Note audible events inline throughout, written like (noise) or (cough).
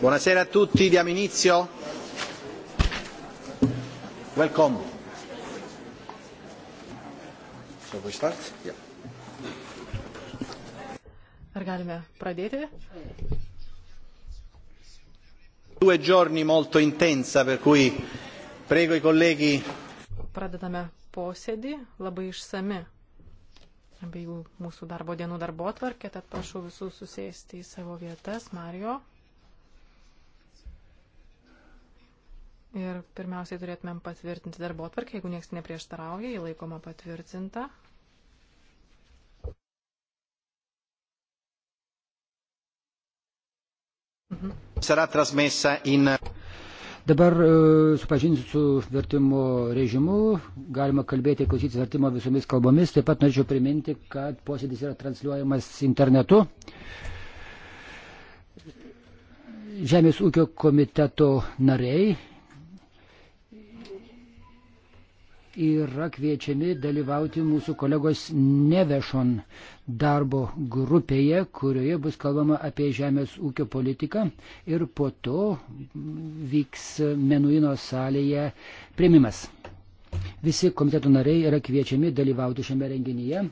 Buonasera a tutti, diamo inizio. Welcome. So we start? Yeah. Ar galime pradėti? Due giorni molto intensa, per cui prego i colleghi. Pradedame posėdį, labai išsami abiejų mūsų darbo dienų darbo atvarkė, tad prašau visų susėsti į savo vietas. Mario. Ir pirmiausiai turėtumėm patvirtinti darbo atvarkę, jeigu nieks neprieštarauja, jį laikoma patvirtinta. Mhm. Dabar e, supažinsiu su vertimo režimu, galima kalbėti ir klausytis vertimo visomis kalbomis, taip pat norėčiau priminti, kad posėdis yra transliuojamas internetu. Žemės ūkio komiteto nariai yra kviečiami dalyvauti mūsų kolegos Nevešon darbo grupėje, kurioje bus kalbama apie žemės ūkio politiką ir po to vyks Menuino salėje primimas. Visi komiteto nariai yra kviečiami dalyvauti šiame renginyje.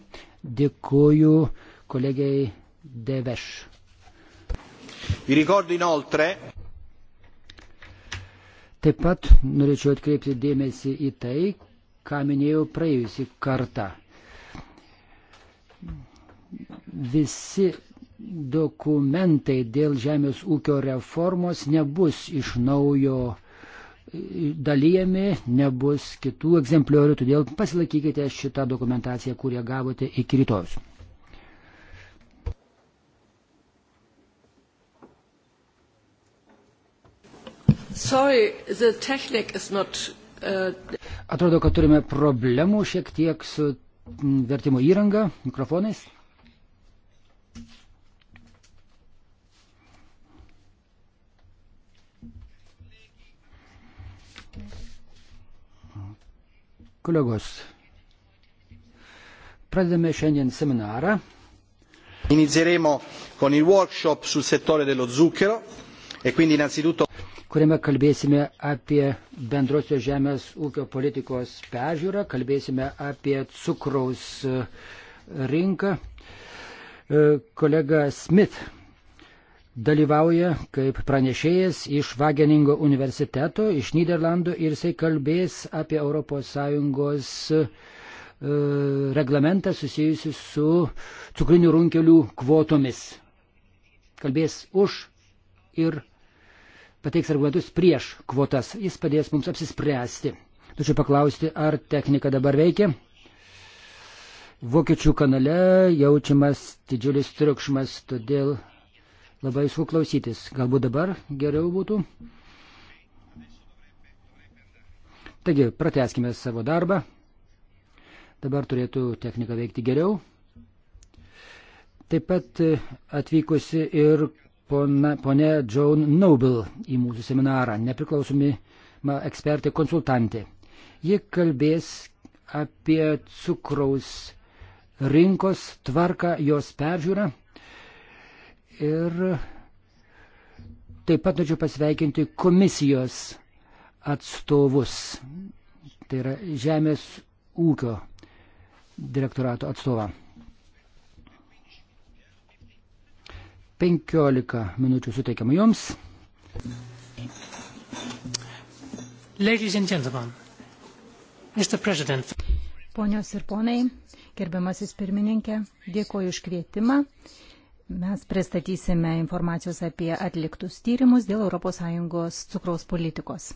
Dėkuoju kolegiai Deveš. Vi ricordo inoltre Taip pat norėčiau atkreipti dėmesį į tai, ką minėjau praėjusį kartą. Visi dokumentai dėl žemės ūkio reformos nebus iš naujo dalyjami, nebus kitų egzempliorių, todėl pasilakykite šitą dokumentaciją, kurią gavote iki rytojus. Sorry, the technique is not Atrodo, kad turime problemų šiek tiek su vertimo įranga, mikrofonais. Kolegos, pradedame šiandien seminarą. Inizieremo con il workshop sul settore dello zucchero e quindi innanzitutto kuriame kalbėsime apie bendrosios žemės ūkio politikos peržiūrą, kalbėsime apie cukraus e, rinką. E, kolega Smith dalyvauja kaip pranešėjas iš Vageningo universiteto, iš Niderlandų ir jisai kalbės apie ES e, reglamentą susijusi su cukrinių runkelių kvotomis. Kalbės už ir prieš pateiks argumentus prieš kvotas. Jis padės mums apsispręsti. Tačiau paklausti, ar technika dabar veikia. Vokiečių kanale jaučiamas didžiulis triukšmas, todėl labai sunku klausytis. Galbūt dabar geriau būtų. Taigi, prateskime savo darbą. Dabar turėtų technika veikti geriau. Taip pat atvykusi ir pona, ponia Joan Noble į mūsų seminarą, nepriklausomi ekspertė konsultantė. Ji kalbės apie cukraus rinkos tvarką, jos peržiūrą. Ir taip pat norėčiau pasveikinti komisijos atstovus, tai yra Žemės ūkio direktorato atstovą. 15 minučių suteikiama jums. Ponios ir ponai, gerbiamasis pirmininkė, dėkoju už kvietimą. Mes pristatysime informacijos apie atliktus tyrimus dėl ES cukraus politikos.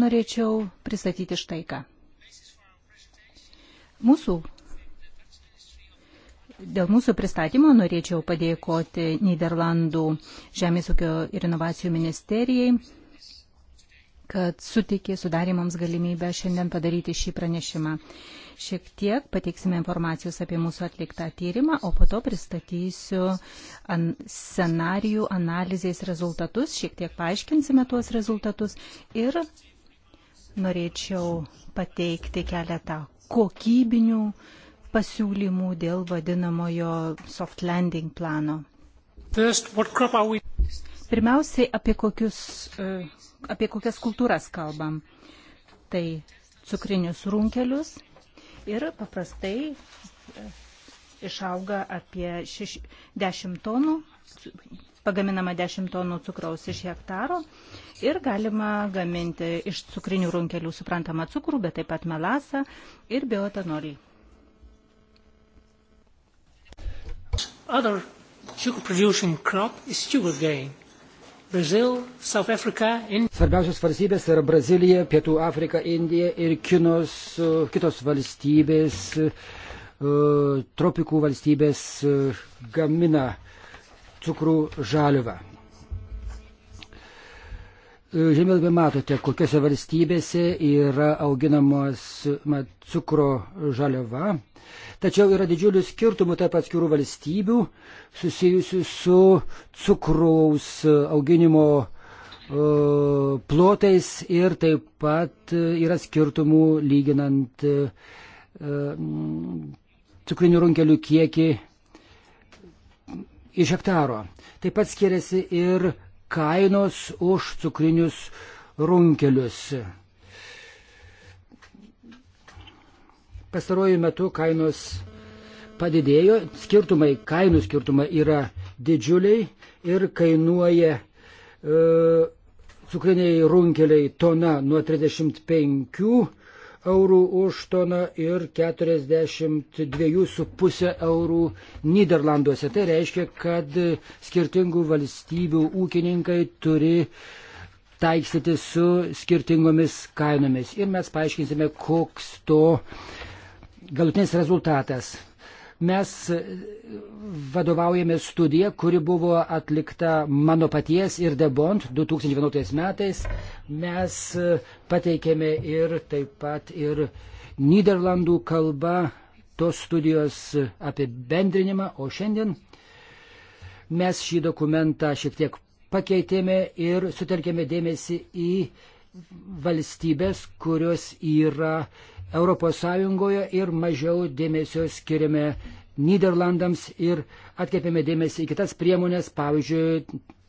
Norėčiau pristatyti štai ką. Mūsų Dėl mūsų pristatymo norėčiau padėkoti Niderlandų Žemės ūkio ir inovacijų ministerijai, kad sutikė sudarė mums galimybę šiandien padaryti šį pranešimą. Šiek tiek pateiksime informacijos apie mūsų atliktą tyrimą, o po to pristatysiu an scenarijų analizės rezultatus, šiek tiek paaiškinsime tuos rezultatus ir norėčiau pateikti keletą kokybinių uh, pasiūlymų dėl vadinamojo soft landing plano. First, Pirmiausiai, apie, kokius, e, apie kokias kultūras kalbam. Tai cukrinius runkelius ir paprastai e, išauga apie 6, 10 tonų, pagaminama 10 tonų cukraus iš hektaro ir galima gaminti iš cukrinių runkelių suprantamą cukrų, bet taip pat melasą ir bioetanolį. other sugar-producing crop is sugarcane. Brazil, South Africa, India. Svarbiausios valstybės yra Brazilija, Pietų Afrika, Indija ir kinos, kitos valstybės, e, tropikų valstybės e, gamina cukrų žaliavą. E, žemėlapį matote, kokiose valstybėse yra auginamos cukro žaliava. Tačiau yra didžiulių skirtumų tarp atskirų valstybių susijusių su cukraus auginimo e, plotais ir taip pat e, yra skirtumų lyginant e, cukrinių runkelių kiekį iš hektaro. Taip pat skiriasi ir kainos už cukrinius runkelius. Pastaruoju metu kainos padidėjo, skirtumai, kainų skirtumai yra didžiuliai ir kainuoja e, cukriniai runkeliai tona nuo 35 eurų už toną ir 42,5 eurų Niderlanduose. Tai reiškia, kad skirtingų valstybių ūkininkai turi taikstyti su skirtingomis kainomis. Ir mes paaiškinsime, koks to galutinis rezultatas. Mes vadovaujame studiją, kuri buvo atlikta mano paties ir Debont 2011 metais. Mes pateikėme ir taip pat ir Niderlandų kalba tos studijos apibendrinimą, o šiandien mes šį dokumentą šiek tiek pakeitėme ir sutelkėme dėmesį į valstybės, kurios yra uh, ES ir mažiau dėmesio skiriame Niderlandams ir atkreipiame dėmesį į kitas priemonės, pavyzdžiui,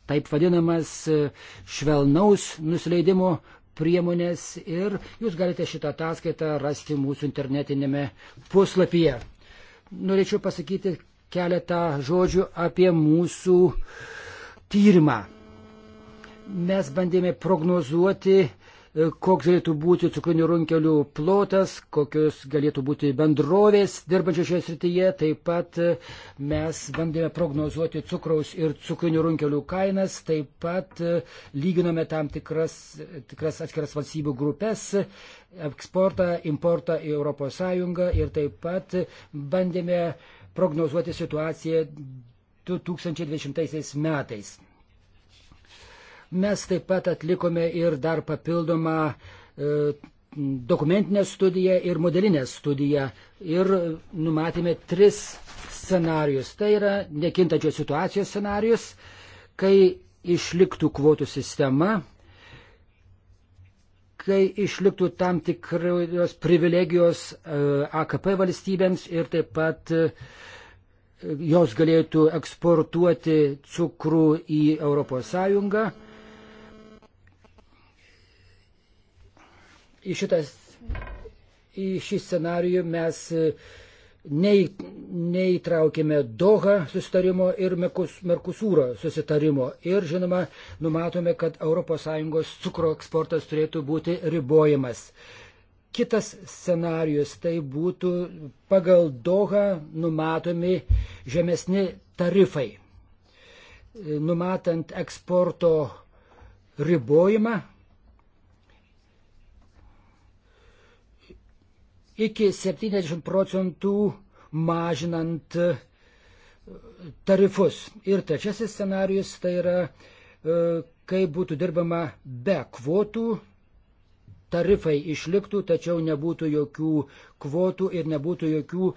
taip vadinamas e, švelnaus nusileidimo priemonės ir jūs galite šitą ataskaitą rasti mūsų internetinėme puslapyje. Norėčiau pasakyti keletą žodžių apie mūsų tyrimą. Mes bandėme prognozuoti E, koks galėtų būti cukrinių runkelių plotas, kokios galėtų būti bendrovės dirbančios šioje srityje. Taip pat e, mes bandėme prognozuoti cukraus ir cukrinių runkelių kainas, taip pat e, lyginome tam tikras, tikras atskiras valstybių grupės eksportą, importą į ES ir taip pat bandėme prognozuoti situaciją 2020 metais. Mes taip pat atlikome ir dar papildomą e, dokumentinę studiją ir modelinę studiją ir numatėme tris scenarius. Tai yra nekintačios situacijos scenarius, kai išliktų kvotų sistema, kai išliktų tam tikros privilegijos e, AKP valstybėms ir taip pat e, jos galėtų eksportuoti cukrų į ES į, šitas, į šį scenarių mes e, nei, neįtraukėme Doha susitarimo ir Merkusūro susitarimo. Ir žinoma, numatome, kad ES cukro eksportas turėtų būti ribojamas. Kitas scenarius tai būtų pagal Doha numatomi žemesni tarifai. E, numatant eksporto ribojimą, iki 70 procentų mažinant e, tarifus. Ir trečiasis scenarius tai yra, e, kai būtų dirbama be kvotų, tarifai išliktų, tačiau nebūtų jokių kvotų ir nebūtų jokių e,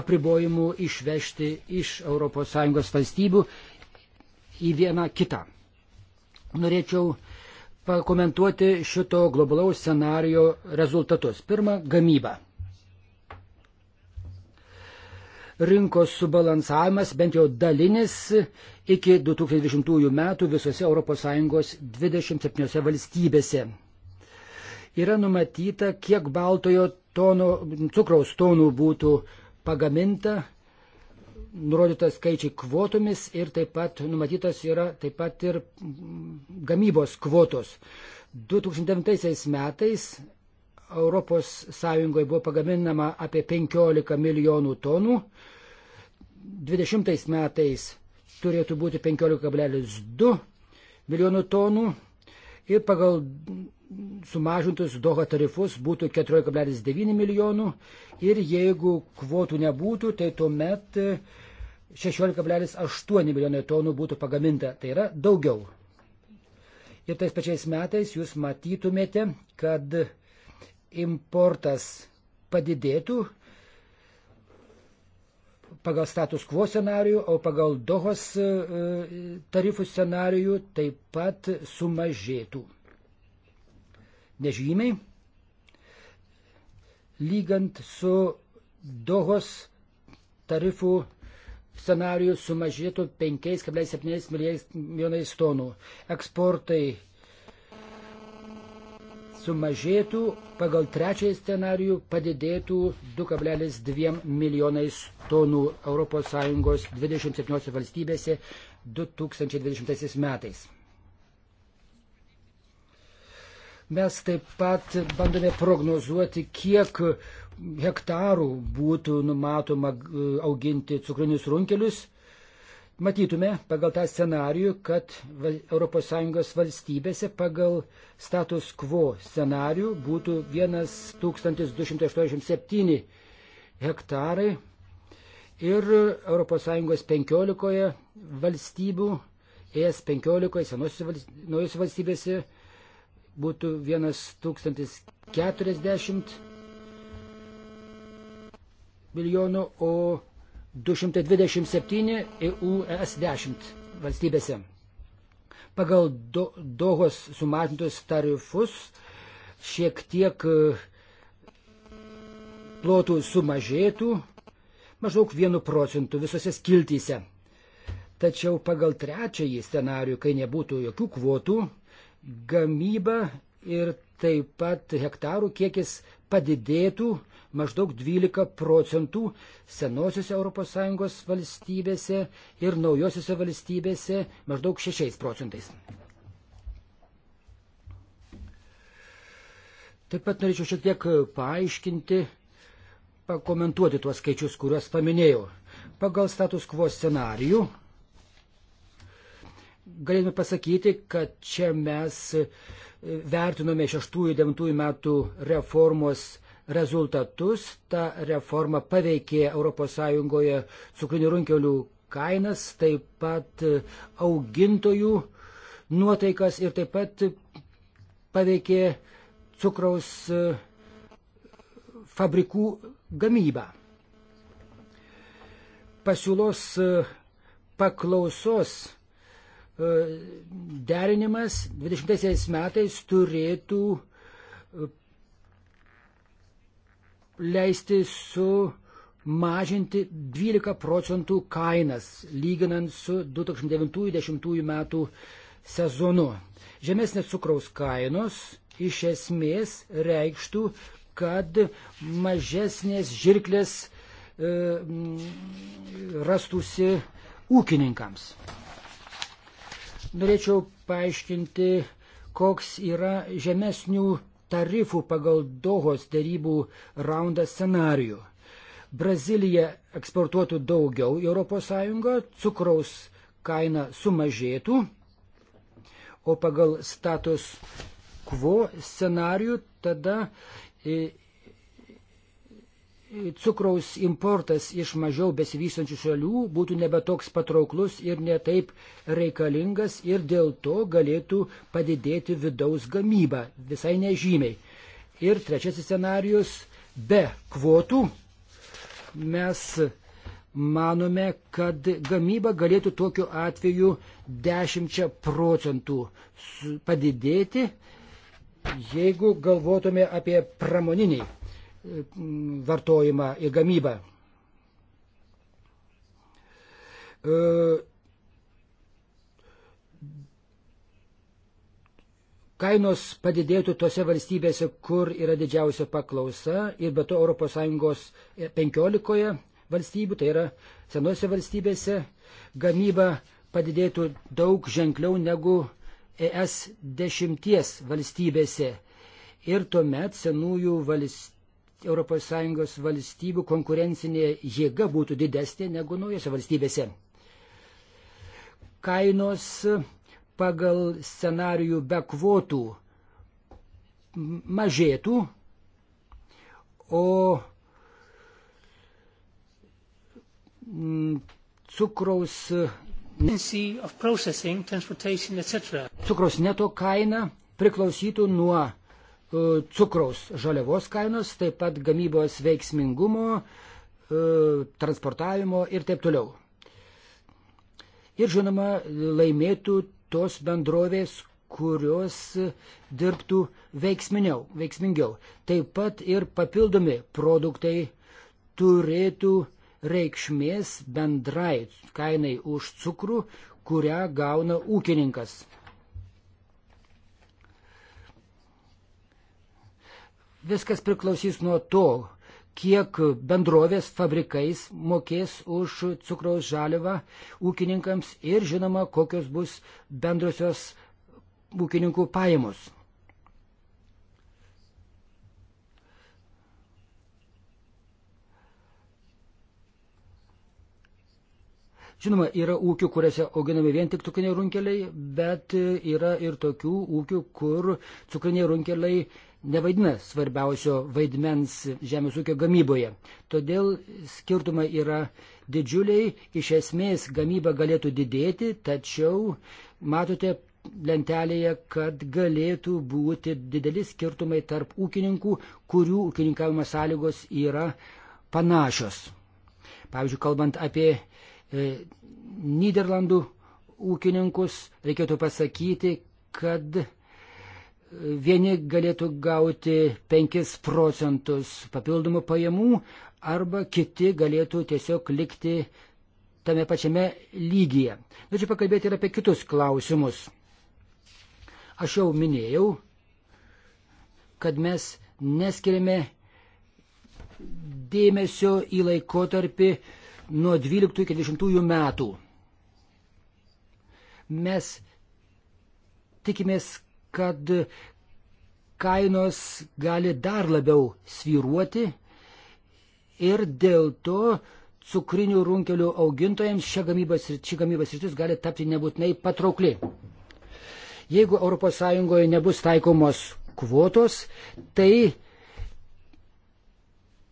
apribojimų išvežti iš ES valstybių į vieną kitą. Norėčiau pakomentuoti šito globalaus scenario rezultatus. Pirma, gamyba. rinkos subalansavimas, bent jau dalinis, iki 2020 metų visose ES 27 valstybėse. Yra numatyta, kiek baltojo tono, cukraus tonų būtų pagaminta, nurodytas skaičiai kvotomis ir taip pat numatytas yra taip pat ir gamybos kvotos. 2009 metais ES buvo pagaminama apie 15 milijonų tonų, 20 metais turėtų būti 15,2 milijonų tonų ir pagal sumažintus Doha tarifus būtų 14,9 milijonų ir jeigu kvotų nebūtų, tai tuomet 16,8 milijonai tonų būtų pagaminta, tai yra daugiau. Ir tais pačiais metais jūs matytumėte, kad importas padidėtų pagal status quo scenarijų, o pagal Dohos e, e, tarifų scenarijų taip pat sumažėtų. Nežymiai. Lygant su Dohos tarifų scenarijų sumažėtų 5,7 milijonais tonų. Eksportai sumažėtų, pagal trečiąjį scenarijų padidėtų 2,2 milijonais tonų ES 27 valstybėse 2020 metais. Mes taip pat bandome prognozuoti, kiek hektarų būtų numatoma e, auginti cukrinius runkelius matytume pagal tą scenarijų, kad ES valstybėse pagal status quo scenarių būtų 1287 hektarai ir ES 15 valstybių, ES 15 senosios naujos valstybėse būtų 1040 milijonų, o 227 EUS 10 valstybėse. Pagal do, Dohos sumatintus tarifus šiek tiek e, plotų sumažėtų maždaug 1 procentų visose skiltyse. Tačiau pagal trečiąjį scenarių, kai nebūtų jokių kvotų, gamyba ir taip pat hektarų kiekis padidėtų maždaug 12 procentų senosiuose ES valstybėse ir naujosiuose valstybėse maždaug 6 procentais. Taip pat norėčiau šiek tiek paaiškinti, pakomentuoti tuos skaičius, kuriuos paminėjau. Pagal status quo scenarijų galime pasakyti, kad čia mes vertinome 6-9 metų reformos rezultatus. Ta reforma paveikė ES cukrinių runkelių kainas, taip pat augintojų nuotaikas ir taip pat paveikė cukraus e, fabrikų gamybą. Pasiūlos e, paklausos e, derinimas 20 metais turėtų leisti su mažinti 12 procentų kainas, lyginant su 2009-2010 metų sezonu. Žemesnės cukraus kainos iš esmės reikštų, kad mažesnės žirklės e, rastųsi ūkininkams. Norėčiau paaiškinti, koks yra žemesnių tarifų pagal Dohos dėrybų raundą scenarių. Brazilija eksportuotų daugiau į ES, cukraus kaina sumažėtų, o pagal status quo scenarių tada e, cukraus importas iš mažiau besivystančių šalių būtų nebetoks patrauklus ir netaip reikalingas ir dėl to galėtų padidėti vidaus gamyba visai nežymiai. Ir trečiasis scenarius - be kvotų mes manome, kad gamyba galėtų tokiu atveju 10 procentų padidėti, jeigu galvotume apie pramoninį vartojimą ir gamybą. E, kainos padidėtų tose valstybėse, kur yra didžiausia paklausa ir be to ES 15 valstybių, tai yra senose valstybėse, gamyba padidėtų daug ženkliau negu e ES 10 valstybėse. Ir tuomet senųjų valstybių ES valstybių konkurencinė jėga būtų didesnė negu naujose valstybėse. Kainos pagal scenarijų be kvotų mažėtų, o cukraus Cukraus neto kaina priklausytų nuo E, cukraus žaliavos kainos, taip pat gamybos veiksmingumo, e, transportavimo ir taip toliau. Ir žinoma, laimėtų tos bendrovės, kurios dirbtų veiksminiau, veiksmingiau. Taip pat ir papildomi produktai turėtų reikšmės bendrai kainai už cukrų, kurią gauna ūkininkas. Viskas priklausys nuo to, kiek bendrovės fabrikais mokės už cukraus žaliavą ūkininkams ir žinoma, kokios bus bendrosios ūkininkų pajamos. Žinoma, yra ūkių, kuriuose auginami vien tik cukriniai runkeliai, bet yra ir tokių ūkių, kur cukriniai runkeliai nevaidina svarbiausio vaidmens žemės ūkio gamyboje. Todėl skirtumai yra didžiuliai, iš esmės gamyba galėtų didėti, tačiau matote lentelėje, kad galėtų būti dideli skirtumai tarp ūkininkų, kurių ūkininkavimo sąlygos yra panašios. Pavyzdžiui, kalbant apie e, Niderlandų ūkininkus, reikėtų pasakyti, kad vieni galėtų gauti 5 procentus papildomų pajamų arba kiti galėtų tiesiog likti tame pačiame lygyje. Norėčiau pakalbėti ir apie kitus klausimus. Aš jau minėjau, kad mes neskiriame dėmesio į laikotarpį nuo 12 iki 20 metų. Mes tikimės, kad kainos gali dar labiau sviruoti ir dėl to cukrinių runkelių augintojams ši gamybos, ši gamybos rytis gali tapti nebūtinai patraukli. Jeigu ES nebus taikomos kvotos, tai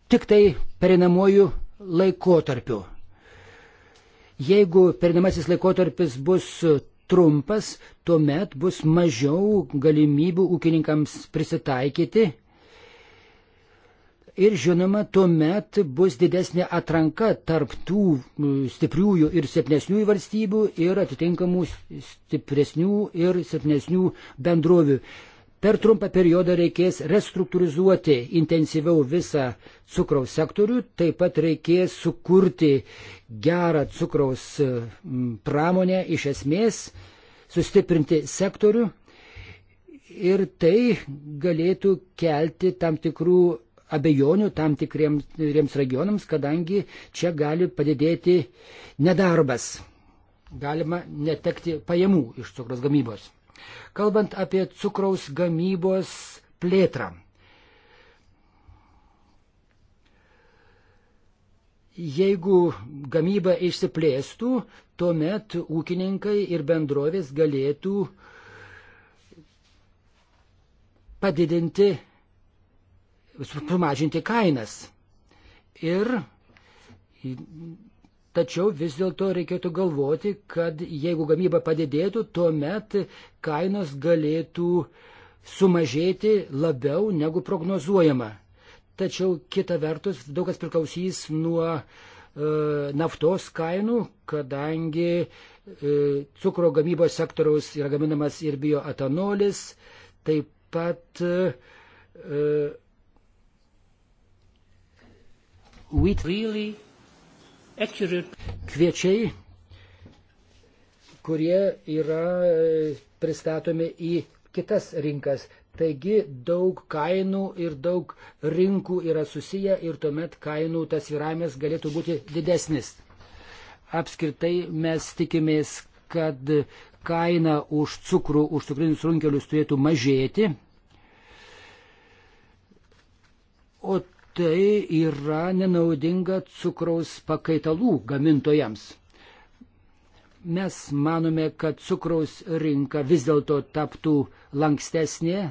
tik tai perinamojų laikotarpių. Jeigu perinamasis laikotarpis bus trumpas, tuomet bus mažiau galimybių ūkininkams prisitaikyti. Ir žinoma, tuomet bus didesnė atranka tarp tų stipriųjų ir silpnesniųjų valstybių ir atitinkamų stipresnių ir silpnesnių bendrovių. Per trumpą periodą reikės restruktūrizuoti intensyviau visą cukraus sektorių, taip pat reikės sukurti gerą cukraus pramonę iš esmės, sustiprinti sektorių ir tai galėtų kelti tam tikrų abejonių tam tikriems regionams, kadangi čia gali padidėti nedarbas. Galima netekti pajamų iš cukros gamybos. Kalbant apie cukraus gamybos plėtrą. Jeigu gamyba išsiplėstų, tuomet ūkininkai ir bendrovės galėtų padidinti, sumažinti kainas. Ir Tačiau vis dėlto reikėtų galvoti, kad jeigu gamyba padidėtų, tuomet kainos galėtų sumažėti labiau negu prognozuojama. Tačiau kita vertus, daug kas priklausys nuo e, naftos kainų, kadangi e, cukro gamybos sektoriaus yra gaminamas ir bioetanolis, taip pat e, wheat really kviečiai, kurie yra e, pristatomi į kitas rinkas. Taigi daug kainų ir daug rinkų yra susiję ir tuomet kainų tas viravimas galėtų būti didesnis. Apskritai mes tikimės, kad kaina už cukrų, už cukrinius runkelius turėtų mažėti. O tai yra nenaudinga cukraus pakaitalų gamintojams. Mes manome, kad cukraus rinka vis dėlto taptų lankstesnė,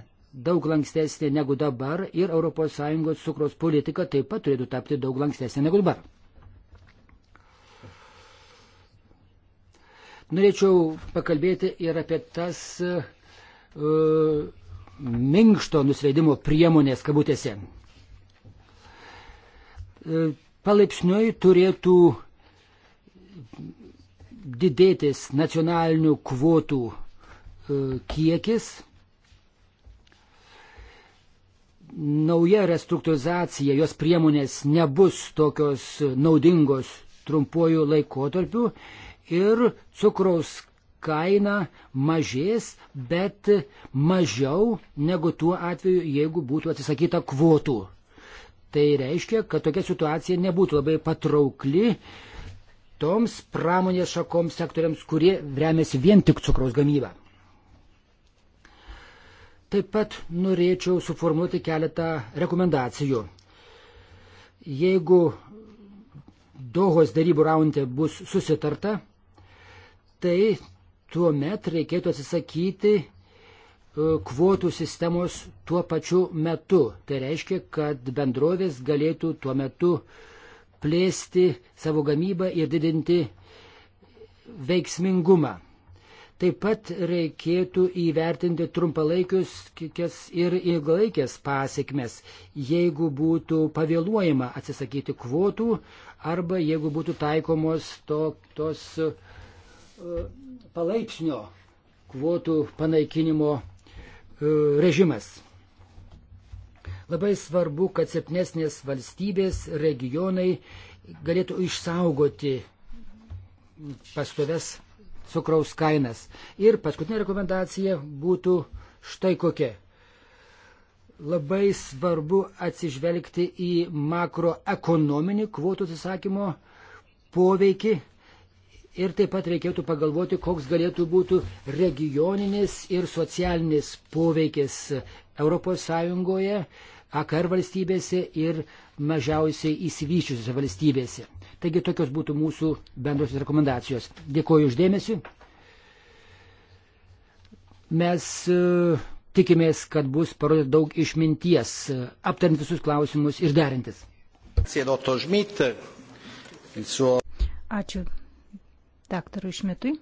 daug lankstesnė negu dabar ir ES cukraus politika taip pat turėtų tapti daug lankstesnė negu dabar. Norėčiau pakalbėti ir apie tas uh, minkšto nusileidimo priemonės kabutėse. E, palaipsniui turėtų didėtis nacionalinių kvotų e, kiekis. Nauja restruktūrizacija, jos priemonės nebus tokios naudingos trumpuoju laikotarpiu ir cukraus kaina mažės, bet mažiau negu tuo atveju, jeigu būtų atsisakyta kvotų. Tai reiškia, kad tokia situacija nebūtų labai patraukli toms pramonės šakoms sektoriams, kurie remiasi vien tik cukraus gamybą. Taip pat norėčiau suformuoti keletą rekomendacijų. Jeigu Dohos darybų raunte bus susitarta, tai tuo met reikėtų atsisakyti E, kvotų sistemos tuo pačiu metu. Tai reiškia, kad bendrovės galėtų tuo metu plėsti savo gamybą ir didinti veiksmingumą. Taip pat reikėtų įvertinti trumpalaikius ir ilgalaikės pasiekmes, jeigu būtų pavėluojama atsisakyti kvotų arba jeigu būtų taikomos to, tos uh, palaipsnio kvotų panaikinimo E, režimas. Labai svarbu, kad silpnesnės valstybės, regionai galėtų išsaugoti pastoves cukraus kainas. Ir paskutinė rekomendacija būtų štai kokia. Labai svarbu atsižvelgti į makroekonominį kvotų atsisakymo poveikį Ir taip pat reikėtų pagalvoti, koks galėtų būti regioninis ir socialinis poveikis ES, AKR valstybėse ir mažiausiai įsivyščiusiose valstybėse. Taigi tokios būtų mūsų bendrosios rekomendacijos. Dėkuoju uždėmesiu. Mes e, tikimės, kad bus parodyta daug išminties, e, aptarint visus klausimus ir derintis. Ačiū daktarui Šmitui.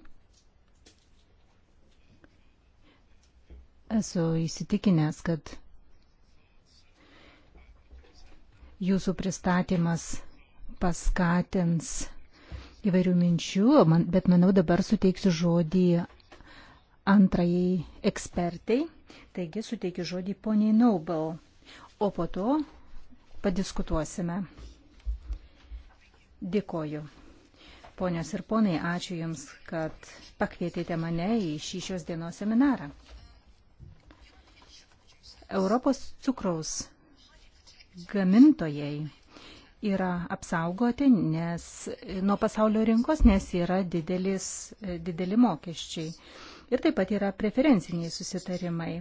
Esu įsitikinęs, kad jūsų pristatymas paskatins įvairių minčių, bet manau dabar suteiksiu žodį antrajai ekspertai. Taigi suteikiu žodį poniai Naubel, o po to padiskutuosime. Dėkoju. Ponios ir ponai, ačiū Jums, kad pakvietėte mane į šį šios dienos seminarą. Europos cukraus gamintojai yra apsaugoti nes, nuo pasaulio rinkos, nes yra didelis, dideli mokesčiai. Ir taip pat yra preferenciniai susitarimai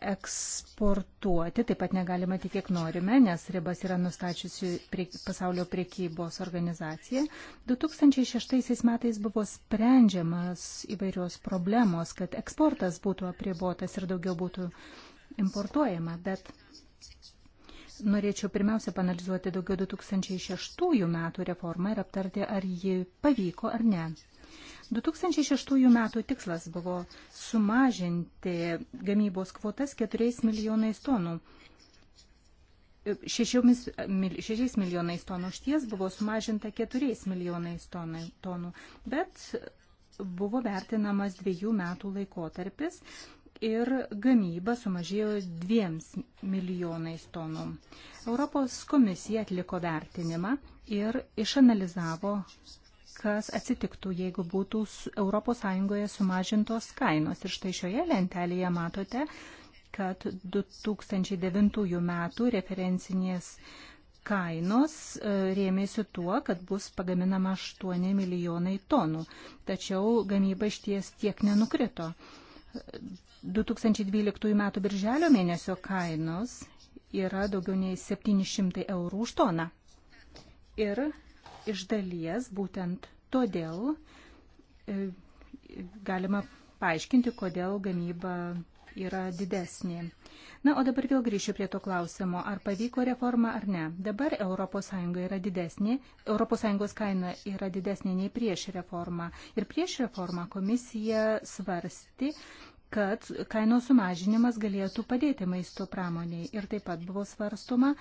eksportuoti, taip pat negalima tik kiek norime, nes ribas yra nustačiusi prie, pasaulio priekybos organizacija. 2006 metais buvo sprendžiamas įvairios problemos, kad eksportas būtų apribotas ir daugiau būtų importuojama, bet norėčiau pirmiausia panalizuoti daugiau 2006 metų reformą ir aptarti, ar ji pavyko ar ne. 2006 metų tikslas buvo sumažinti gamybos kvotas 4 milijonais tonų. 6, 6 milijonais tonų šties buvo sumažinta 4 milijonais tonų, bet buvo vertinamas dviejų metų laikotarpis ir gamyba sumažėjo 2 milijonais tonų. Europos komisija atliko vertinimą ir išanalizavo kas atsitiktų, jeigu būtų ES sumažintos kainos. Ir štai šioje lentelėje matote, kad 2009 metų referencinės kainos e, rėmėsi tuo, kad bus pagaminama 8 milijonai tonų. Tačiau gamyba iš ties tiek nenukrito. 2012 m. birželio mėnesio kainos yra daugiau nei 700 eurų už toną. Ir iš dalies būtent Todėl e, galima paaiškinti, kodėl gamyba yra didesnė. Na, o dabar vėl grįšiu prie to klausimo, ar pavyko reforma ar ne. Dabar ES yra didesnė, ES kaina yra didesnė nei prieš reformą. Ir prieš reformą komisija svarsti, kad kainos sumažinimas galėtų padėti maisto pramoniai. Ir taip pat buvo svarstoma,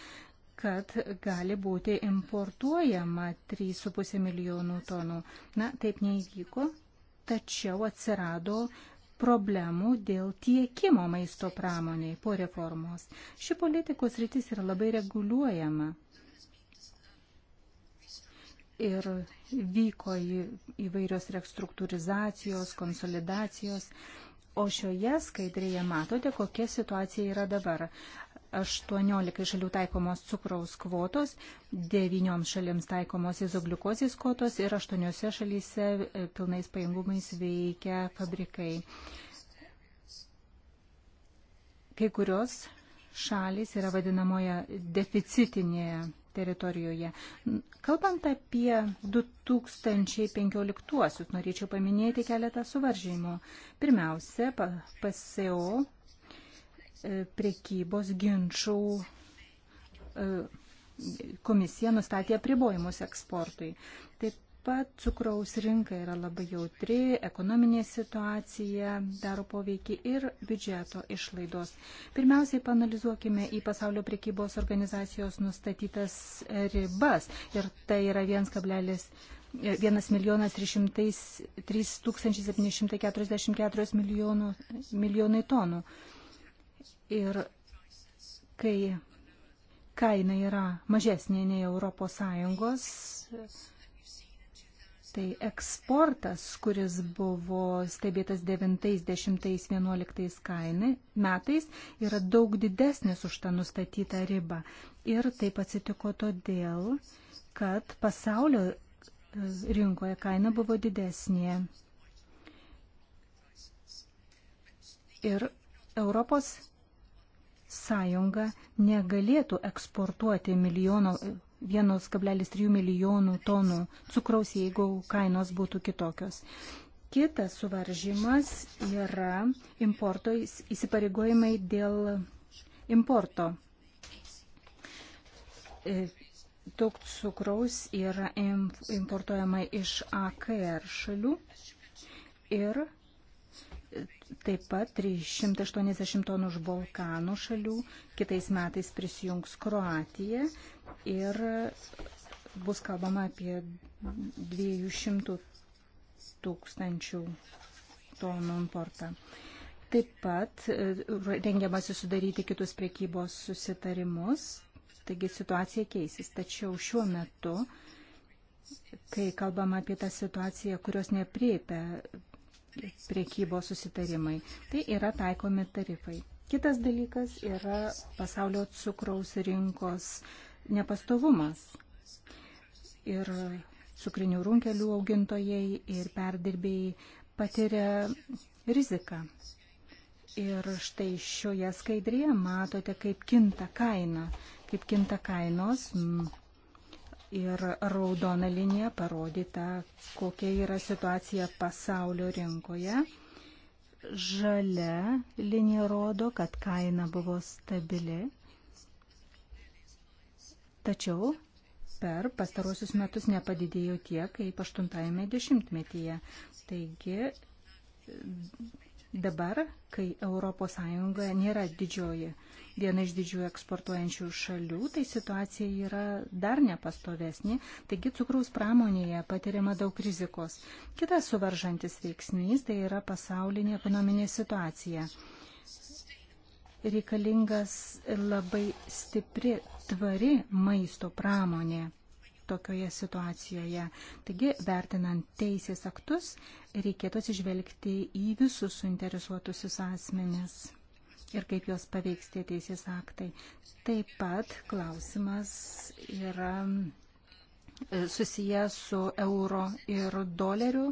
kad gali būti importuojama 3,5 milijonų tonų. Na, taip neįvyko, tačiau atsirado problemų dėl tiekimo maisto pramoniai po reformos. Ši politikos rytis yra labai reguliuojama. Ir vyko įvairios rekstruktūrizacijos, konsolidacijos. O šioje skaidrėje matote, kokia situacija yra dabar. 18 šalių taikomos cukraus kvotos, 9 šalims taikomos izogliukozės kvotos ir 8 šalyse e, pilnais pajėgumais veikia fabrikai. Kai kurios šalis yra vadinamoje deficitinėje teritorijoje. Kalbant apie 2015-uosius, norėčiau paminėti keletą suvaržymų. Pirmiausia, PSO E, priekybos ginčių e, komisija nustatė apribojimus eksportui. Taip pat cukraus rinka yra labai jautri, ekonominė situacija daro poveikį ir biudžeto išlaidos. Pirmiausiai panalizuokime į pasaulio priekybos organizacijos nustatytas ribas ir tai yra 1 milijonas 3 tūkstančiai 744 milijonų, milijonai tonų. Ir kai kaina yra mažesnė nei Europos Sąjungos, tai eksportas, kuris buvo stebėtas 90-11 kainai metais, yra daug didesnis už tą nustatytą ribą. Ir taip atsitiko todėl, kad pasaulio rinkoje kaina buvo didesnė. Ir Europos sąjunga negalėtų eksportuoti milijono 1,3 milijonų tonų cukraus, jeigu kainos būtų kitokios. Kitas suvaržymas yra importo įsipareigojimai dėl importo. E, daug cukraus yra importuojama iš AKR šalių ir taip pat 380 tonų iš Balkanų šalių, kitais metais prisijungs Kroatija ir bus kalbama apie 200 tūkstančių tonų importą. Taip pat e, rengiamasi sudaryti kitus priekybos susitarimus, taigi situacija keisis. Tačiau šiuo metu, kai kalbama apie tą situaciją, kurios nepriepia priekybos susitarimai. Tai yra taikomi tarifai. Kitas dalykas yra pasaulio cukraus rinkos nepastovumas. Ir cukrinių runkelių augintojai ir perdirbėjai patiria riziką. Ir štai šioje skaidrėje matote, kaip kinta kaina, kaip kinta kainos ir raudona linija parodyta, kokia yra situacija pasaulio rinkoje. Žalia linija rodo, kad kaina buvo stabili, tačiau per pastarosius metus nepadidėjo tiek, kaip 80-ame dešimtmetyje. Taigi dabar, kai ES nėra didžioji viena iš didžiųjų eksportuojančių šalių, tai situacija yra dar nepastovesnė, taigi cukraus pramonėje patiriama daug rizikos. Kitas suvaržantis veiksnys tai yra pasaulinė ekonominė situacija. Reikalingas labai stipri, tvari maisto pramonė tokioje situacijoje. Taigi, vertinant teisės aktus, reikėtų atsižvelgti į visus suinteresuotusius asmenis ir kaip jos paveiks tie teisės aktai. Taip pat klausimas yra e, susijęs su euro ir dolerių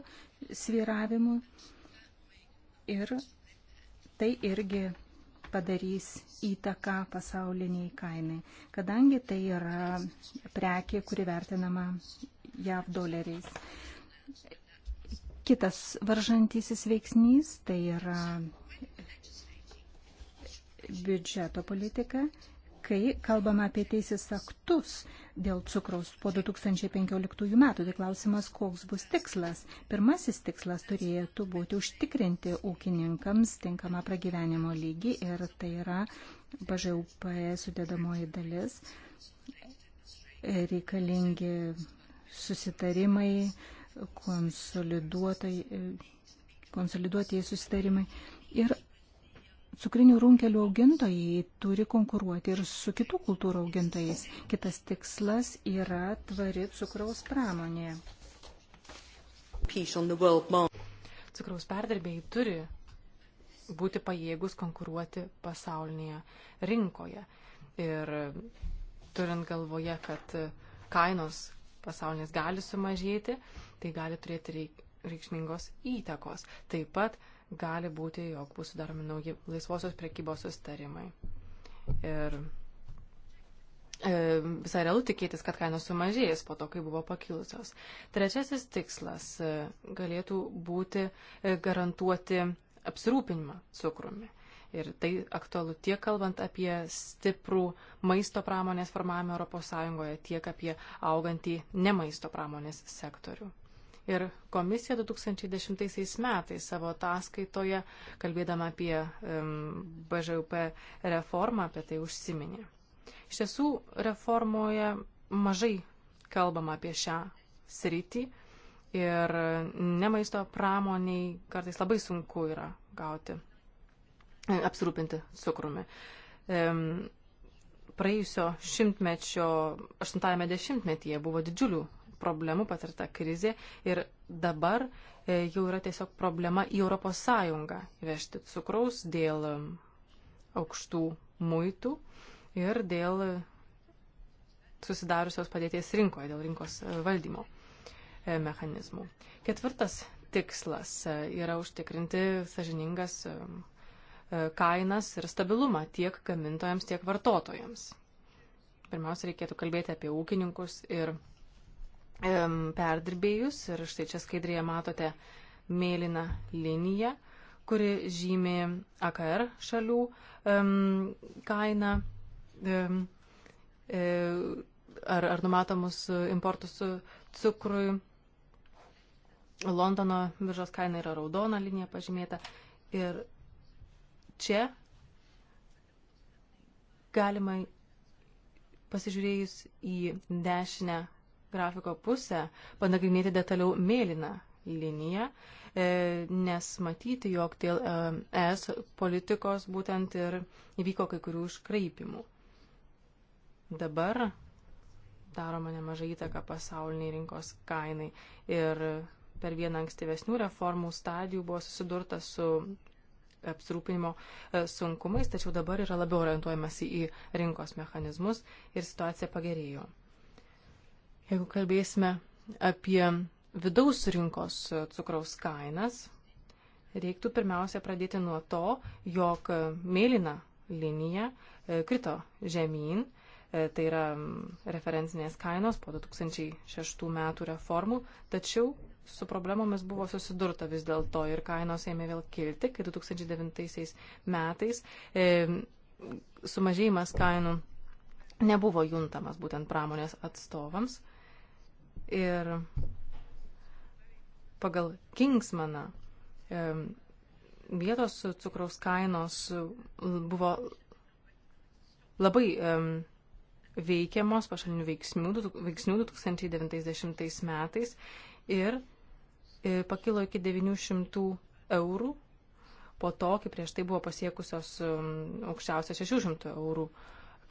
sviravimu ir tai irgi padarys įtaką pasauliniai kainai, kadangi tai yra prekė, kuri vertinama JAV doleriais. Kitas varžantysis veiksnys tai yra biudžeto politiką, kai kalbame apie teisės aktus dėl cukraus po 2015 metų. Tai klausimas, koks bus tikslas. Pirmasis tikslas turėtų būti užtikrinti ūkininkams tinkamą pragyvenimo lygį ir tai yra BŽUP sudėdamoji dalis. Reikalingi susitarimai, konsoliduotai, konsoliduotieji susitarimai. Ir cukrinių runkelių augintojai turi konkuruoti ir su kitų kultūrų augintojais. Kitas tikslas yra tvari cukraus pramonė. Cukraus perdirbėjai turi būti pajėgus konkuruoti pasaulinėje rinkoje. Ir turint galvoje, kad kainos pasaulinės gali sumažėti, tai gali turėti reikšmingos įtakos. Taip pat gali būti, jog bus sudaromi nauji laisvosios prekybos sustarimai. Ir e, visai realu tikėtis, kad kainos sumažėjęs po to, kai buvo pakilusios. Trečiasis tikslas e, galėtų būti e, garantuoti apsirūpinimą cukrumi. Ir tai aktualu tiek kalbant apie stiprų maisto pramonės formavimą ES, tiek apie augantį ne maisto pramonės sektorių. Ir komisija 2010 metais savo ataskaitoje, kalbėdama apie um, BŽUP reformą, apie tai užsiminė. Iš tiesų, reformoje mažai kalbama apie šią sritį ir ne maisto pramoniai kartais labai sunku yra gauti, e, apsirūpinti cukrumi. Um, praėjusio šimtmečio, 80-ame dešimtmetyje buvo didžiulių problemų, patirta krizė ir dabar e, jau yra tiesiog problema į ES vežti cukraus dėl e, aukštų muitų ir dėl susidariusios padėties rinkoje, dėl rinkos e, valdymo mechanizmų. Ketvirtas tikslas yra užtikrinti sažiningas kainas ir stabilumą tiek gamintojams, tiek vartotojams. Pirmiausia, reikėtų kalbėti apie ūkininkus ir perdirbėjus ir štai čia skaidrėje matote mėlyną liniją, kuri žymi AKR šalių um, kainą um, ar, ar numatomus importus cukrui. Londono biržos kaina yra raudona linija pažymėta. Ir čia galima pasižiūrėjus į dešinę grafiko pusę, panagrinėti detaliau mėlyną liniją, e, nes matyti, jog dėl e, ES politikos būtent ir įvyko kai kurių iškraipimų. Dabar daroma nemažai įtaka pasauliniai rinkos kainai ir per vieną ankstyvesnių reformų stadijų buvo susidurta su apsirūpinimo e, sunkumais, tačiau dabar yra labiau orientuojamasi į rinkos mechanizmus ir situacija pagerėjo. Jeigu kalbėsime apie vidaus rinkos cukraus kainas, reiktų pirmiausia pradėti nuo to, jog mėlyna linija e, krito žemyn, e, tai yra referencinės kainos po 2006 metų reformų, tačiau su problemomis buvo susidurta vis dėlto ir kainos ėmė vėl kilti, kai 2009 metais e, sumažėjimas kainų nebuvo juntamas būtent pramonės atstovams. Ir pagal Kingsmaną vietos cukraus kainos buvo labai veikiamos pašalinių veiksnių, veiksnių 2090 metais ir e, pakilo iki 900 eurų, po to, kai prieš tai buvo pasiekusios aukščiausią 600 eurų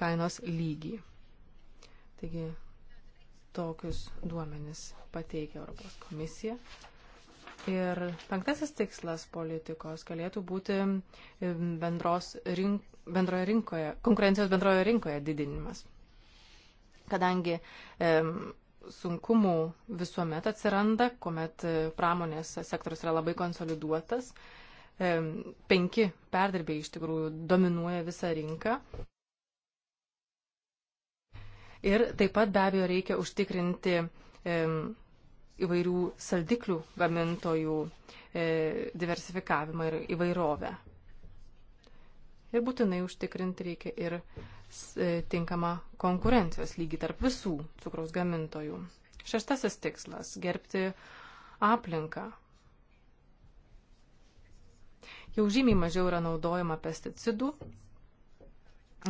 kainos lygį. Taigi tokius duomenis pateikia Europos komisija. Ir penktasis tikslas politikos galėtų būti bendros rink, bendroje rinkoje, konkurencijos bendroje rinkoje didinimas. Kadangi e, sunkumų visuomet atsiranda, kuomet e, pramonės sektorius yra labai konsoliduotas, e, penki perdirbėjai iš tikrųjų dominuoja visą rinką Ir taip pat be abejo reikia užtikrinti e, įvairių saldiklių gamintojų e, diversifikavimą ir įvairovę. Ir būtinai užtikrinti reikia ir e, tinkamą konkurencijos lygį tarp visų cukraus gamintojų. Šeštasis tikslas - gerbti aplinką. Jau žymiai mažiau yra naudojama pesticidų,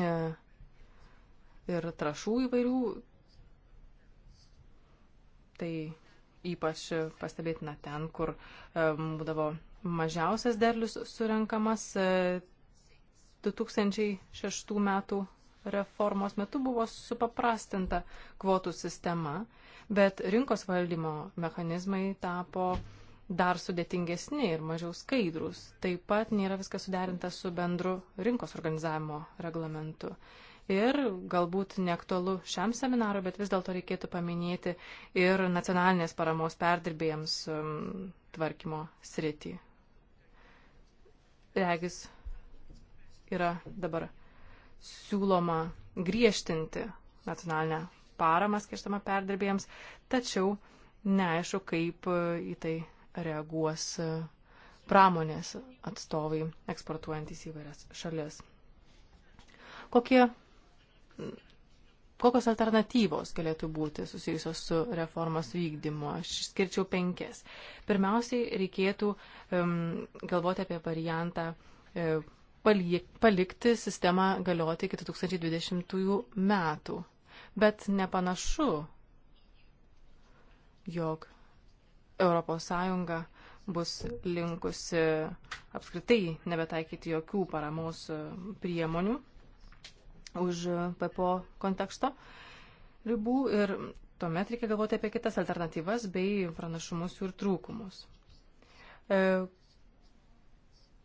e, ir trašų įvairių. Tai ypač pastebėtina ten, kur būdavo mažiausias derlius surenkamas 2006 e, metų reformos metu buvo supaprastinta kvotų sistema, bet rinkos valdymo mechanizmai tapo dar sudėtingesni ir mažiau skaidrus. Taip pat nėra viskas suderinta su bendru rinkos organizavimo reglamentu. Ir galbūt neaktualu šiam seminarui, bet vis dėlto reikėtų paminėti ir nacionalinės paramos perdirbėjams um, tvarkymo sritį. Regis yra dabar siūloma griežtinti nacionalinę paramą skirtamą perdirbėjams, tačiau neaišku, kaip uh, į tai reaguos uh, pramonės atstovai eksportuojantys įvairias šalis. Kokie kokios alternatyvos galėtų būti susijusios su reformos vykdymu? Aš išskirčiau penkias. Pirmiausiai reikėtų um, galvoti apie variantą. Um, palikti sistemą galioti iki 2020 metų. Bet nepanašu, jog ES bus linkusi apskritai nebetaikyti jokių paramos e, priemonių už PPO konteksto ribų ir tuomet reikia galvoti apie kitas alternatyvas bei pranašumus ir trūkumus. E,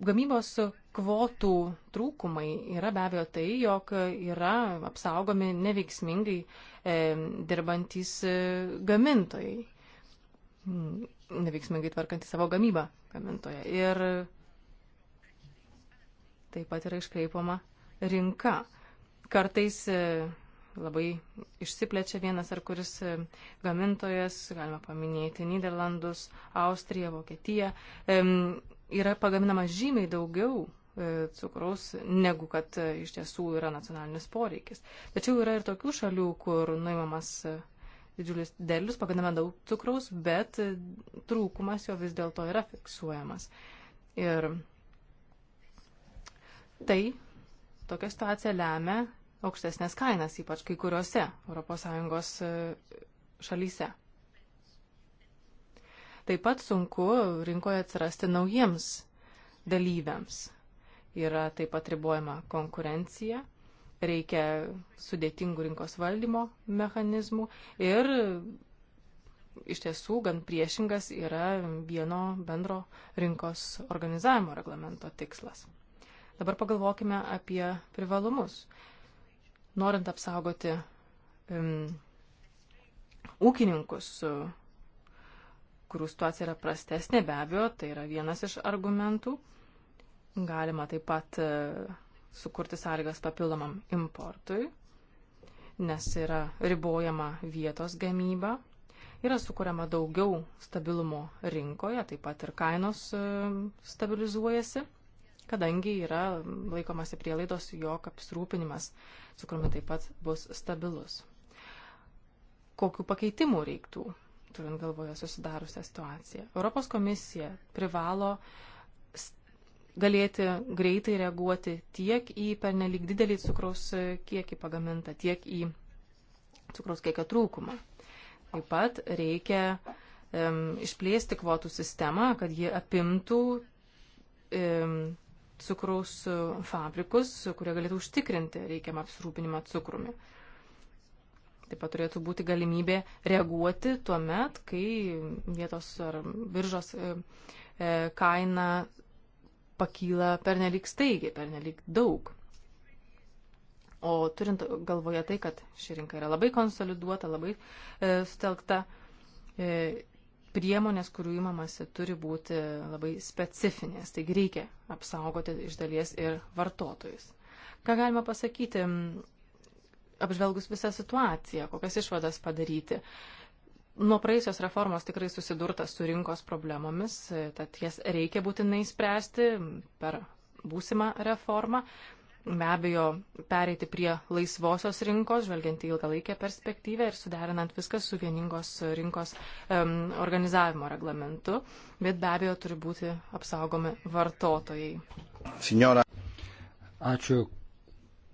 gamybos kvotų trūkumai yra be abejo tai, jog yra apsaugomi neveiksmingai e, dirbantys e, gamintojai, neveiksmingai tvarkantys savo gamybą gamintoje. Ir taip pat yra iškreipama rinka kartais e, labai išsiplečia vienas ar kuris e, gamintojas, galima paminėti Niderlandus, Austriją, Vokietiją, yra pagaminama žymiai daugiau e, cukraus, negu kad iš tiesų yra nacionalinis poreikis. Tačiau yra ir tokių šalių, kur nuimamas didžiulis derlius, pagadame daug cukraus, bet trūkumas jo vis dėlto yra fiksuojamas. Ir tai Tokia situacija lemia aukštesnės kainas, ypač kai kuriuose ES e, šalyse. Taip pat sunku rinkoje atsirasti naujiems dalyviams. Yra taip pat ribojama konkurencija, reikia sudėtingų rinkos valdymo mechanizmų ir iš tiesų gan priešingas yra vieno bendro rinkos organizavimo reglamento tikslas. Dabar pagalvokime apie privalumus. Norint apsaugoti um, ūkininkus, kurių situacija yra prastesnė, be abejo, tai yra vienas iš argumentų. Galima taip pat uh, sukurti sąlygas papildomam importui, nes yra ribojama vietos gamyba, yra sukuriama daugiau stabilumo rinkoje, taip pat ir kainos e, stabilizuojasi kadangi yra laikomasi prielaidos, jog apsirūpinimas cukrumi taip pat bus stabilus. Kokiu pakeitimu reiktų, turint galvoje susidariusią situaciją? Europos komisija privalo galėti greitai reaguoti tiek į pernelik didelį cukraus kiekį pagamintą, tiek į cukraus kiekio trūkumą. Taip pat reikia um, išplėsti kvotų sistemą, kad ji apimtų um, cukraus fabrikus, kurie galėtų užtikrinti reikiamą apsirūpinimą cukrumi. Taip pat turėtų būti galimybė reaguoti tuo met, kai vietos ar biržos e, e, kaina pakyla pernelyg staigiai, pernelyg daug. O turint galvoje tai, kad ši rinka yra labai konsoliduota, labai e, sutelkta, e, priemonės, kurių įmamasi, turi būti labai specifinės, taigi reikia apsaugoti iš dalies ir vartotojus. Ką galima pasakyti, apžvelgus visą situaciją, kokias išvadas padaryti? Nuo praeisios reformos tikrai susidurta su rinkos problemomis, tad jas reikia būtinai spręsti per būsimą reformą, be abejo pereiti prie laisvosios rinkos, žvelgiant į ilgalaikę perspektyvą ir suderinant viską su vieningos rinkos um, organizavimo reglamentu, bet be abejo turi būti apsaugomi vartotojai. Signora. Ačiū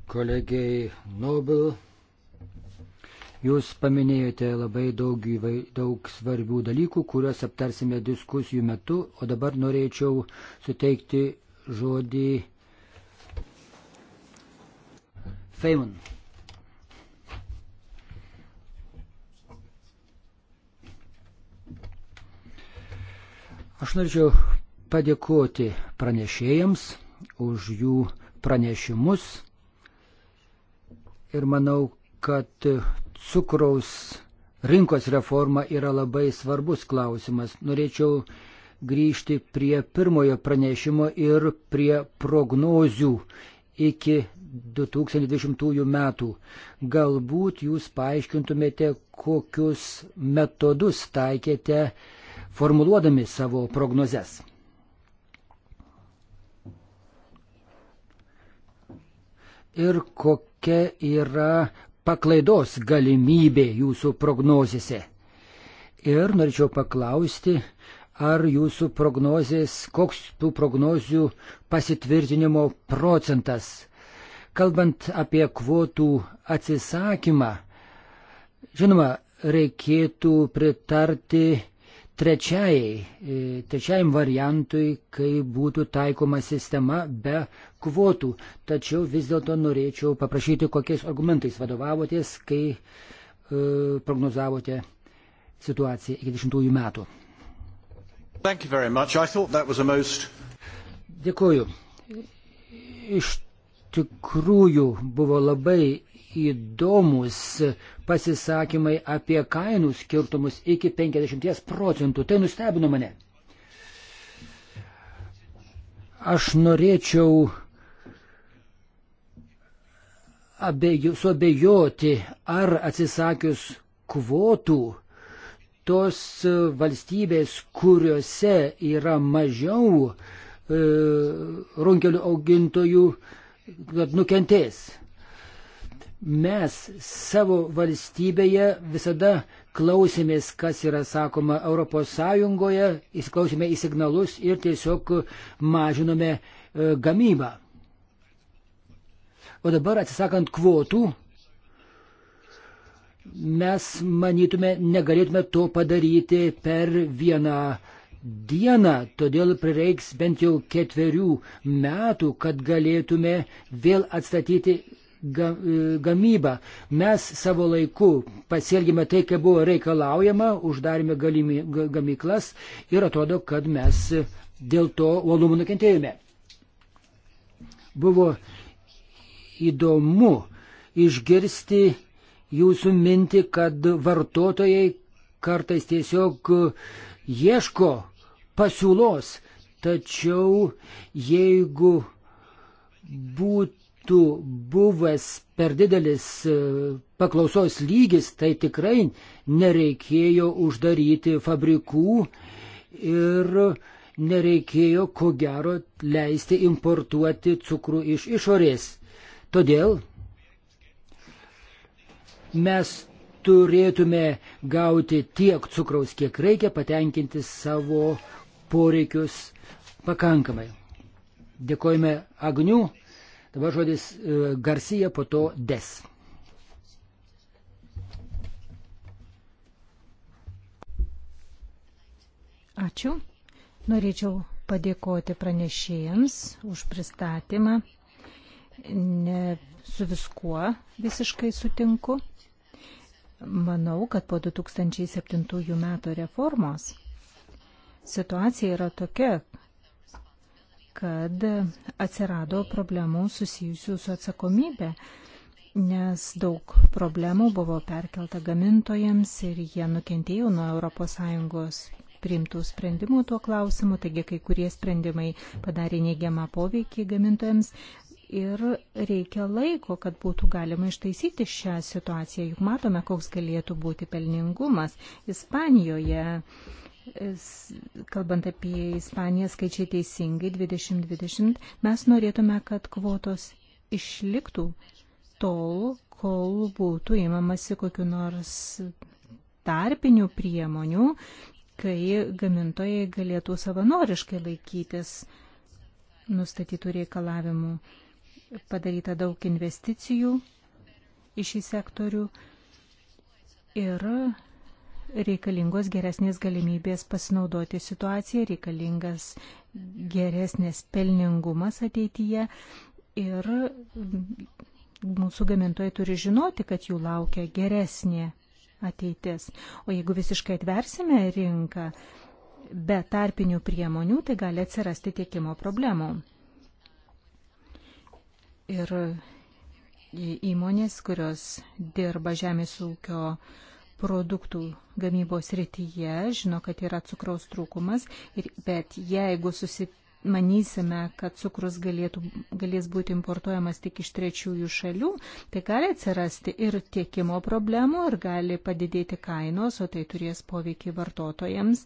kolegiai Nobel. Jūs paminėjote labai daug, daug svarbių dalykų, kuriuos aptarsime diskusijų metu, o dabar norėčiau suteikti žodį Feimon. Aš norėčiau padėkoti pranešėjams už jų pranešimus ir manau, kad cukraus rinkos reforma yra labai svarbus klausimas. Norėčiau grįžti prie pirmojo pranešimo ir prie prognozių iki 2020 metų. Galbūt jūs paaiškintumėte, kokius metodus taikėte formuluodami savo prognozes. Ir kokia yra paklaidos galimybė jūsų prognozėse. Ir norėčiau paklausti, ar jūsų prognozės, koks tų prognozių pasitvirtinimo procentas Kalbant apie kvotų atsisakymą, žinoma, reikėtų pritarti trečiajai, e, trečiajam variantui, kai būtų taikoma sistema be kvotų. Tačiau vis dėlto norėčiau paprašyti, kokiais argumentais vadovavotės, kai e, prognozavote situaciją iki 20 metų. Most... Dėkuoju. Iš tikrųjų buvo labai įdomus pasisakymai apie kainų skirtumus iki 50 procentų. Tai nustebino mane. Aš norėčiau abejo, suabejoti, ar atsisakius kvotų, tos valstybės, kuriuose yra mažiau e, runkelių augintojų, e, kad nukentės. Mes savo valstybėje visada klausėmės, kas yra sakoma ES, įsiklausėme į signalus ir tiesiog mažinome e, gamybą. O dabar atsisakant kvotų, mes manytume, negalėtume to padaryti per vieną uh, dieną, todėl prireiks bent jau ketverių metų, kad galėtume vėl atstatyti e, gamybą. Mes savo laiku pasielgėme tai, kaip buvo reikalaujama, uždarėme galimi, gamyklas ir atrodo, kad mes dėl to uolumų nukentėjome. Buvo įdomu išgirsti jūsų mintį, kad vartotojai kartais tiesiog ieško pasiūlos. Tačiau jeigu būtų buvęs per didelis e, paklausos lygis, tai tikrai nereikėjo uždaryti fabrikų ir nereikėjo, ko gero, leisti importuoti cukrų iš išorės. Todėl mes turėtume gauti tiek cukraus, kiek reikia patenkinti savo poreikius pakankamai. Dėkojame Agnių, dabar žodis e, Garcija, po to Des. Ačiū. Norėčiau padėkoti pranešėjams už pristatymą. Ne su viskuo visiškai sutinku. Manau, kad po 2007 metų reformos Situacija yra tokia, kad atsirado problemų susijusių su atsakomybė, nes daug problemų buvo perkelta gamintojams ir jie nukentėjo nuo ES priimtų sprendimų tuo klausimu, taigi kai kurie sprendimai padarė neigiamą poveikį gamintojams. Ir reikia laiko, kad būtų galima ištaisyti šią situaciją, juk matome, koks galėtų būti pelningumas. Ispanijoje kalbant apie Ispaniją, skaičiai teisingai 2020, mes norėtume, kad kvotos išliktų tol, kol būtų įmamasi kokiu nors tarpinių priemonių, kai gamintojai galėtų savanoriškai laikytis nustatytų reikalavimų. Padaryta daug investicijų į šį sektorių ir reikalingos geresnės galimybės pasinaudoti situaciją, reikalingas geresnės pelningumas ateityje ir mūsų gamintojai turi žinoti, kad jų laukia geresnė ateitis. O jeigu visiškai atversime rinką be tarpinių priemonių, tai gali atsirasti tiekimo problemų. Ir įmonės, kurios dirba žemės ūkio uh, produktų gamybos rytyje, žino, kad yra cukraus trūkumas, ir, bet jeigu susimanysime, kad cukrus galėtų, galės būti importuojamas tik iš trečiųjų šalių, tai gali atsirasti ir tiekimo problemų, ir gali padidėti kainos, o tai turės poveikį vartotojams.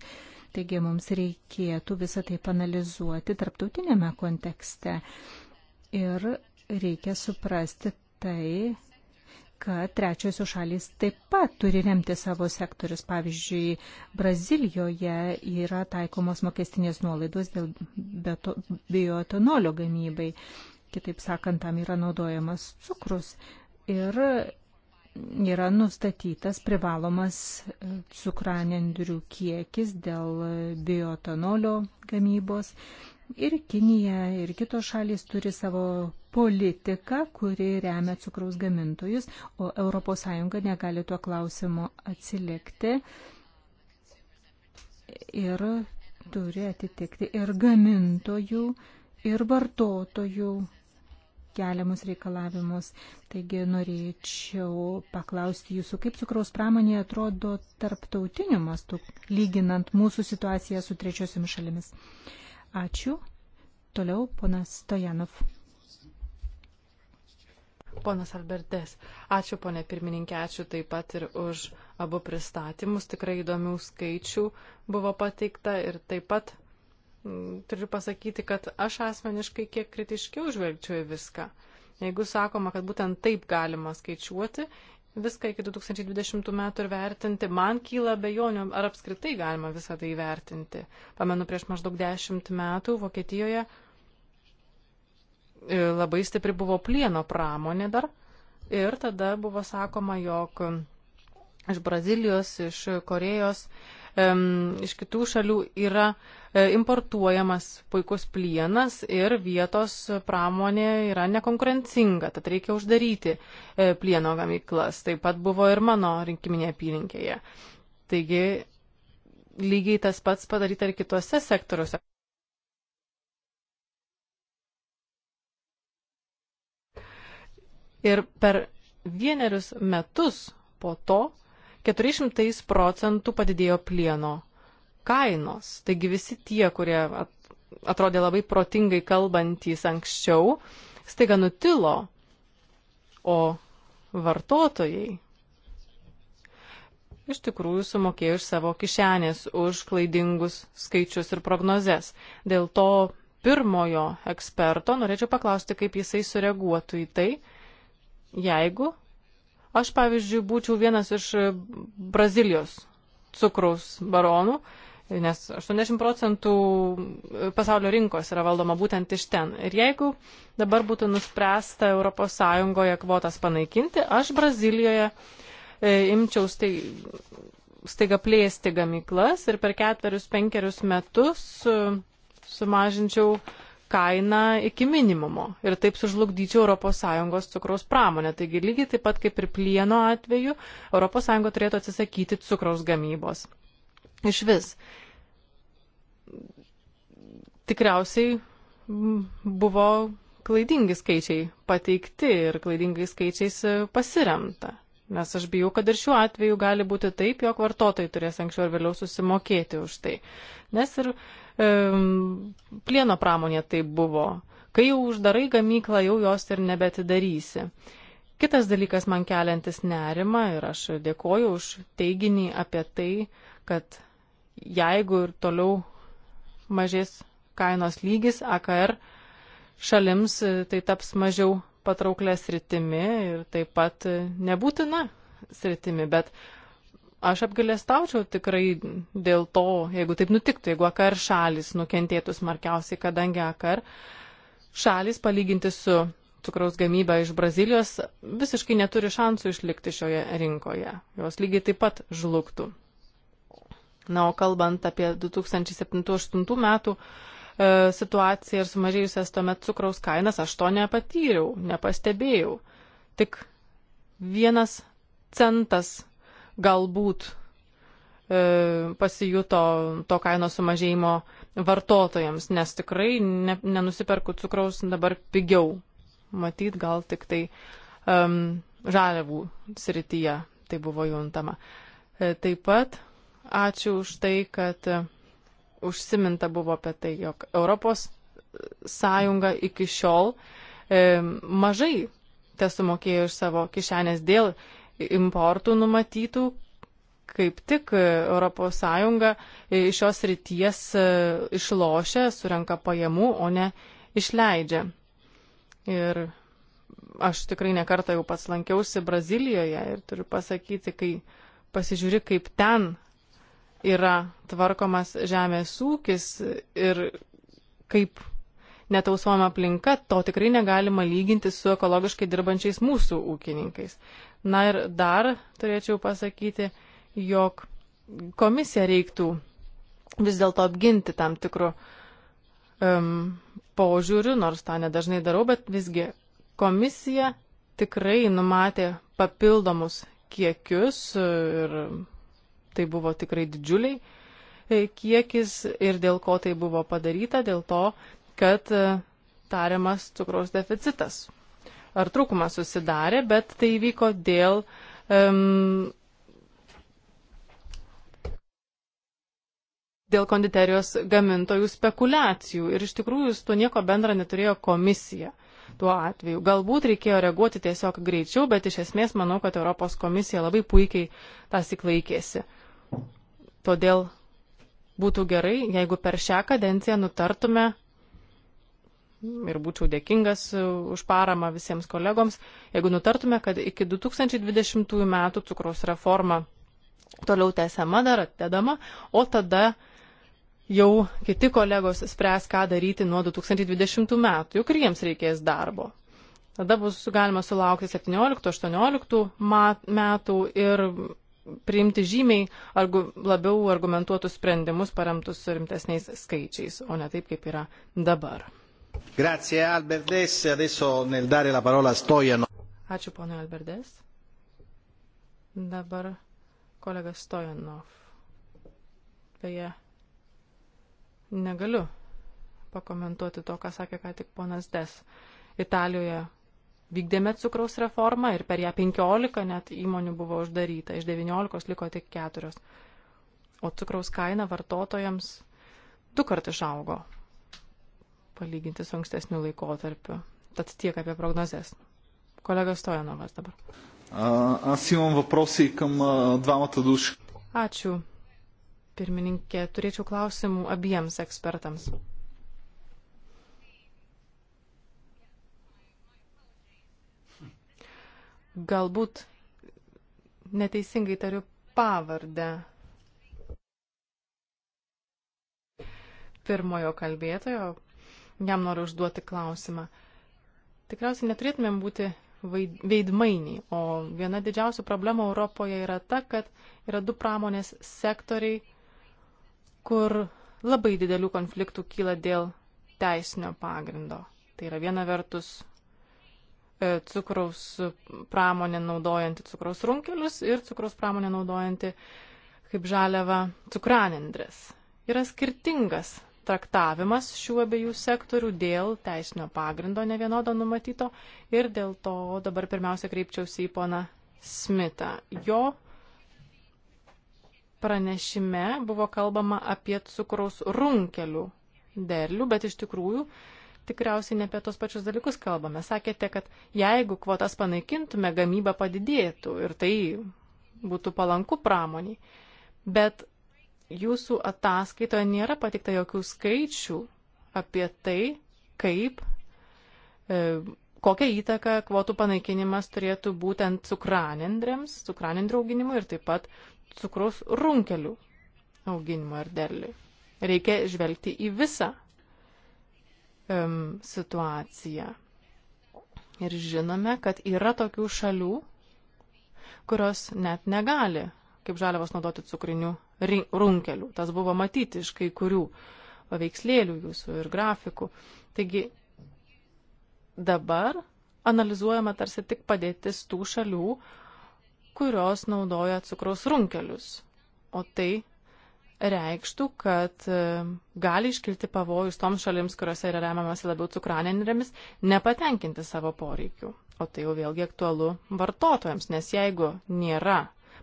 Taigi mums reikėtų visą tai panalizuoti tarptautinėme kontekste. Ir reikia suprasti tai, kad trečiosios šalis taip pat turi remti savo sektorius. Pavyzdžiui, Brazilijoje yra taikomos mokestinės nuolaidos dėl bioetanolio gamybai. Kitaip sakant, tam yra naudojamas cukrus. Ir yra nustatytas privalomas cukranendrių kiekis dėl bioetanolio gamybos. Ir Kinija, ir kitos šalys turi savo politiką, kuri remia cukraus gamintojus, o ES negali tuo klausimu atsilikti ir turi atitikti ir gamintojų, ir vartotojų keliamus reikalavimus. Taigi norėčiau paklausti jūsų, kaip cukraus pramonė atrodo tarptautiniu mastu, lyginant mūsų situaciją su trečiosiomis šalimis. Uh, Ačiū. Toliau ponas Stojanov. Ponas Albertes, ačiū ponė pirmininkė, ačiū taip pat ir už abu pristatymus. Tikrai įdomių skaičių buvo pateikta ir taip pat m, turiu pasakyti, kad aš asmeniškai kiek kritiškiau žvelgčiau į viską. Jeigu sakoma, kad būtent taip galima skaičiuoti viską iki 2020 metų ir vertinti, man kyla bejonių, ar apskritai galima visą tai vertinti. Pamenu, prieš maždaug dešimt metų Vokietijoje e, labai stipri buvo plieno pramonė dar ir tada buvo sakoma, jog iš Brazilijos, iš Korejos iš kitų šalių yra e, importuojamas puikus plienas ir vietos pramonė yra nekonkurencinga, tad reikia uždaryti e, plieno gamyklas. Taip pat buvo ir mano rinkiminėje apylinkėje. Taigi lygiai tas pats padaryta ir kitose sektoriuose. Ir per vienerius metus po to 400 procentų padidėjo plieno kainos. Taigi visi tie, kurie atrodė labai protingai kalbantys anksčiau, staiga nutilo, o vartotojai iš tikrųjų sumokėjo iš savo kišenės už klaidingus skaičius ir prognozes. Dėl to pirmojo eksperto norėčiau paklausti, kaip jisai sureaguotų į tai, jeigu Aš, pavyzdžiui, būčiau vienas iš e, Brazilijos cukraus baronų, nes 80 procentų e, pasaulio rinkos yra valdoma būtent iš ten. Ir jeigu dabar būtų nuspręsta ES kvotas panaikinti, aš Brazilijoje e, imčiau staig, staiga plėsti gamyklas ir per ketverius, penkerius metus e, sumažinčiau su kainą iki minimumo ir taip sužlugdyčiau ES cukraus pramonę. Taigi lygiai taip pat kaip ir plieno atveju, ES turėtų atsisakyti cukraus gamybos. Iš vis. Tikriausiai buvo klaidingi skaičiai pateikti ir klaidingai skaičiais e, pasiremta. Nes aš bijau, kad ir šiuo atveju gali būti taip, jog vartotojai turės anksčiau ar vėliau susimokėti už tai. Nes ir e, plieno pramonė tai buvo. Kai jau uždarai gamyklą, jau jos ir nebetidarysi. Kitas dalykas man keliantis nerima ir aš dėkoju už teiginį apie tai, kad jeigu ir toliau mažės kainos lygis AKR šalims, e, tai taps mažiau patrauklę sritimi ir taip pat nebūtina sritimi, bet aš apgalėstaučiau tikrai dėl to, jeigu taip nutiktų, jeigu AKR šalis nukentėtų smarkiausiai, kadangi AKR šalis palyginti su cukraus gamyba iš Brazilijos visiškai neturi šansų išlikti šioje rinkoje. Jos lygiai taip pat žlugtų. Na, o kalbant apie 2007-2008 metų E, situaciją ir sumažėjusias tuomet cukraus kainas, aš to nepatyriau, nepastebėjau. Tik vienas centas galbūt e, pasijuto to kainos sumažėjimo vartotojams, nes tikrai ne, nenusiperku cukraus dabar pigiau. Matyt, gal tik tai um, žaliavų srityje tai buvo juntama. E, taip pat ačiū už tai, kad užsiminta buvo apie tai, jog Europos Sąjunga iki šiol e, mažai te sumokėjo iš savo kišenės dėl importų numatytų, kaip tik ES iš šios ryties e, išlošia, surenka pajamų, o ne išleidžia. Ir aš tikrai nekartą jau pats lankiausi Brazilijoje ir turiu pasakyti, kai pasižiūri, kaip ten yra tvarkomas žemės ūkis ir kaip netausojama aplinka, to tikrai negalima lyginti su ekologiškai dirbančiais mūsų ūkininkais. Na ir dar turėčiau pasakyti, jog komisiją reiktų vis dėlto apginti tam tikru um, požiūriu, nors tą nedažnai darau, bet visgi komisija tikrai numatė papildomus kiekius ir tai buvo tikrai didžiuliai e, kiekis ir dėl ko tai buvo padaryta, dėl to, kad e, tariamas cukraus deficitas ar trūkumas susidarė, bet tai įvyko dėl um, dėl konditerijos gamintojų spekulacijų ir iš tikrųjų su tuo nieko bendra neturėjo komisija. Tuo atveju galbūt reikėjo reaguoti tiesiog greičiau, bet iš esmės manau, kad Europos komisija labai puikiai tas įklaikėsi. Uh, Todėl būtų gerai, jeigu per šią kadenciją nutartume ir būčiau dėkingas e, už paramą visiems kolegoms, jeigu nutartume, kad iki 2020 metų cukraus reforma toliau tęsiama dar atedama, o tada jau kiti kolegos spręs, ką daryti nuo 2020 metų, juk ir jiems reikės darbo. Tada bus galima sulaukti 17-18 metų ir priimti žymiai argu, labiau argumentuotus sprendimus paremtus rimtesniais skaičiais, o ne taip, kaip yra dabar. Grazie, Alberdes. Adesso nel dare la parola a Stojano. Ačiū, ponai Alberdes. Dabar kolega Stojanov. Beje, negaliu pakomentuoti to, ką sakė ką tik ponas Des. Italijoje vykdėme cukraus reformą ir per ją 15 net įmonių buvo uždaryta, iš 19 liko tik 4. O cukraus kaina vartotojams du kart išaugo, palyginti su ankstesniu laikotarpiu. Tad tiek apie prognozes. Kolega Stojanovas dabar. Aš įmam vaprosį kam dvamata duš. Ačiū. Pirmininkė, turėčiau klausimų abiems ekspertams. Galbūt neteisingai tariu pavardę. Pirmojo kalbėtojo, jam noriu užduoti klausimą. Tikriausiai neturėtumėm būti veidmainiai, o viena didžiausių problemų Europoje yra ta, kad yra du pramonės sektoriai, kur labai didelių konfliktų kyla dėl teisinio pagrindo. Tai yra viena vertus E, cukraus pramonė naudojanti cukraus runkelius ir cukraus pramonė naudojanti kaip žaliava cukranendrės. Yra skirtingas traktavimas šių abiejų sektorių dėl teisinio pagrindo nevienodo numatyto ir dėl to dabar pirmiausia kreipčiausi į poną Smitą. Jo pranešime buvo kalbama apie cukraus runkelių derlių, bet iš tikrųjų tikriausiai ne apie tos pačius dalykus kalbame. Sakėte, kad jeigu kvotas panaikintume, gamyba padidėtų ir tai būtų palanku pramoniai. Bet jūsų ataskaitoje nėra patikta jokių skaičių apie tai, kaip, e, kokią įtaką kvotų panaikinimas turėtų būtent cukranendrėms, cukranendrių auginimui ir taip pat cukrus runkelių auginimo ir derliui. Reikia žvelgti į visą um, situaciją. Ir žinome, kad yra tokių šalių, kurios net negali kaip žaliavas naudoti cukrinių runkelių. Tas buvo matyti iš kai kurių paveikslėlių jūsų ir grafikų. Taigi dabar analizuojama tarsi tik padėtis tų šalių, kurios naudoja cukraus runkelius. O tai reikštų, kad e, gali iškilti pavojus toms šalims, kuriuose yra remiamas labiau cukraninėmis, nepatenkinti savo poreikių. O tai jau vėlgi aktualu vartotojams, nes jeigu nėra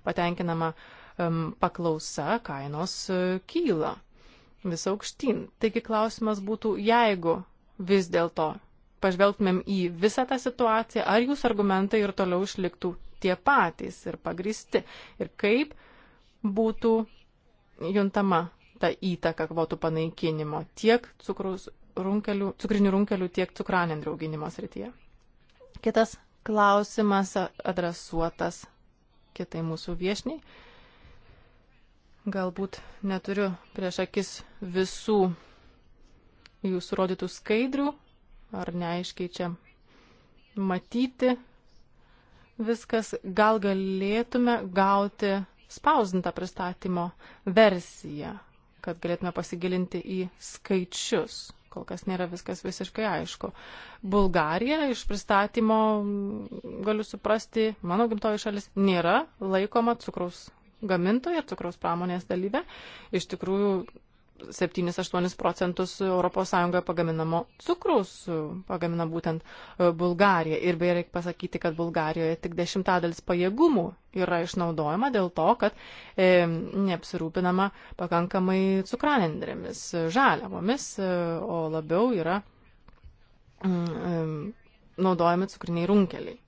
patenkinama um, paklausa, kainos uh, kyla vis aukštyn. Taigi klausimas būtų, jeigu vis dėlto pažvelgtumėm į visą tą situaciją, ar jūsų argumentai ir toliau išliktų tie patys ir pagristi. Ir kaip būtų juntama ta įtaka kvotų panaikinimo tiek cukrus runkelių, cukrinių runkelių, tiek cukranendrių auginimo srityje. Kitas klausimas adresuotas kitai mūsų viešniai. Galbūt neturiu prieš akis visų jūsų rodytų skaidrių, ar neaiškiai čia matyti viskas. Gal galėtume gauti spausdintą pristatymo versiją, kad galėtume pasigilinti į skaičius. Kol kas nėra viskas visiškai aišku. Bulgarija iš pristatymo, galiu suprasti, mano gimtoji šalis nėra laikoma cukraus gamintoje, cukraus pramonės dalyve. Iš tikrųjų, 7-8 procentus ES pagaminamo cukrus pagamina būtent e, Bulgarija. Ir beje, reikia pasakyti, kad Bulgarijoje tik dešimtadalis pajėgumų yra išnaudojama dėl to, kad e, neapsirūpinama pakankamai cukranendrėmis, žaliavomis, e, o labiau yra mm, e, naudojami cukriniai runkeliai.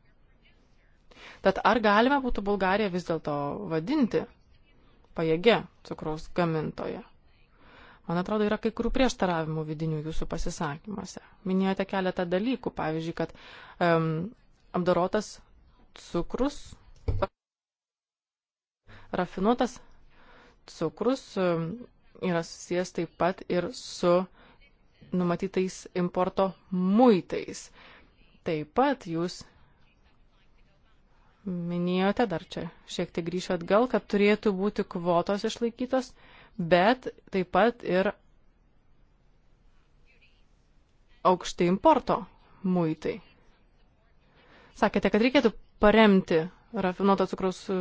Tad ar galima būtų Bulgariją vis dėlto vadinti pajėgė cukraus gamintoje? Man atrodo, yra kai kurių prieštaravimų vidinių jūsų pasisakymuose. Minėjote keletą dalykų, pavyzdžiui, kad um, apdorotas cukrus, rafinuotas cukrus um, yra susijęs taip pat ir su numatytais importo muitais. Taip pat jūs minėjote, dar čia šiek tiek grįšiu atgal, kad turėtų būti kvotos išlaikytos bet taip pat ir aukšti importo muitai. Sakėte, kad reikėtų paremti rafinuoto cukraus e,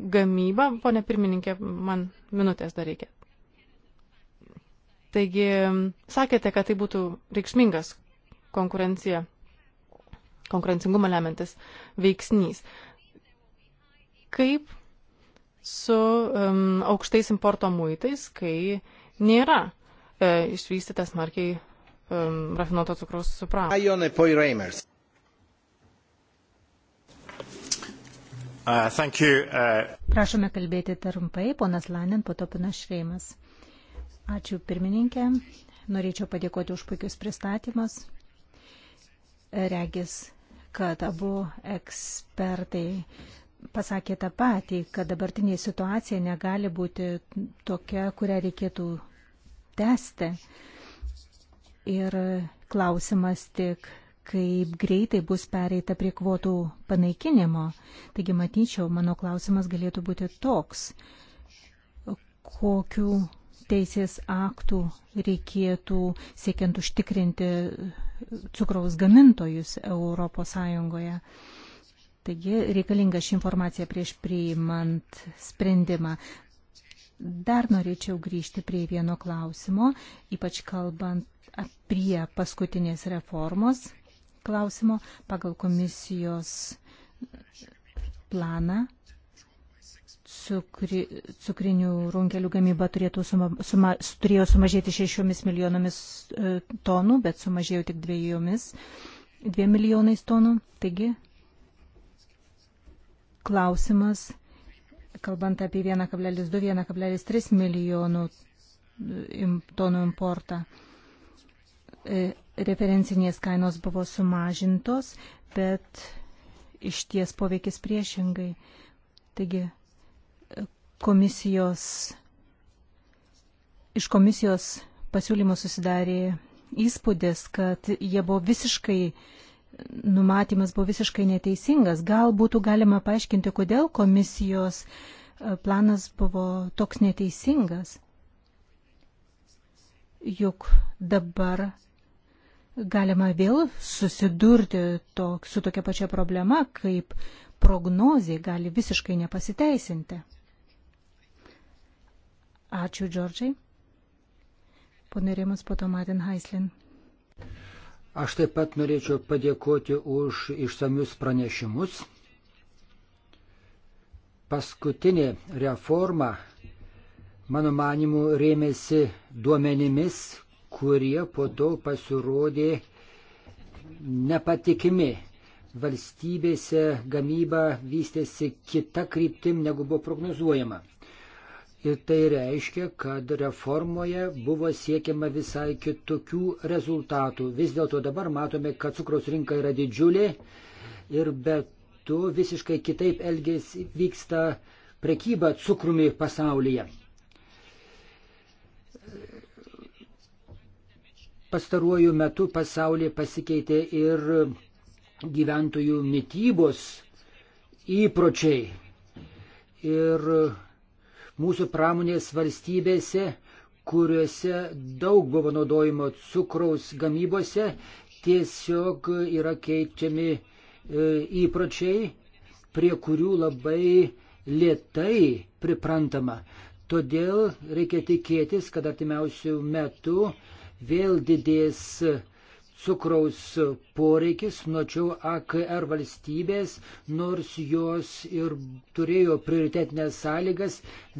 gamybą. Pone pirmininkė, man minutės dar reikia. Taigi, sakėte, kad tai būtų reikšmingas konkurencija, konkurencingumą lemiantis veiksnys. Kaip su um, aukštais importo muitais, kai nėra e, išvystyta smarkiai um, rafinuoto cukraus supramonė. Uh, uh... Prašome kalbėti trumpai, ponas Lanin, po to panas Šreimas. Ačiū pirmininkė, norėčiau padėkoti už puikius pristatymus. Regis, kad abu ekspertai pasakė tą patį, kad dabartinė situacija negali būti tokia, kurią reikėtų tęsti. Ir klausimas tik, kaip greitai bus pereita prie kvotų panaikinimo. Taigi matyčiau, mano klausimas galėtų būti toks, kokiu teisės aktų reikėtų siekiant užtikrinti cukraus gamintojus Europos Sąjungoje. Taigi reikalinga ši informacija prieš priimant sprendimą. Dar norėčiau grįžti prie vieno klausimo, ypač kalbant apie paskutinės reformos klausimo pagal komisijos planą. Cukri, cukrinių runkelių gamyba turėtų suma, suma, turėjo sumažėti 6 milijonomis e, tonų, bet sumažėjo tik 2 milijonais tonų. Taigi klausimas, kalbant apie 1,2-1,3 milijonų e, tonų importą. E, referencinės kainos buvo sumažintos, bet iš ties poveikis priešingai. Taigi e, komisijos, iš komisijos pasiūlymų susidarė įspūdis, kad jie buvo visiškai uh, numatymas buvo visiškai neteisingas. Gal būtų galima paaiškinti, kodėl komisijos e, planas buvo toks neteisingas. Juk dabar galima vėl susidurti to, su tokia pačia problema, kaip prognozija gali visiškai nepasiteisinti. Ačiū, Džordžiai. Ponerimas po to Martin Heislin. Aš taip pat norėčiau padėkoti už išsamius pranešimus. Paskutinė reforma, mano manimu, rėmėsi duomenimis, kurie po to pasirodė nepatikimi. Valstybėse gamyba vystėsi kita kryptim, negu buvo prognozuojama. Ir tai reiškia, kad reformoje buvo siekiama visai kitokių rezultatų. Vis dėlto dabar matome, kad cukraus rinka yra didžiulė ir be to visiškai kitaip elgesi vyksta prekyba cukrumi pasaulyje. Pastaruoju metu pasaulyje pasikeitė ir gyventojų mytybos įpročiai. Ir mūsų pramonės valstybėse, kuriuose daug buvo naudojimo cukraus gamybose, tiesiog yra keičiami e, įpročiai, prie kurių labai lietai priprantama. Todėl reikia tikėtis, kad artimiausių metų vėl didės cukraus poreikis, nuočiau AKR valstybės, nors jos ir turėjo prioritetinės sąlygas,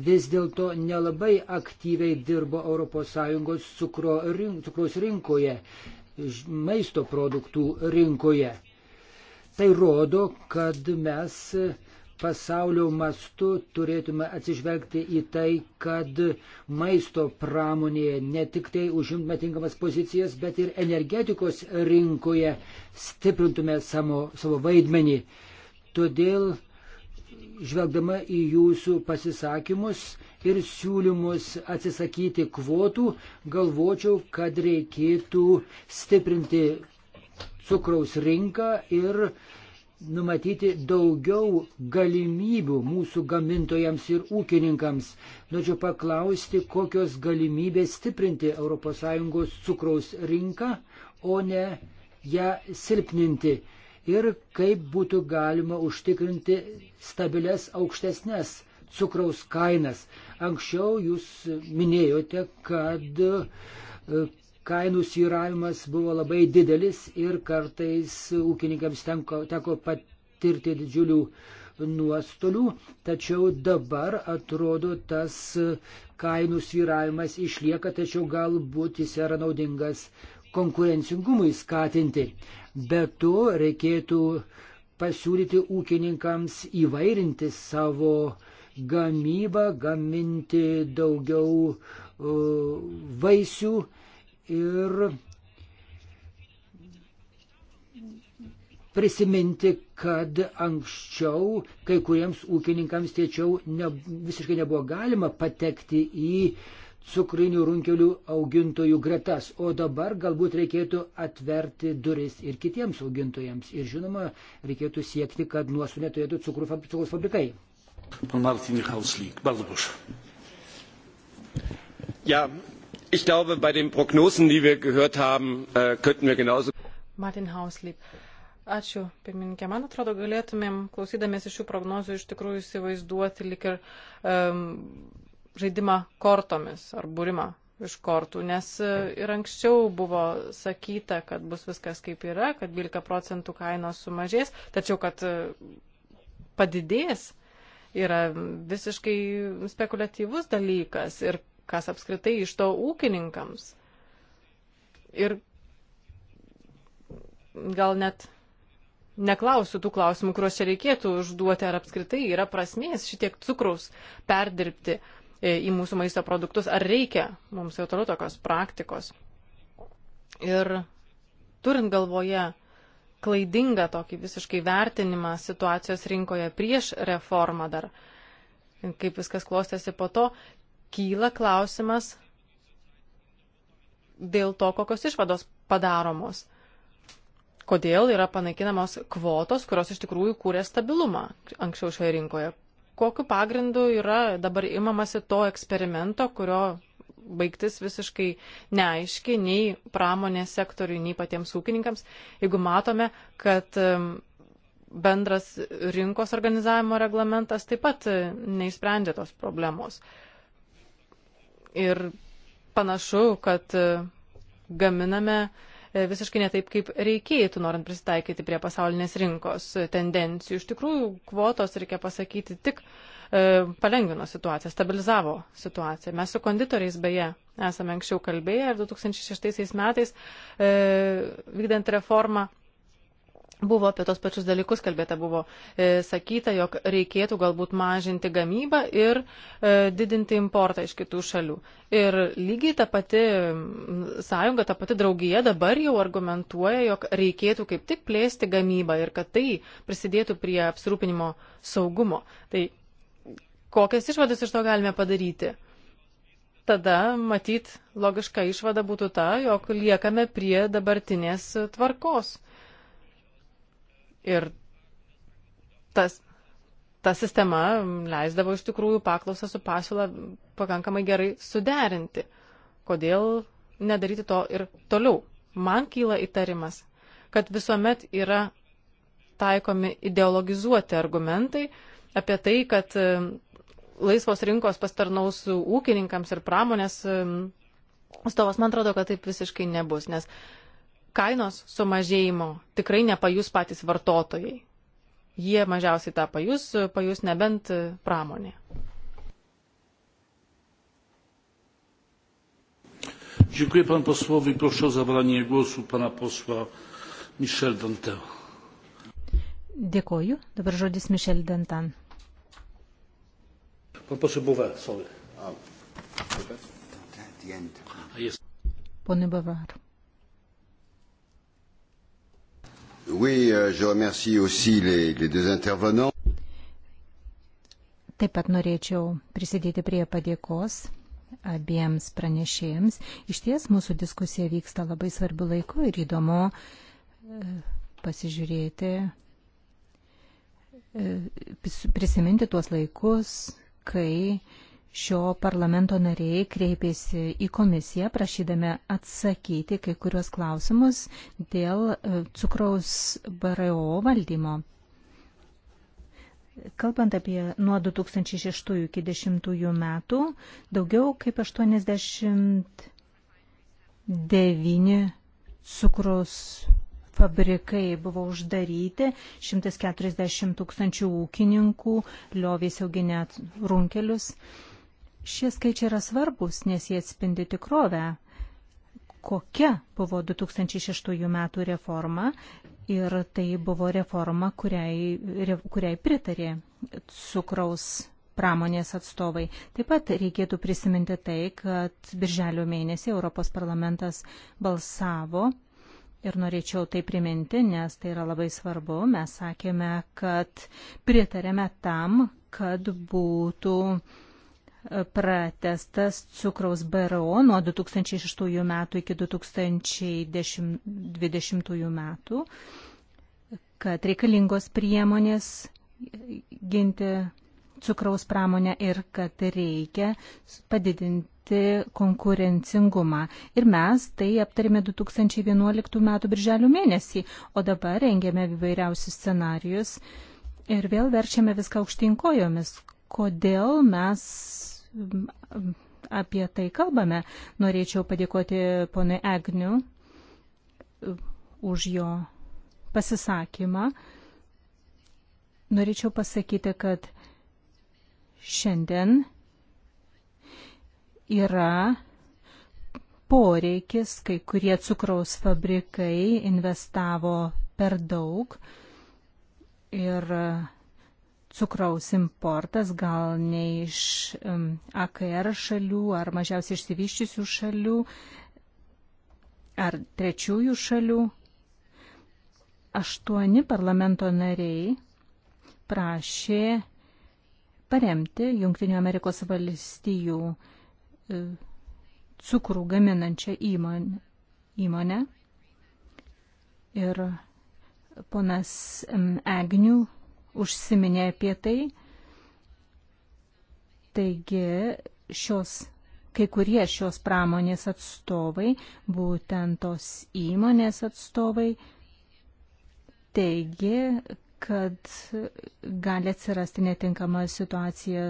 vis dėlto nelabai aktyviai dirbo ES cukro rink, cukraus rinkoje, maisto produktų rinkoje. Tai rodo, kad mes pasaulio mastu turėtume atsižvelgti į tai, kad maisto pramonėje ne tik tai užimtume tinkamas pozicijas, bet ir energetikos rinkoje stiprintume savo, savo vaidmenį. Todėl, žvelgdama į jūsų pasisakymus ir siūlymus atsisakyti kvotų, galvočiau, kad reikėtų stiprinti cukraus rinką ir uh, numatyti daugiau galimybių mūsų gamintojams ir ūkininkams. Norėčiau paklausti, kokios galimybės stiprinti ES cukraus rinką, o ne ją silpninti. Ir kaip būtų galima užtikrinti stabilias aukštesnės cukraus kainas. Anksčiau jūs minėjote, kad kainų svyravimas buvo labai didelis ir kartais ūkininkams tenko, teko patirti didžiulių nuostolių, tačiau dabar atrodo tas kainų svyravimas išlieka, tačiau galbūt jis yra naudingas konkurencingumui skatinti. Be to reikėtų pasiūlyti ūkininkams įvairinti savo gamybą, gaminti daugiau uh, vaisių, ir prisiminti, kad anksčiau kai kuriems ūkininkams tiečiau ne, visiškai nebuvo galima patekti į cukrinių runkelių augintojų gretas, o dabar galbūt reikėtų atverti duris ir kitiems augintojams. Ir žinoma, reikėtų siekti, kad nuosų neturėtų cukrų cukrus fabrikai. Pan Martin Hauslik, bardzo proszę. Ja, Ich glaube, bei den Prognosen, die wir gehört haben, äh, könnten wir genauso. Martin Hauslip. Ačiū, pirmininkė. Man atrodo, galėtumėm, klausydamėsi šių prognozių, iš tikrųjų įsivaizduoti lik ir um, žaidimą kortomis ar būrimą iš kortų, nes e, ir anksčiau buvo sakyta, kad bus viskas kaip yra, kad 12 procentų kainos sumažės, tačiau kad e, padidės yra visiškai spekuliatyvus dalykas ir kas apskritai iš to ūkininkams. Ir gal net neklausiu tų klausimų, kuriuos čia reikėtų užduoti, ar apskritai yra prasmės šitiek cukraus perdirbti e, į mūsų maisto produktus, ar reikia mums jau toliau tokios praktikos. Ir turint galvoje klaidingą tokį visiškai vertinimą situacijos rinkoje prieš reformą dar, kaip viskas klostėsi po to, kyla klausimas dėl to, kokios išvados padaromos. Kodėl yra panaikinamos kvotos, kurios iš tikrųjų kūrė stabilumą anksčiau šioje rinkoje. Kokiu pagrindu yra dabar imamasi to eksperimento, kurio baigtis visiškai neaiški nei pramonės sektoriui, nei patiems ūkininkams, jeigu matome, kad um, bendras rinkos organizavimo reglamentas taip pat neišsprendė tos problemos. Uh, Ir panašu, kad e, gaminame e, visiškai netaip, kaip reikėtų, norint prisitaikyti prie pasaulinės rinkos tendencijų. Iš tikrųjų, kvotos, reikia pasakyti, tik e, palengvino situaciją, stabilizavo situaciją. Mes su konditoriais beje esame anksčiau kalbėję ir 2006 metais e, vykdant reformą Buvo apie tos pačius dalykus kalbėta, buvo e, sakyta, jog reikėtų galbūt mažinti gamybą ir e, didinti importą iš kitų šalių. Ir lygiai ta pati sąjunga, ta pati draugija dabar jau argumentuoja, jog reikėtų kaip tik plėsti gamybą ir kad tai prisidėtų prie apsirūpinimo saugumo. Tai kokias išvadas iš to galime padaryti? tada matyt logiška išvada būtų ta, jog liekame prie dabartinės tvarkos. Ir tas, ta sistema leisdavo iš tikrųjų paklausą su pasiūla pakankamai gerai suderinti. Kodėl nedaryti to ir toliau? Man kyla įtarimas, kad visuomet yra taikomi ideologizuoti argumentai apie tai, kad um, laisvos rinkos pastarnaus ūkininkams ir pramonės um, stovas, man atrodo, kad taip visiškai nebus, nes kainos sumažėjimo tikrai nepajus patys vartotojai. Jie mažiausiai tą pajus, pajus nebent pramonė. Dziękuję panu posłowi. Proszę o zabranie głosu pana posła Michel Dantin. Dėkoju. Dabar žodis Michel Dantin. Pan poseł Bouvet, sorry. Oh. Pone Bavar. Oui, euh, je remercie aussi les, les deux intervenants. Taip pat norėčiau prisidėti prie padėkos abiems pranešėjams. Iš ties mūsų diskusija vyksta labai svarbiu laiku ir įdomu e, pasižiūrėti, e, prisiminti tuos laikus, kai uh, šio parlamento nariai kreipėsi į komisiją prašydami atsakyti kai kurios klausimus dėl e, cukraus BRO valdymo. Kalbant apie nuo 2006 iki 2010 metų, daugiau kaip 89 cukraus fabrikai buvo uždaryti, 140 tūkstančių ūkininkų liovėsi auginę runkelius. Šie skaičiai yra svarbus, nes jie atspindi tikrovę, kokia buvo 2006 metų reforma ir tai buvo reforma, kuriai, kuriai pritarė cukraus pramonės atstovai. Taip pat reikėtų prisiminti tai, kad birželio mėnesį Europos parlamentas balsavo ir norėčiau tai priminti, nes tai yra labai svarbu. Mes sakėme, kad pritarėme tam, kad būtų pratestas cukraus BRO nuo 2006 metų iki 2020 metų, kad reikalingos priemonės ginti cukraus pramonę ir kad reikia padidinti konkurencingumą. Ir mes tai aptarėme 2011 metų birželio mėnesį, o dabar rengėme įvairiausius scenarius ir vėl verčiame viską aukštinkojomis, kodėl mes apie tai kalbame. Norėčiau padėkoti ponui Agniu už jo pasisakymą. Norėčiau pasakyti, kad šiandien yra poreikis, kai kurie cukraus fabrikai investavo per daug ir cukraus importas gal ne iš AKR šalių ar mažiausiai išsivyščiusių šalių ar trečiųjų šalių. Aštuoni parlamento nariai prašė paremti Junktinių Amerikos valstijų e, cukrų gaminančią įmonę. įmonę. Ir ponas Agnių užsiminė apie tai. Taigi šios, kai kurie šios pramonės atstovai, būtent tos įmonės atstovai, teigi, kad gali atsirasti netinkama situacija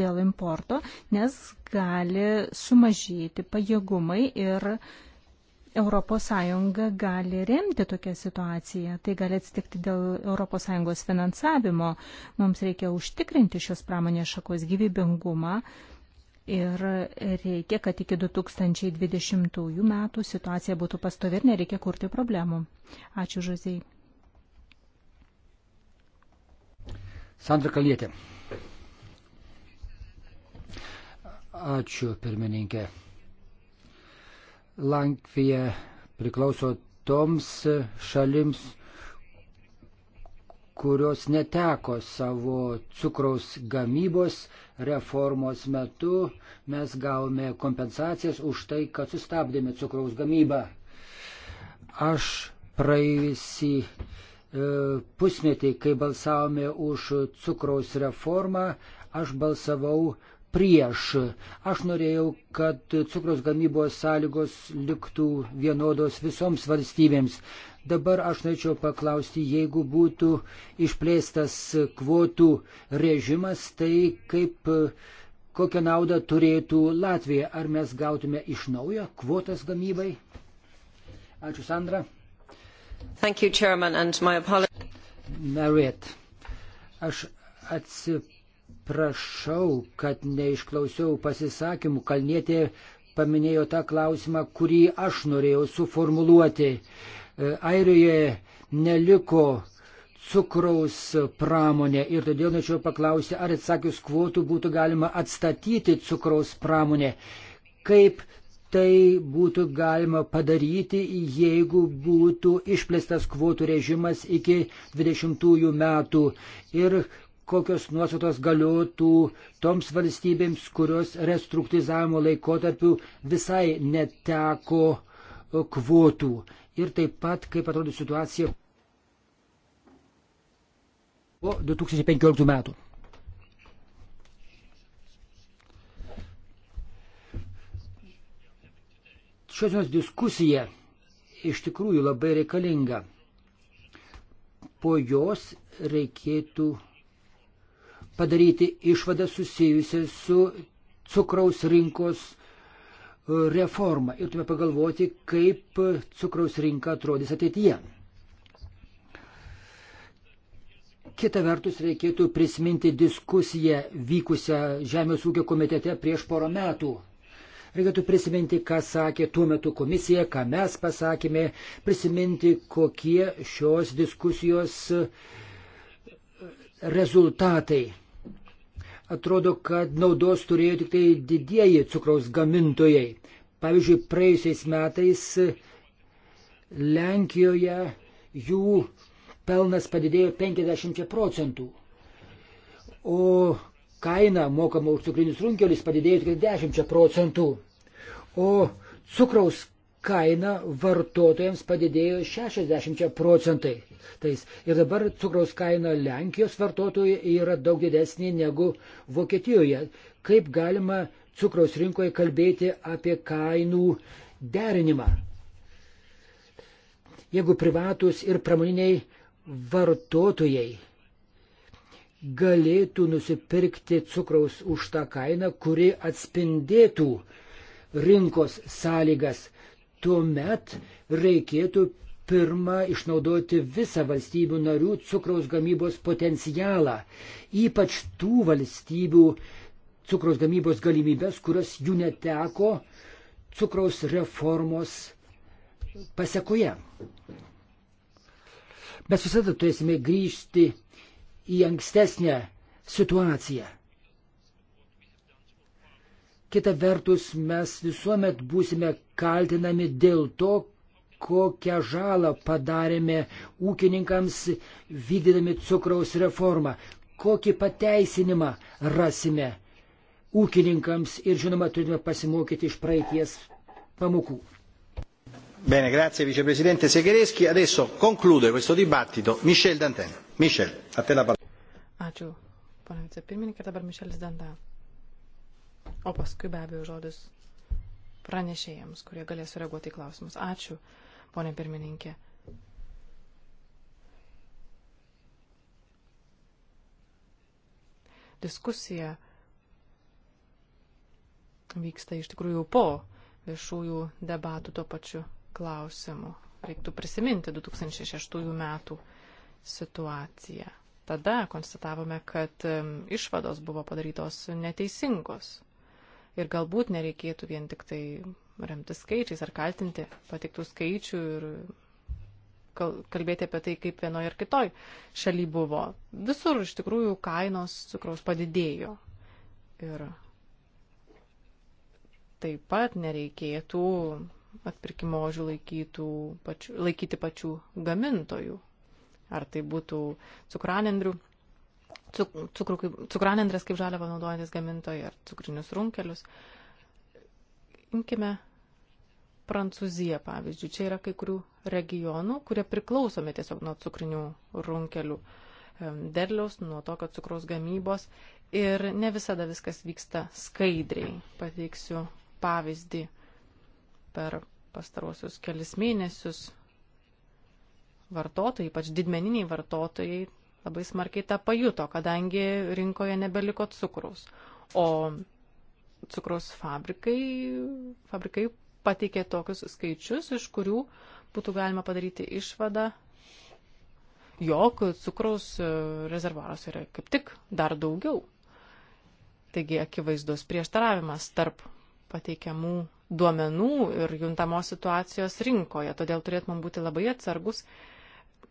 dėl importo, nes gali sumažėti pajėgumai ir uh, ES gali remti tokią situaciją. Tai gali atsitikti dėl ES finansavimo. Mums reikia užtikrinti šios pramonės šakos gyvybingumą ir reikia, kad iki 2020 metų situacija būtų pastovi ir nereikia kurti problemų. Ačiū, Žozijai. Sandra Kalietė. Ačiū, pirmininkė. Lankvija priklauso toms šalims, kurios neteko savo cukraus gamybos reformos metu, mes gavome kompensacijas už tai, kad sustabdėme cukraus gamybą. Aš praėjusį e, pusmetį, kai balsavome už cukraus reformą, aš balsavau prieš. Aš norėjau, kad cukraus gamybos sąlygos liktų vienodos visoms valstybėms. Dabar aš norėčiau paklausti, jeigu būtų išplėstas kvotų režimas, tai kaip kokią naudą turėtų Latvija? Ar mes gautume iš naujo kvotas gamybai? Ačiū, Sandra. Thank you, Chairman, and my apologies. Mariet, aš atsiprašau Atsiprašau, kad neišklausiau pasisakymų. Kalnietė paminėjo tą klausimą, kurį aš norėjau suformuluoti. E, Airijoje neliko cukraus pramonė ir todėl norėčiau paklausti, ar atsakius kvotų būtų galima atstatyti cukraus pramonę. Kaip tai būtų galima padaryti, jeigu būtų išplėstas kvotų režimas iki 20 metų ir kokios nuostatos galiotų toms valstybėms, kurios restruktizavimo laikotarpiu visai neteko e, kvotų. Ir taip pat, kaip atrodo situacija po 2015 metų. Šios diskusija iš tikrųjų labai reikalinga. Po jos reikėtų padaryti išvadą susijusią su cukraus rinkos e, reforma ir turime pagalvoti, kaip cukraus rinka atrodys ateityje. Kita vertus, reikėtų prisiminti diskusiją vykusią Žemės ūkio komitete prieš porą metų. Reikėtų prisiminti, ką sakė tuo metu komisija, ką mes pasakėme, prisiminti, kokie šios diskusijos e, rezultatai atrodo, kad naudos turėjo tik tai didieji cukraus gamintojai. Pavyzdžiui, praėjusiais metais Lenkijoje jų pelnas padidėjo 50 procentų, o kaina mokama už cukrinius runkelius padidėjo tik 10 procentų, o cukraus kaina vartotojams padidėjo 60 procentai. Tais. Ir dabar cukraus kaina Lenkijos vartotojai yra daug didesnė negu Vokietijoje. Kaip galima cukraus rinkoje kalbėti apie kainų derinimą? Jeigu privatus ir pramoniniai vartotojai galėtų nusipirkti cukraus už tą kainą, kuri atspindėtų rinkos sąlygas, tuomet reikėtų pirma išnaudoti visą valstybių narių cukraus gamybos potencialą, ypač tų valstybių cukraus gamybos galimybės, kurios jų neteko cukraus reformos pasiekoje. Mes visada turėsime grįžti į ankstesnę situaciją. Kita vertus, mes visuomet būsime kaltinami dėl to, kokią žalą padarėme ūkininkams vykdydami cukraus reformą. Kokį pateisinimą rasime ūkininkams ir žinoma turime pasimokyti iš praeities pamokų. Bene, grazie viceprezidente Seghereschi. Adesso conclude questo dibattito Michel Danten. Michel, a te la parola. Ačiū, pana vicepirmininkė, dabar Michelis Dantan. O paskui be abejo žodis pranešėjams, kurie galės reaguoti į klausimus. Ačiū, ponė pirmininkė. Diskusija vyksta iš tikrųjų po viešųjų debatų tuo pačiu klausimu. Reiktų prisiminti 2006 metų situaciją. Tada konstatavome, kad um, išvados buvo padarytos neteisingos ir galbūt nereikėtų vien tik tai remtis skaičiais ar kaltinti patiktų skaičių ir kalbėti apie tai, kaip vienoje ar kitoj šaly buvo. Visur iš tikrųjų kainos cukraus padidėjo. Ir taip pat nereikėtų atpirkimo ožių laikyti pačių gamintojų. Ar tai būtų cukranendrių cukranendrės kaip žaliavą naudojantis gamintojai ar cukrinius runkelius. Imkime Prancūziją, pavyzdžiui. Čia yra kai kurių regionų, kurie priklausomi tiesiog nuo cukrinių runkelių derliaus, nuo tokio cukraus gamybos. Ir ne visada viskas vyksta skaidriai. Pateiksiu pavyzdį per pastarosius kelis mėnesius. Vartotojai, ypač didmeniniai vartotojai, labai smarkiai tą pajuto, kadangi rinkoje nebeliko cukraus. O cukraus fabrikai, fabrikai pateikė tokius skaičius, iš kurių būtų galima padaryti išvadą, jog cukraus rezervuaras yra kaip tik dar daugiau. Taigi akivaizdus prieštaravimas tarp pateikiamų duomenų ir juntamos situacijos rinkoje. Todėl turėtumėm būti labai atsargus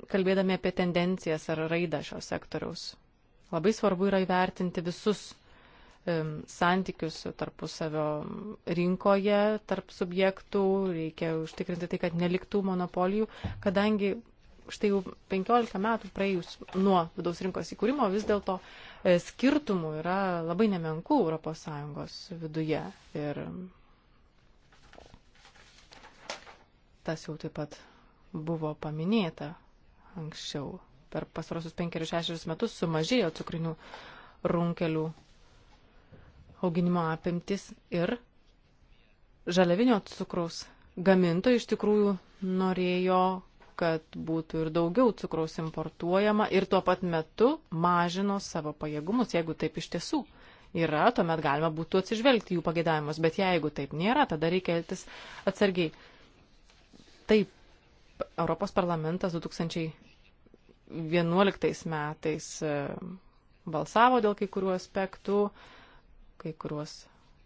kalbėdami apie tendencijas ar raidą šio sektoriaus. Labai svarbu yra įvertinti visus santykius tarpusavio rinkoje, tarp subjektų, reikia užtikrinti tai, kad neliktų monopolijų, kadangi štai jau 15 metų praėjus nuo vidaus rinkos įkūrimo vis dėlto e, skirtumų yra labai nemenkų ES viduje. Ir tas jau taip pat buvo paminėta anksčiau. Per pasarosius 5-6 metus sumažėjo cukrinių runkelių auginimo apimtis ir žaliavinio cukraus gamintojai iš tikrųjų norėjo, kad būtų ir daugiau cukraus importuojama ir tuo pat metu mažino savo pajėgumus, jeigu taip iš tiesų yra, tuomet galima būtų atsižvelgti jų pagėdavimus, bet jeigu taip nėra, tada reikia elgtis atsargiai. Taip Europos parlamentas 2011 metais e, balsavo dėl kai kurių aspektų, kai kuriuos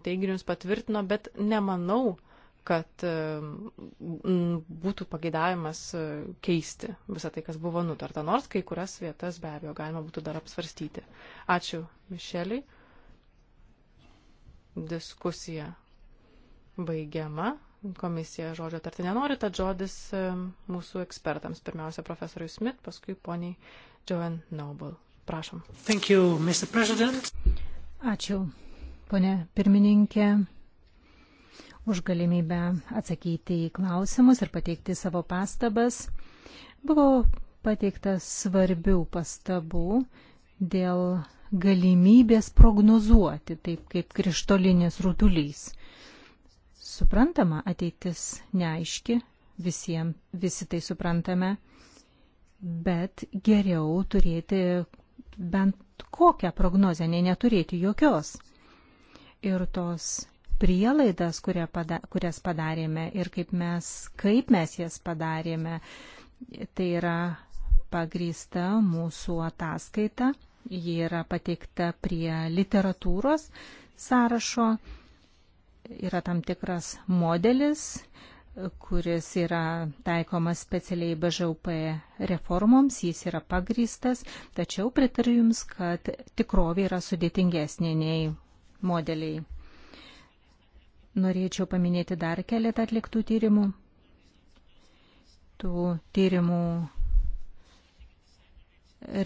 teiginius patvirtino, bet nemanau, kad e, būtų pageidavimas e, keisti visą tai, kas buvo nutarta, nors kai kurias vietas be abejo galima būtų dar apsvarstyti. Ačiū Mišeliai. Diskusija baigiama komisija žodžio tarti nenori, tad žodis e, mūsų ekspertams. Pirmiausia, profesoriui Smith, paskui poniai Joan Noble. Prašom. Thank you, Mr. President. Ačiū, ponė pirmininkė, už galimybę atsakyti į klausimus ir pateikti savo pastabas. Buvo pateikta svarbių pastabų dėl galimybės prognozuoti, taip kaip krištolinis rutulys – Suprantama, ateitis neaiški, visiems visi tai suprantame, bet geriau turėti bent kokią prognozę, nei neturėti jokios. Ir tos prielaidas, pada, kurias padarėme ir kaip mes, kaip mes jas padarėme, tai yra pagrįsta mūsų ataskaita, ji yra pateikta prie literatūros sąrašo yra tam tikras modelis, kuris yra taikomas specialiai BŽUP reformoms, jis yra pagrystas, tačiau pritariu Jums, kad tikrovė yra sudėtingesnė nei modeliai. Norėčiau paminėti dar keletą atliktų tyrimų. Tų tyrimų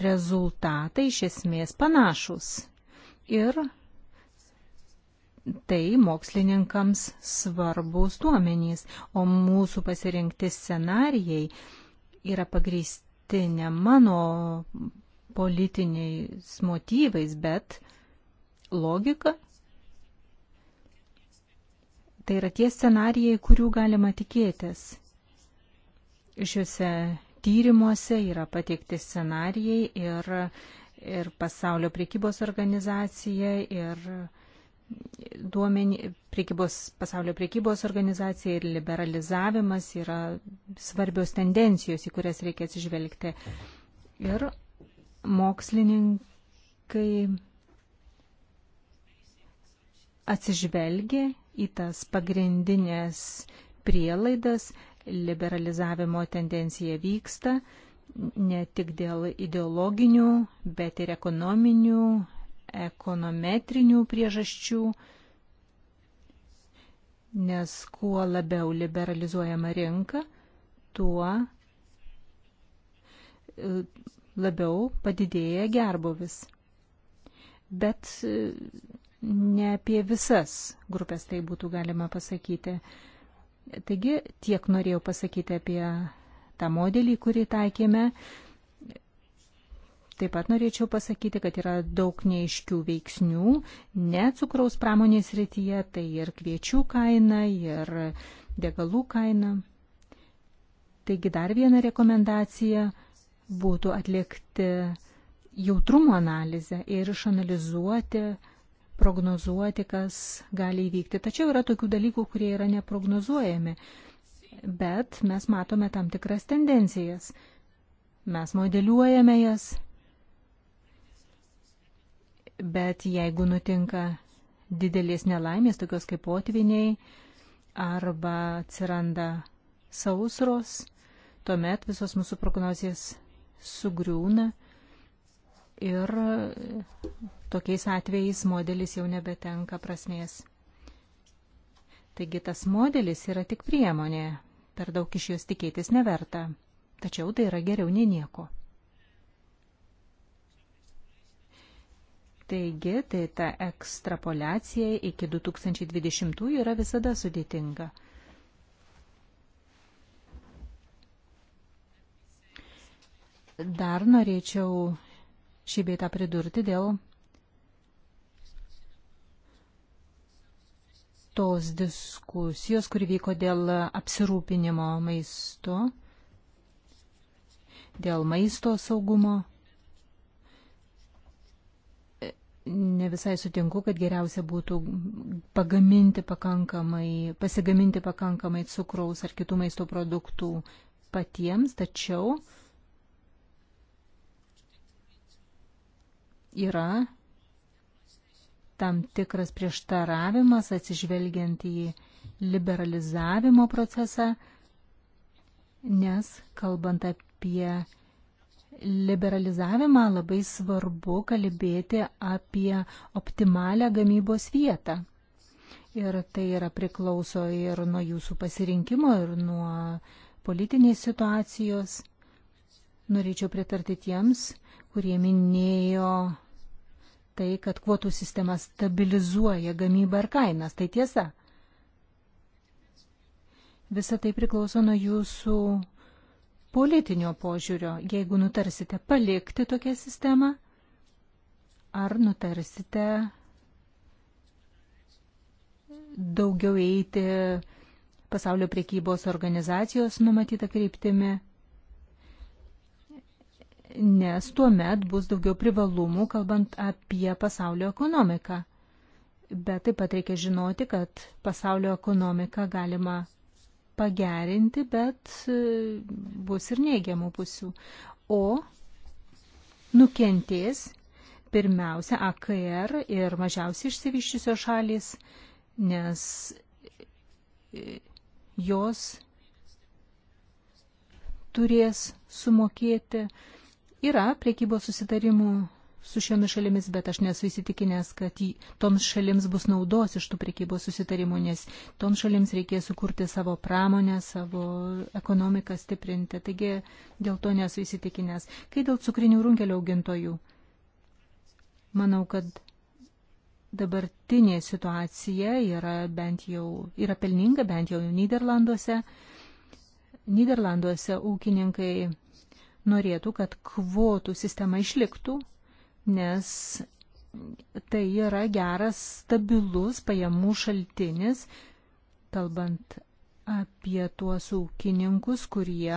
rezultatai iš esmės panašus ir tai mokslininkams svarbus duomenys, o mūsų pasirinkti scenarijai yra pagrįsti ne mano politiniais motyvais, bet logika. Tai yra tie scenarijai, kurių galima tikėtis. Šiuose tyrimuose yra pateikti scenarijai ir, ir pasaulio priekybos organizacija ir duomenį, priekybos, pasaulio priekybos organizacija ir liberalizavimas yra svarbios tendencijos, į kurias reikia atsižvelgti. Ir mokslininkai atsižvelgia į tas pagrindinės prielaidas, liberalizavimo tendencija vyksta ne tik dėl ideologinių, bet ir ekonominių ekonometrinių priežasčių, nes kuo labiau liberalizuojama rinka, tuo e, labiau padidėja gerbovis. Bet e, ne apie visas grupės tai būtų galima pasakyti. Taigi tiek norėjau pasakyti apie tą modelį, kurį taikėme. Taip pat norėčiau pasakyti, kad yra daug neiškių veiksnių, ne cukraus pramonės rytyje, tai ir kviečių kaina, ir degalų kaina. Taigi dar viena rekomendacija būtų atlikti jautrumo analizę ir išanalizuoti, prognozuoti, kas gali įvykti. Tačiau yra tokių dalykų, kurie yra neprognozuojami, bet mes matome tam tikras tendencijas. Mes modeliuojame jas Bet jeigu nutinka didelės nelaimės, tokios kaip potviniai, arba atsiranda sausros, tuomet visos mūsų prognozijas sugriūna ir tokiais atvejais modelis jau nebetenka prasmės. Taigi tas modelis yra tik priemonė, per daug iš jos tikėtis neverta, tačiau tai yra geriau nei nieko. Taigi, tai ta ekstrapolacija iki 2020 yra visada sudėtinga. Dar norėčiau šį beitą pridurti dėl tos diskusijos, kuri vyko dėl apsirūpinimo maistu, dėl maisto saugumo. ne visai sutinku, kad geriausia būtų pagaminti pakankamai, pasigaminti pakankamai cukraus ar kitų maisto produktų patiems, tačiau yra tam tikras prieštaravimas atsižvelgiant į liberalizavimo procesą, nes kalbant apie liberalizavimą labai svarbu kalbėti apie optimalią gamybos vietą. Ir tai yra priklauso ir nuo jūsų pasirinkimo, ir nuo politinės situacijos. Norėčiau pritarti tiems, kurie minėjo tai, kad kvotų sistema stabilizuoja gamybą ir kainas. Tai tiesa. Visa tai priklauso nuo jūsų politinio požiūrio, jeigu nutarsite palikti tokią sistemą, ar nutarsite daugiau eiti pasaulio priekybos organizacijos numatytą kryptimį, nes tuo met bus daugiau privalumų, kalbant apie pasaulio ekonomiką. Bet taip pat reikia žinoti, kad pasaulio ekonomiką galima pagerinti, bet e, bus ir neigiamų pusių. O nukentės pirmiausia AKR ir mažiausiai išsivyščiusios šalis, nes e, jos turės sumokėti. Yra priekybos susitarimų su šiomis šalimis, bet aš nesu įsitikinęs, kad į, toms šalims bus naudos iš tų prekybos susitarimų, nes toms šalims reikės sukurti savo pramonę, savo ekonomiką stiprinti. Taigi dėl to nesu įsitikinęs. Kai dėl cukrinių runkelio augintojų, manau, kad dabartinė situacija yra bent jau, yra pelninga bent jau Niderlanduose. Niderlanduose ūkininkai norėtų, kad kvotų sistema išliktų, nes tai yra geras, stabilus pajamų šaltinis, kalbant apie tuos ūkininkus, kurie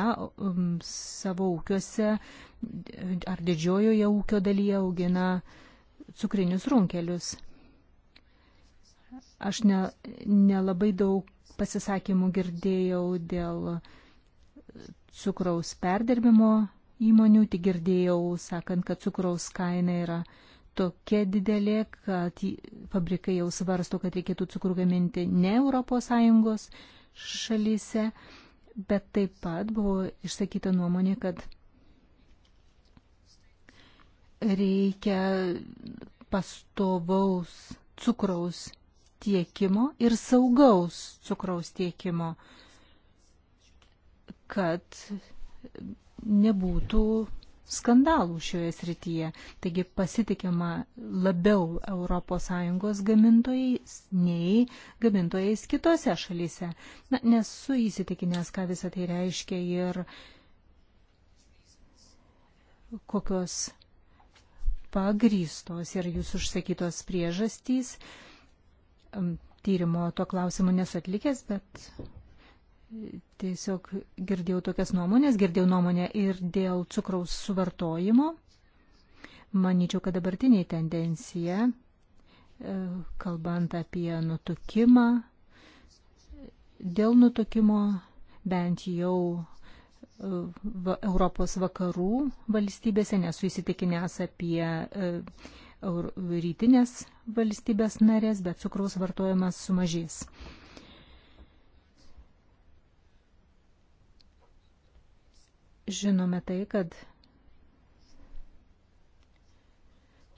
um, savo ūkiuose ar didžiojoje ūkio dalyje augina cukrinius runkelius. Aš ne, nelabai daug pasisakymų girdėjau dėl cukraus perdirbimo įmonių, tik girdėjau sakant, kad cukraus kaina yra tokia didelė, kad fabrikai jau svarsto, kad reikėtų cukrų gaminti ne ES šalyse, bet taip pat buvo išsakyta nuomonė, kad reikia pastovaus cukraus tiekimo ir saugaus cukraus tiekimo, kad nebūtų skandalų šioje srityje. Taigi pasitikima labiau ES gamintojais nei gamintojais kitose šalyse. Na, nesu įsitikinęs, ką visą tai reiškia ir kokios pagrystos ir jūs užsakytos priežastys. Tyrimo to klausimu nesu atlikęs, bet Tiesiog girdėjau tokias nuomonės, girdėjau nuomonę ir dėl cukraus suvartojimo. Manyčiau, kad dabartinė tendencija, e, kalbant apie nutukimą, dėl nutukimo bent jau e, va, Europos vakarų valstybėse, nesu įsitikinęs apie e, rytinės valstybės narės, bet cukraus vartojimas sumažės. Žinome tai, kad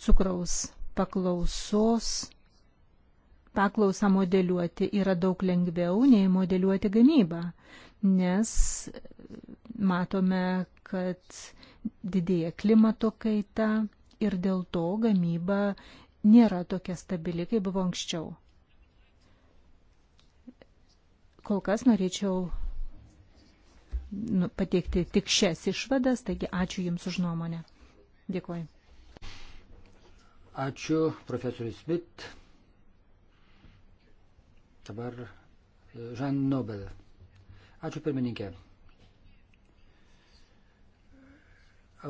cukraus paklausos paklausą modeliuoti yra daug lengviau nei modeliuoti gamybą, nes matome, kad didėja klimato kaita ir dėl to gamyba nėra tokia stabili, kaip buvo anksčiau. Kol kas norėčiau Nu, pateikti tik šias išvadas, taigi ačiū Jums už nuomonę. Dėkuoju. Ačiū profesoriui Smith. Dabar Žan e, Nobel. Ačiū pirmininkė.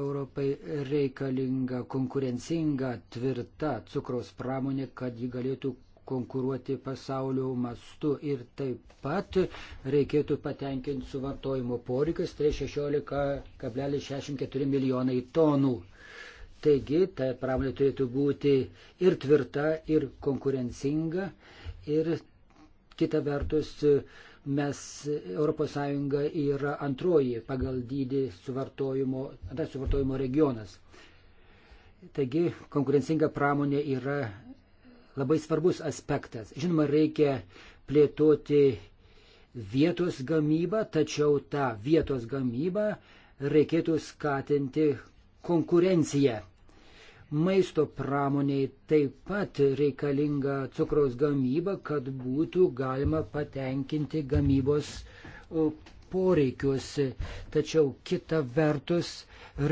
Europai reikalinga konkurencinga, tvirta cukraus pramonė, kad ji galėtų konkuruoti pasaulio mastu ir taip pat reikėtų patenkinti suvartojimo poreikius, tai 16,64 milijonai tonų. Taigi, ta pramonė turėtų būti ir tvirta, ir konkurencinga. Ir kita vertus, mes, ES yra antroji pagal dydį suvartojimo, suvartojimo regionas. Taigi konkurencinga pramonė yra labai svarbus aspektas. Žinoma, reikia plėtoti vietos gamybą, tačiau tą vietos gamybą reikėtų skatinti konkurenciją. Maisto pramoniai taip pat reikalinga cukraus gamyba, kad būtų galima patenkinti gamybos poreikius. Tačiau kita vertus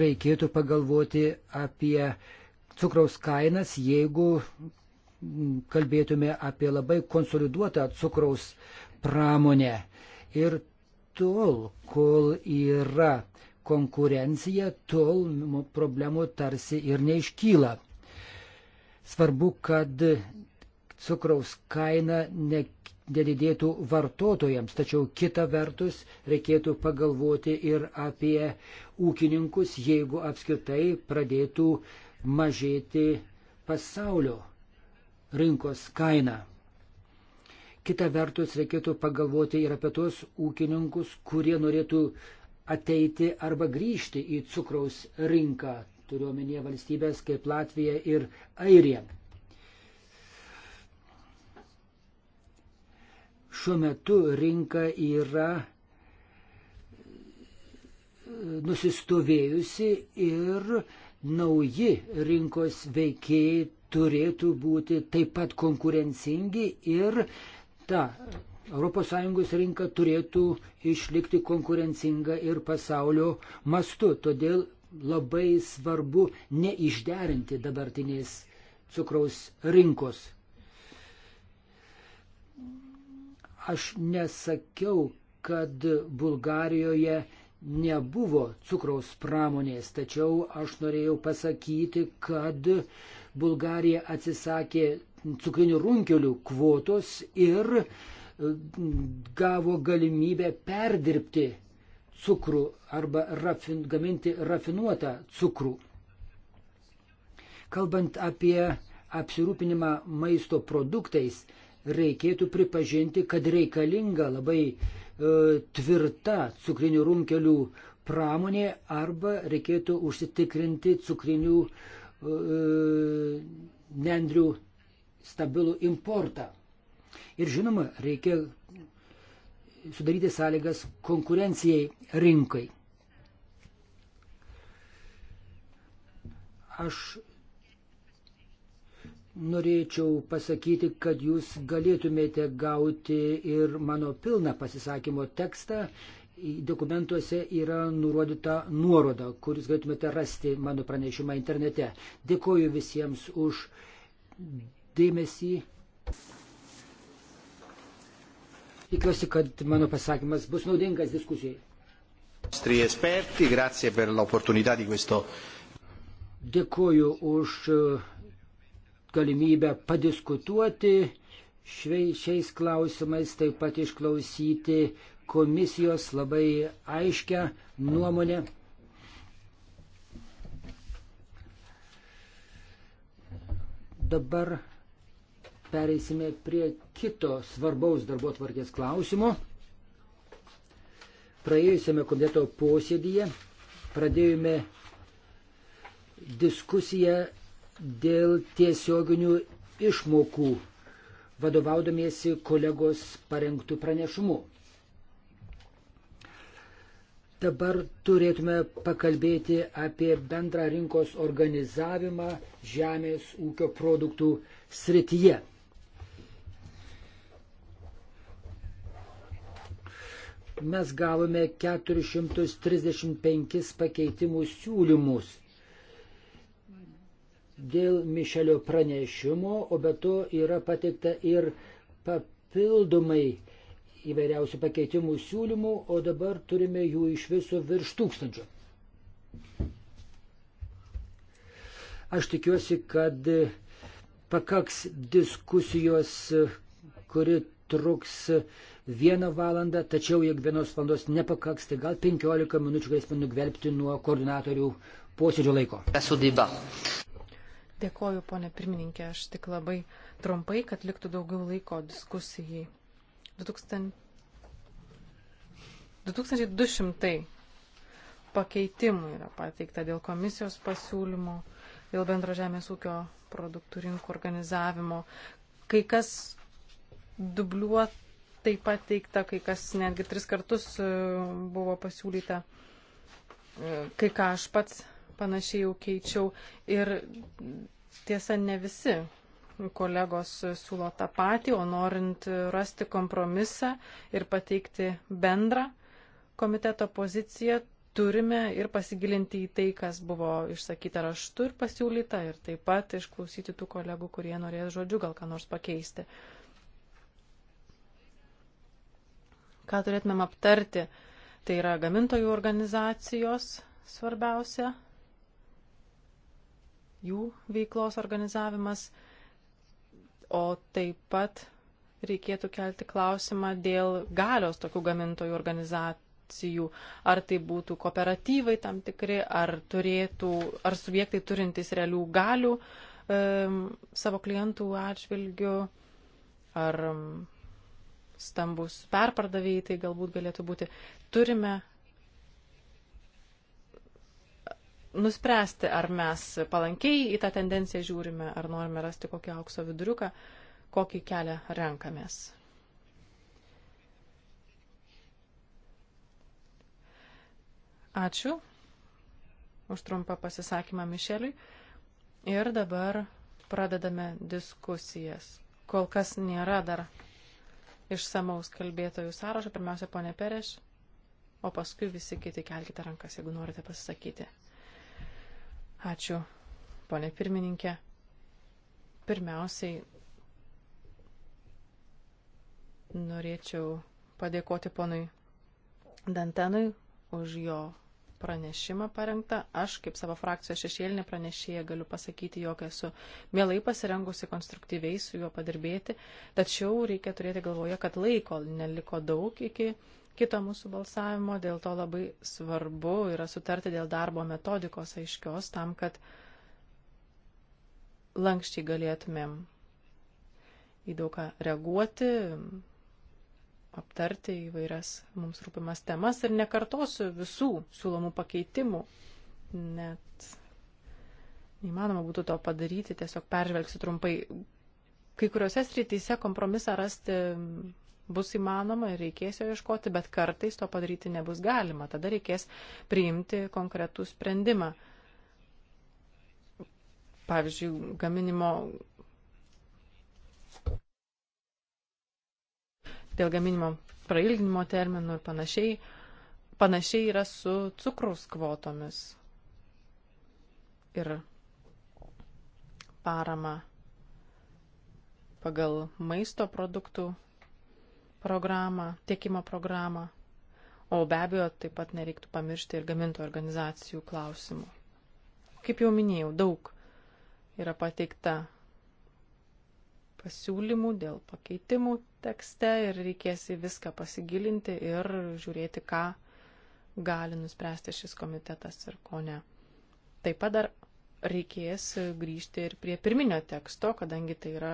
reikėtų pagalvoti apie cukraus kainas, jeigu kalbėtume apie labai konsoliduotą cukraus pramonę. Ir tol, kol yra konkurencija, tol problemų tarsi ir neiškyla. Svarbu, kad cukraus kaina nedidėtų vartotojams, tačiau kita vertus reikėtų pagalvoti ir apie ūkininkus, jeigu apskritai pradėtų mažėti pasaulio rinkos kainą. Kita vertus, reikėtų pagalvoti ir apie tos ūkininkus, kurie norėtų ateiti arba grįžti į cukraus rinką, turiuomenėje valstybės kaip Latvija ir Airija. Šiuo metu rinka yra e, nusistovėjusi ir nauji rinkos veikėjai turėtų būti taip pat konkurencingi ir ta ES rinka turėtų išlikti konkurencinga ir pasaulio mastu. Todėl labai svarbu neišderinti dabartinės cukraus rinkos. Aš nesakiau, kad Bulgarijoje nebuvo cukraus pramonės, tačiau aš norėjau pasakyti, kad uh, Bulgarija atsisakė cukrinių runkelių kvotos ir e, gavo galimybę perdirbti cukrų arba rafin, gaminti rafinuotą cukrų. Kalbant apie apsirūpinimą maisto produktais, reikėtų pripažinti, kad reikalinga labai e, tvirta cukrinių runkelių pramonė arba reikėtų užsitikrinti cukrinių e, E, nendrių stabilų importą. Ir žinoma, reikia sudaryti sąlygas konkurencijai rinkai. Aš norėčiau pasakyti, kad jūs galėtumėte gauti ir mano pilną pasisakymo tekstą dokumentuose yra nurodyta nuoroda, kuris galėtumėte rasti mano pranešimą internete. Dėkoju visiems už dėmesį. Tikiuosi, kad mano pasakymas bus naudingas diskusijai. Dėkoju už e, galimybę padiskutuoti šiais klausimais, taip pat išklausyti komisijos labai aiškę nuomonę. Dabar pereisime prie kito svarbaus darbo tvarkės klausimo. Praėjusiame komiteto posėdyje pradėjome diskusiją dėl tiesioginių išmokų, vadovaudamiesi kolegos parengtų pranešimų. Dabar turėtume pakalbėti apie bendrą rinkos organizavimą žemės ūkio produktų srityje. Mes gavome 435 pakeitimų siūlymus dėl Mišelio pranešimo, o be to yra pateikta ir papildomai įvairiausių pakeitimų siūlymų, o dabar turime jų iš viso virš tūkstančio. Aš tikiuosi, kad pakaks diskusijos, kuri truks vieną valandą, tačiau jeigu vienos valandos nepakaks, tai gal 15 minučių galėsime nugvelbti nuo koordinatorių posėdžio laiko. Esu dyba. Dėkoju, ponė pirmininkė, aš tik labai trumpai, kad liktų daugiau laiko diskusijai. 2200 pakeitimų yra pateikta dėl komisijos pasiūlymo, dėl bendro žemės ūkio produktų rinkų organizavimo. Kai kas dubliuotai pateikta, kai kas netgi tris kartus e, buvo pasiūlyta, e, kai ką aš pats panašiai jau keičiau. Ir tiesa, ne visi kolegos siūlo tą patį, o norint rasti kompromisą ir pateikti bendrą komiteto poziciją, turime ir pasigilinti į tai, kas buvo išsakyta raštu ir pasiūlyta, ir taip pat išklausyti tų kolegų, kurie norės žodžiu gal ką nors pakeisti. Ką turėtumėm aptarti, tai yra gamintojų organizacijos svarbiausia, jų veiklos organizavimas o taip pat reikėtų kelti klausimą dėl galios tokių gamintojų organizacijų. Ar tai būtų kooperatyvai tam tikri, ar, turėtų, ar subjektai turintys realių galių e, savo klientų atžvilgių, ar stambus perpardavėjai tai galbūt galėtų būti. Turime nuspręsti, ar mes palankiai į tą tendenciją žiūrime, ar norime rasti kokį aukso viduriuką, kokį kelią renkamės. Ačiū už trumpą pasisakymą Mišeliui. Ir dabar pradedame diskusijas. Kol kas nėra dar išsamaus kalbėtojų sąrašo. Pirmiausia, ponė Pereš, o paskui visi kiti kelkite rankas, jeigu norite pasisakyti. Ačiū, ponė pirmininkė. Pirmiausiai norėčiau padėkoti ponui Dantenui už jo pranešimą parengtą. Aš, kaip savo frakcijos šešėlinė pranešėja, galiu pasakyti, jog esu mielai pasirengusi konstruktyviai su juo padirbėti, tačiau reikia turėti galvoje, kad laiko neliko daug iki kito mūsų balsavimo, dėl to labai svarbu yra sutarti dėl darbo metodikos aiškios tam, kad lankščiai galėtumėm į daugą reaguoti, aptarti įvairias mums rūpimas temas ir nekartosiu visų siūlomų pakeitimų. Net neįmanoma būtų to padaryti, tiesiog peržvelgsiu trumpai. Kai kuriuose srityse kompromisą rasti bus įmanoma ir reikės jo ieškoti, bet kartais to padaryti nebus galima. Tada reikės priimti konkretų sprendimą. Pavyzdžiui, gaminimo dėl gaminimo prailginimo terminų ir panašiai. Panašiai yra su cukrus kvotomis ir parama pagal maisto produktų programą, tiekimo programą. O be abejo, taip pat nereiktų pamiršti ir gamintų organizacijų klausimų. Kaip jau minėjau, daug yra pateikta pasiūlymų, dėl pakeitimų tekste ir reikės į viską pasigilinti ir žiūrėti, ką gali nuspręsti šis komitetas ir ko ne. Taip pat dar reikės grįžti ir prie pirminio teksto, kadangi tai yra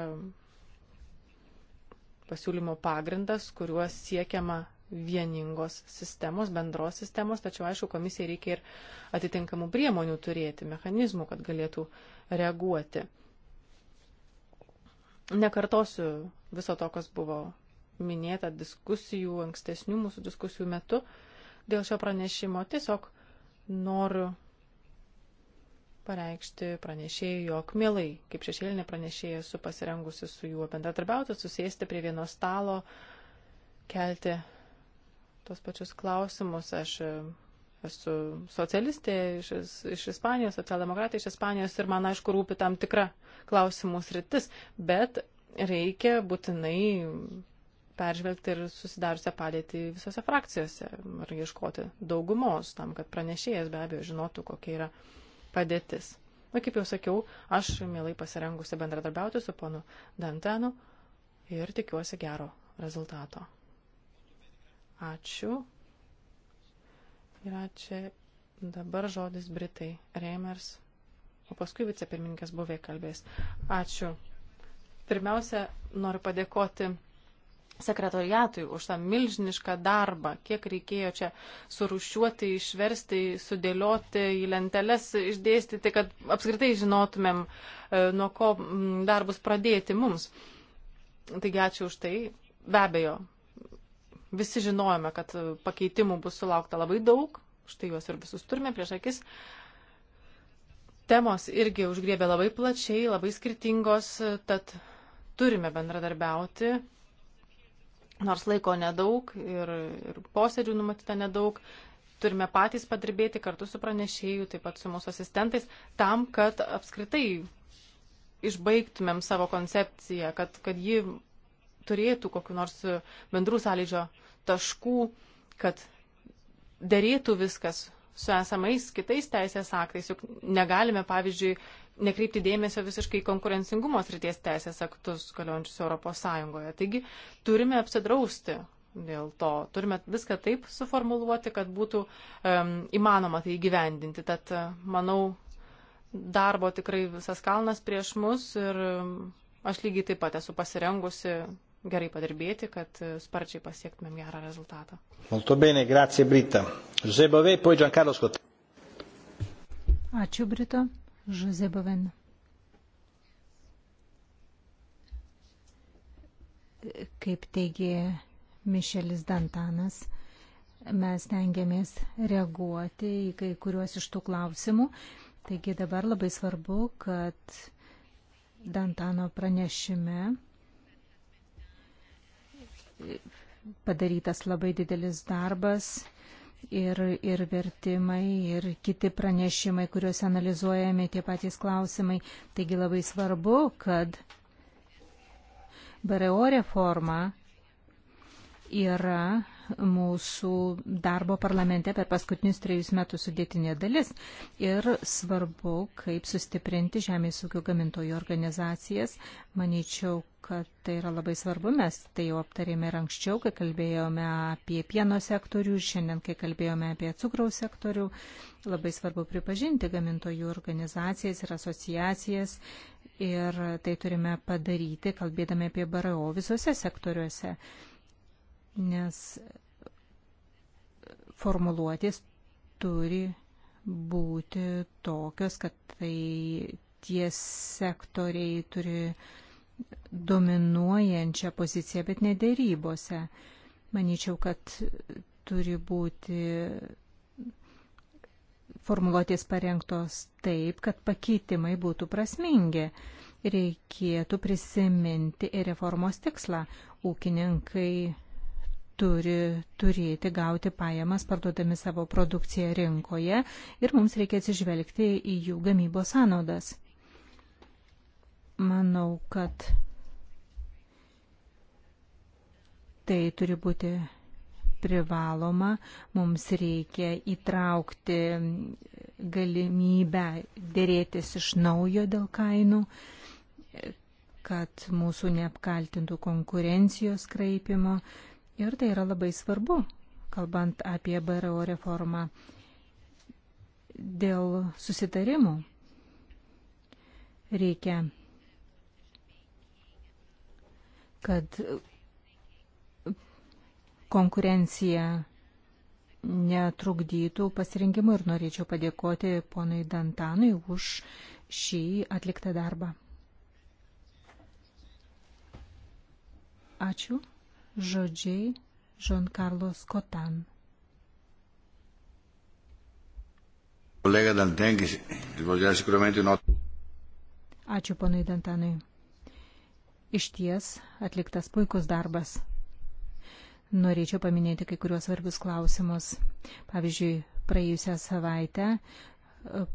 pasiūlymo pagrindas, kuriuo siekiama vieningos sistemos, bendros sistemos, tačiau aišku, komisijai reikia ir atitinkamų priemonių turėti, mechanizmų, kad galėtų reaguoti. Nekartosiu viso to, kas buvo minėta diskusijų, ankstesnių mūsų diskusijų metu dėl šio pranešimo. Tiesiog noriu pareikšti pranešėjai, jog mielai, kaip šešėlinė pranešėja, esu pasirengusi su juo bendradarbiauti, susėsti prie vieno stalo, kelti tos pačius klausimus. Aš esu socialistė iš, iš Ispanijos, socialdemokratė iš Ispanijos ir man aišku rūpi tam tikra klausimų sritis, bet reikia būtinai peržvelgti ir susidariusią padėtį visose frakcijose ir ieškoti daugumos tam, kad pranešėjas be abejo žinotų, kokia yra padėtis. Na, kaip jau sakiau, aš mielai pasirengusi bendradarbiauti su ponu Dantenu ir tikiuosi gero rezultato. Ačiū. Ir ačiū dabar žodis Britai Reimers, o paskui vicepirmininkas buvė kalbės. Ačiū. Pirmiausia, noriu padėkoti sekretoriatui už tą milžinišką darbą, kiek reikėjo čia surušiuoti, išversti, sudėlioti į lenteles, išdėstyti, kad apskritai žinotumėm, e, nuo ko darbus pradėti mums. Taigi ačiū už tai. Be abejo, Visi žinojome, kad e, pakeitimų bus sulaukta labai daug, štai juos ir visus turime prieš akis. Temos irgi užgriebė labai plačiai, labai skirtingos, e, tad turime bendradarbiauti, nors laiko nedaug ir, ir posėdžių numatyta nedaug, turime patys padirbėti kartu su pranešėjų, taip pat su mūsų asistentais, tam, kad apskritai išbaigtumėm savo koncepciją, kad, kad ji turėtų kokiu nors bendrų sąlyčio taškų, kad dėrėtų viskas su esamais kitais teisės aktais, juk negalime, pavyzdžiui, nekreipti dėmesio visiškai konkurencingumo srities teisės aktus galiojančius Europos Sąjungoje. Taigi turime apsidrausti dėl to, turime viską taip suformuluoti, kad būtų um, įmanoma tai įgyvendinti. Tad, manau, darbo tikrai visas kalnas prieš mus ir um, aš lygiai taip pat esu pasirengusi gerai padirbėti, kad e, sparčiai pasiektumėm gerą rezultatą. Molto bene, grazie Brita. Jose Bove, poi Giancarlo Scott. Ačiū Brita, Jose Boven. Kaip teigė Mišelis Dantanas, mes tengiamės reaguoti į kai kuriuos iš tų klausimų. Taigi dabar labai svarbu, kad Dantano pranešime padarytas labai didelis darbas ir, ir vertimai, ir kiti pranešimai, kuriuos analizuojame tie patys klausimai. Taigi labai svarbu, kad BRO e reforma yra mūsų darbo parlamente per paskutinius trejus metus sudėtinė dalis ir svarbu, kaip sustiprinti žemės ūkio gamintojų organizacijas. Manyčiau, kad tai yra labai svarbu, mes tai jau aptarėme ir anksčiau, kai kalbėjome apie pieno sektorių, šiandien, kai kalbėjome apie cukraus sektorių. Labai svarbu pripažinti gamintojų organizacijas ir asociacijas ir tai turime padaryti, kalbėdami apie BRO visose sektoriuose nes formuluotės turi būti tokios, kad tai tie sektoriai turi dominuojančią poziciją, bet nederybose. Manyčiau, kad turi būti formuluotės parengtos taip, kad pakeitimai būtų prasmingi. Reikėtų prisiminti ir reformos tikslą. Ūkininkai turi turėti gauti pajamas parduodami savo produkciją rinkoje ir mums reikia atsižvelgti į jų gamybos sąnaudas. Manau, kad tai turi būti privaloma, mums reikia įtraukti galimybę dėrėtis iš naujo dėl kainų, kad mūsų neapkaltintų konkurencijos kraipimo, Ir tai yra labai svarbu, kalbant apie BRO reformą dėl susitarimų. Reikia, kad konkurencija netrukdytų pasirinkimui ir norėčiau padėkoti ponui Dantanui už šį atliktą darbą. Ačiū žodžiai Žonkarlo Skotan. Kolega Dantenkis, žodžiai, sicuramente, not. Ačiū, ponai Dantanai. Iš ties atliktas puikus darbas. Norėčiau paminėti kai kuriuos svarbius klausimus. Pavyzdžiui, praėjusią savaitę e,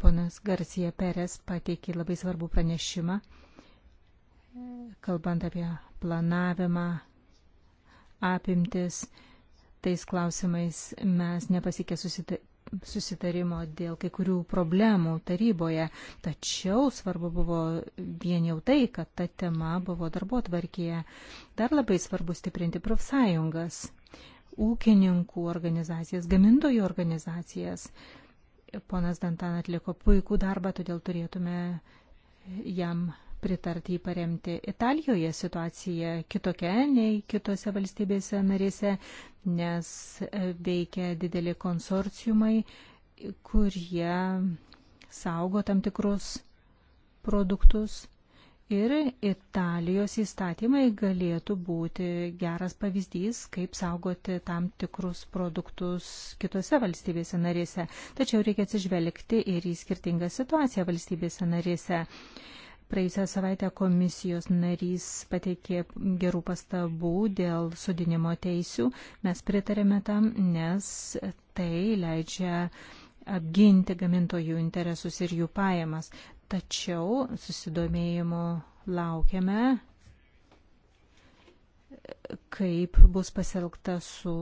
ponas Garcija Perez pateikė labai svarbų pranešimą, e, kalbant apie planavimą, apimtis. Tais klausimais mes nepasikė susitarimo dėl kai kurių problemų taryboje, tačiau svarbu buvo vien jau tai, kad ta tema buvo darbo tvarkėje. Dar labai svarbu stiprinti profsąjungas, ūkininkų organizacijas, gamintojų organizacijas. Ponas Dantan atliko puikų darbą, todėl turėtume jam pritarti jį paremti. Italijoje situacija kitokia nei kitose valstybėse narėse, nes veikia dideli konsorciumai, kurie saugo tam tikrus produktus. Ir Italijos įstatymai galėtų būti geras pavyzdys, kaip saugoti tam tikrus produktus kitose valstybėse narėse. Tačiau reikia atsižvelgti ir į skirtingą situaciją valstybėse narėse. Praėjusią savaitę komisijos narys pateikė gerų pastabų dėl sudinimo teisių. Mes pritarėme tam, nes tai leidžia apginti gamintojų interesus ir jų pajamas. Tačiau susidomėjimo laukiame, kaip bus pasielgta su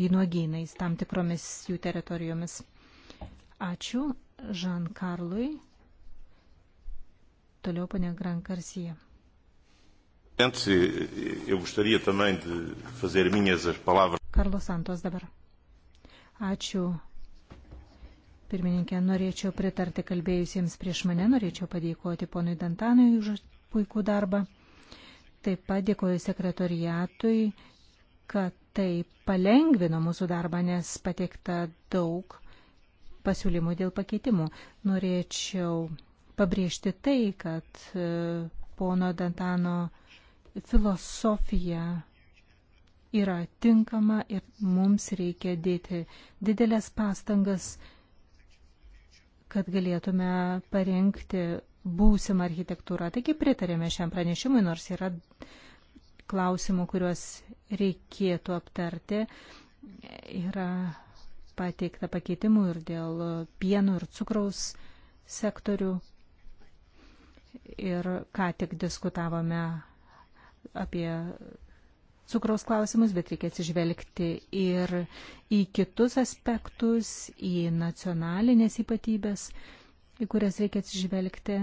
vynuogynais tam tikromis jų teritorijomis. Ačiū Žan Karlui. Toliau ponė Gran Garcia. Karlos Santos dabar. Ačiū. Pirmininkė, norėčiau pritarti kalbėjusiems prieš mane, norėčiau padėkoti ponui Dantanui už puikų darbą. Taip pat dėkoju sekretoriatui, kad tai palengvino mūsų darbą, nes pateikta daug pasiūlymų dėl pakeitimų. Norėčiau pabrėžti tai, kad e, pono Dantano filosofija yra tinkama ir mums reikia dėti didelės pastangas, kad galėtume parengti būsimą architektūrą. Taigi pritarėme šiam pranešimui, nors yra klausimų, kuriuos reikėtų aptarti. Yra pateikta pakeitimų ir dėl pieno ir cukraus sektorių ir ką tik diskutavome apie cukraus klausimus, bet reikia atsižvelgti ir į kitus aspektus, į nacionalinės ypatybės, į kurias reikia atsižvelgti,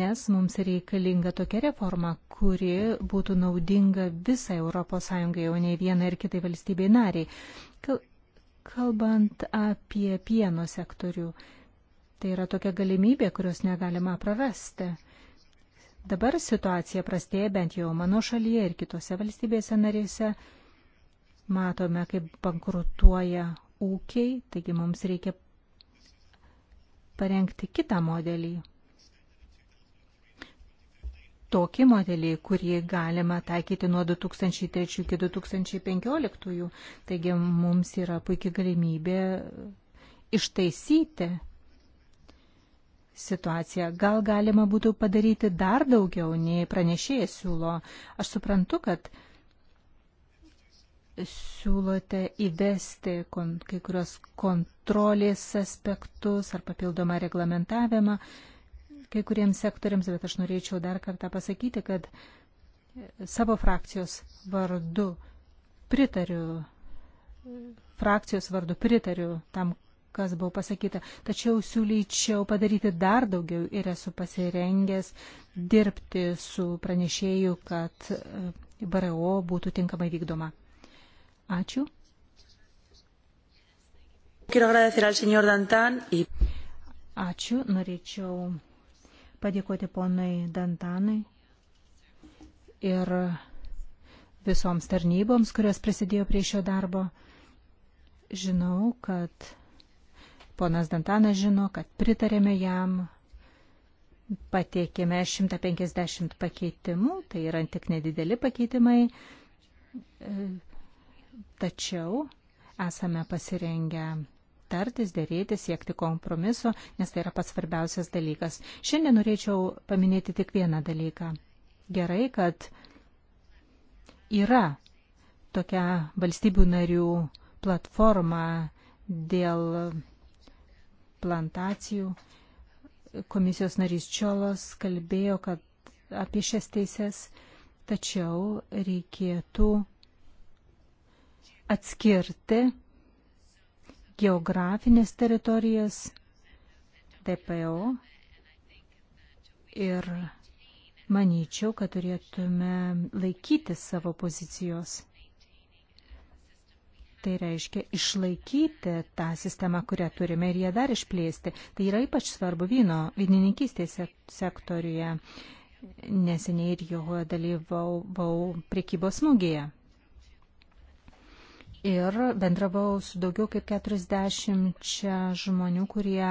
nes mums reikalinga tokia reforma, kuri būtų naudinga visai ES, o ne vienai ir kitai valstybei nariai. Kalbant apie pieno sektorių, tai yra tokia galimybė, kurios negalima prarasti. Dabar situacija prastėja bent jau mano šalyje ir kitose valstybėse narėse. Matome, kaip bankrutuoja ūkiai, taigi mums reikia parengti kitą modelį. Tokį modelį, kurį galima taikyti nuo 2003 iki 2015, taigi mums yra puikia galimybė ištaisyti situaciją. Gal galima būtų padaryti dar daugiau, nei pranešėjas siūlo. Aš suprantu, kad siūlote įvesti kon, kai kurios kontrolės aspektus ar papildomą reglamentavimą kai kuriems sektoriams, bet aš norėčiau dar kartą pasakyti, kad savo frakcijos vardu pritariu, frakcijos vardu pritariu tam kas buvo pasakyta. Tačiau siūlyčiau padaryti dar daugiau ir esu pasirengęs dirbti su pranešėju, kad e, BRO būtų tinkamai vykdoma. Ačiū. Ačiū. Norėčiau padėkoti ponai Dantanai ir visoms tarnyboms, kurios prisidėjo prie šio darbo. Žinau, kad Ponas Dantanas žino, kad pritarėme jam, pateikėme 150 pakeitimų, tai yra tik nedideli pakeitimai, e, tačiau esame pasirengę tartis, dėrėti, siekti kompromiso, nes tai yra pats svarbiausias dalykas. Šiandien norėčiau paminėti tik vieną dalyką. Gerai, kad yra tokia valstybių narių platforma dėl plantacijų. Komisijos narys Čiolos kalbėjo kad apie šias teises, tačiau reikėtų atskirti geografinės teritorijas DPO ir manyčiau, kad turėtume laikyti savo pozicijos tai reiškia išlaikyti tą sistemą, kurią turime ir ją dar išplėsti. Tai yra ypač svarbu vyno, vynininkystės sektoriuje. Neseniai ir jo dalyvau prekybos smūgėje ir bendravau su daugiau kaip 40 žmonių, kurie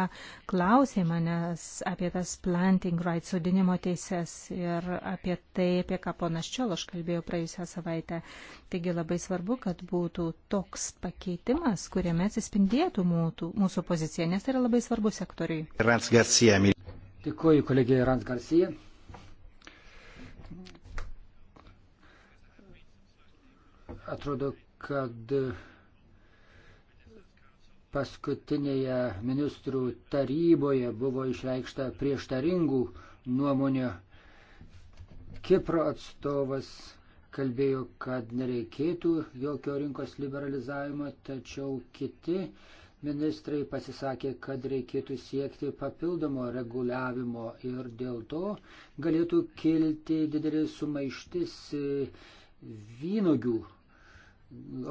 klausė manęs apie tas planting rights sodinimo teises ir apie tai, apie ką ponas Čiološ kalbėjo praėjusią savaitę. Taigi labai svarbu, kad būtų toks pakeitimas, kuriame atsispindėtų mūsų, mūsų pozicija, nes tai yra labai svarbu sektoriui. Dėkuoju kolegijai Rans Garcia. Atrodo, kad paskutinėje ministrų taryboje buvo išreikšta prieštaringų nuomonė. Kipro atstovas kalbėjo, kad nereikėtų jokio rinkos liberalizavimo, tačiau kiti ministrai pasisakė, kad reikėtų siekti papildomo reguliavimo ir dėl to galėtų kilti didelis sumaištis vynogių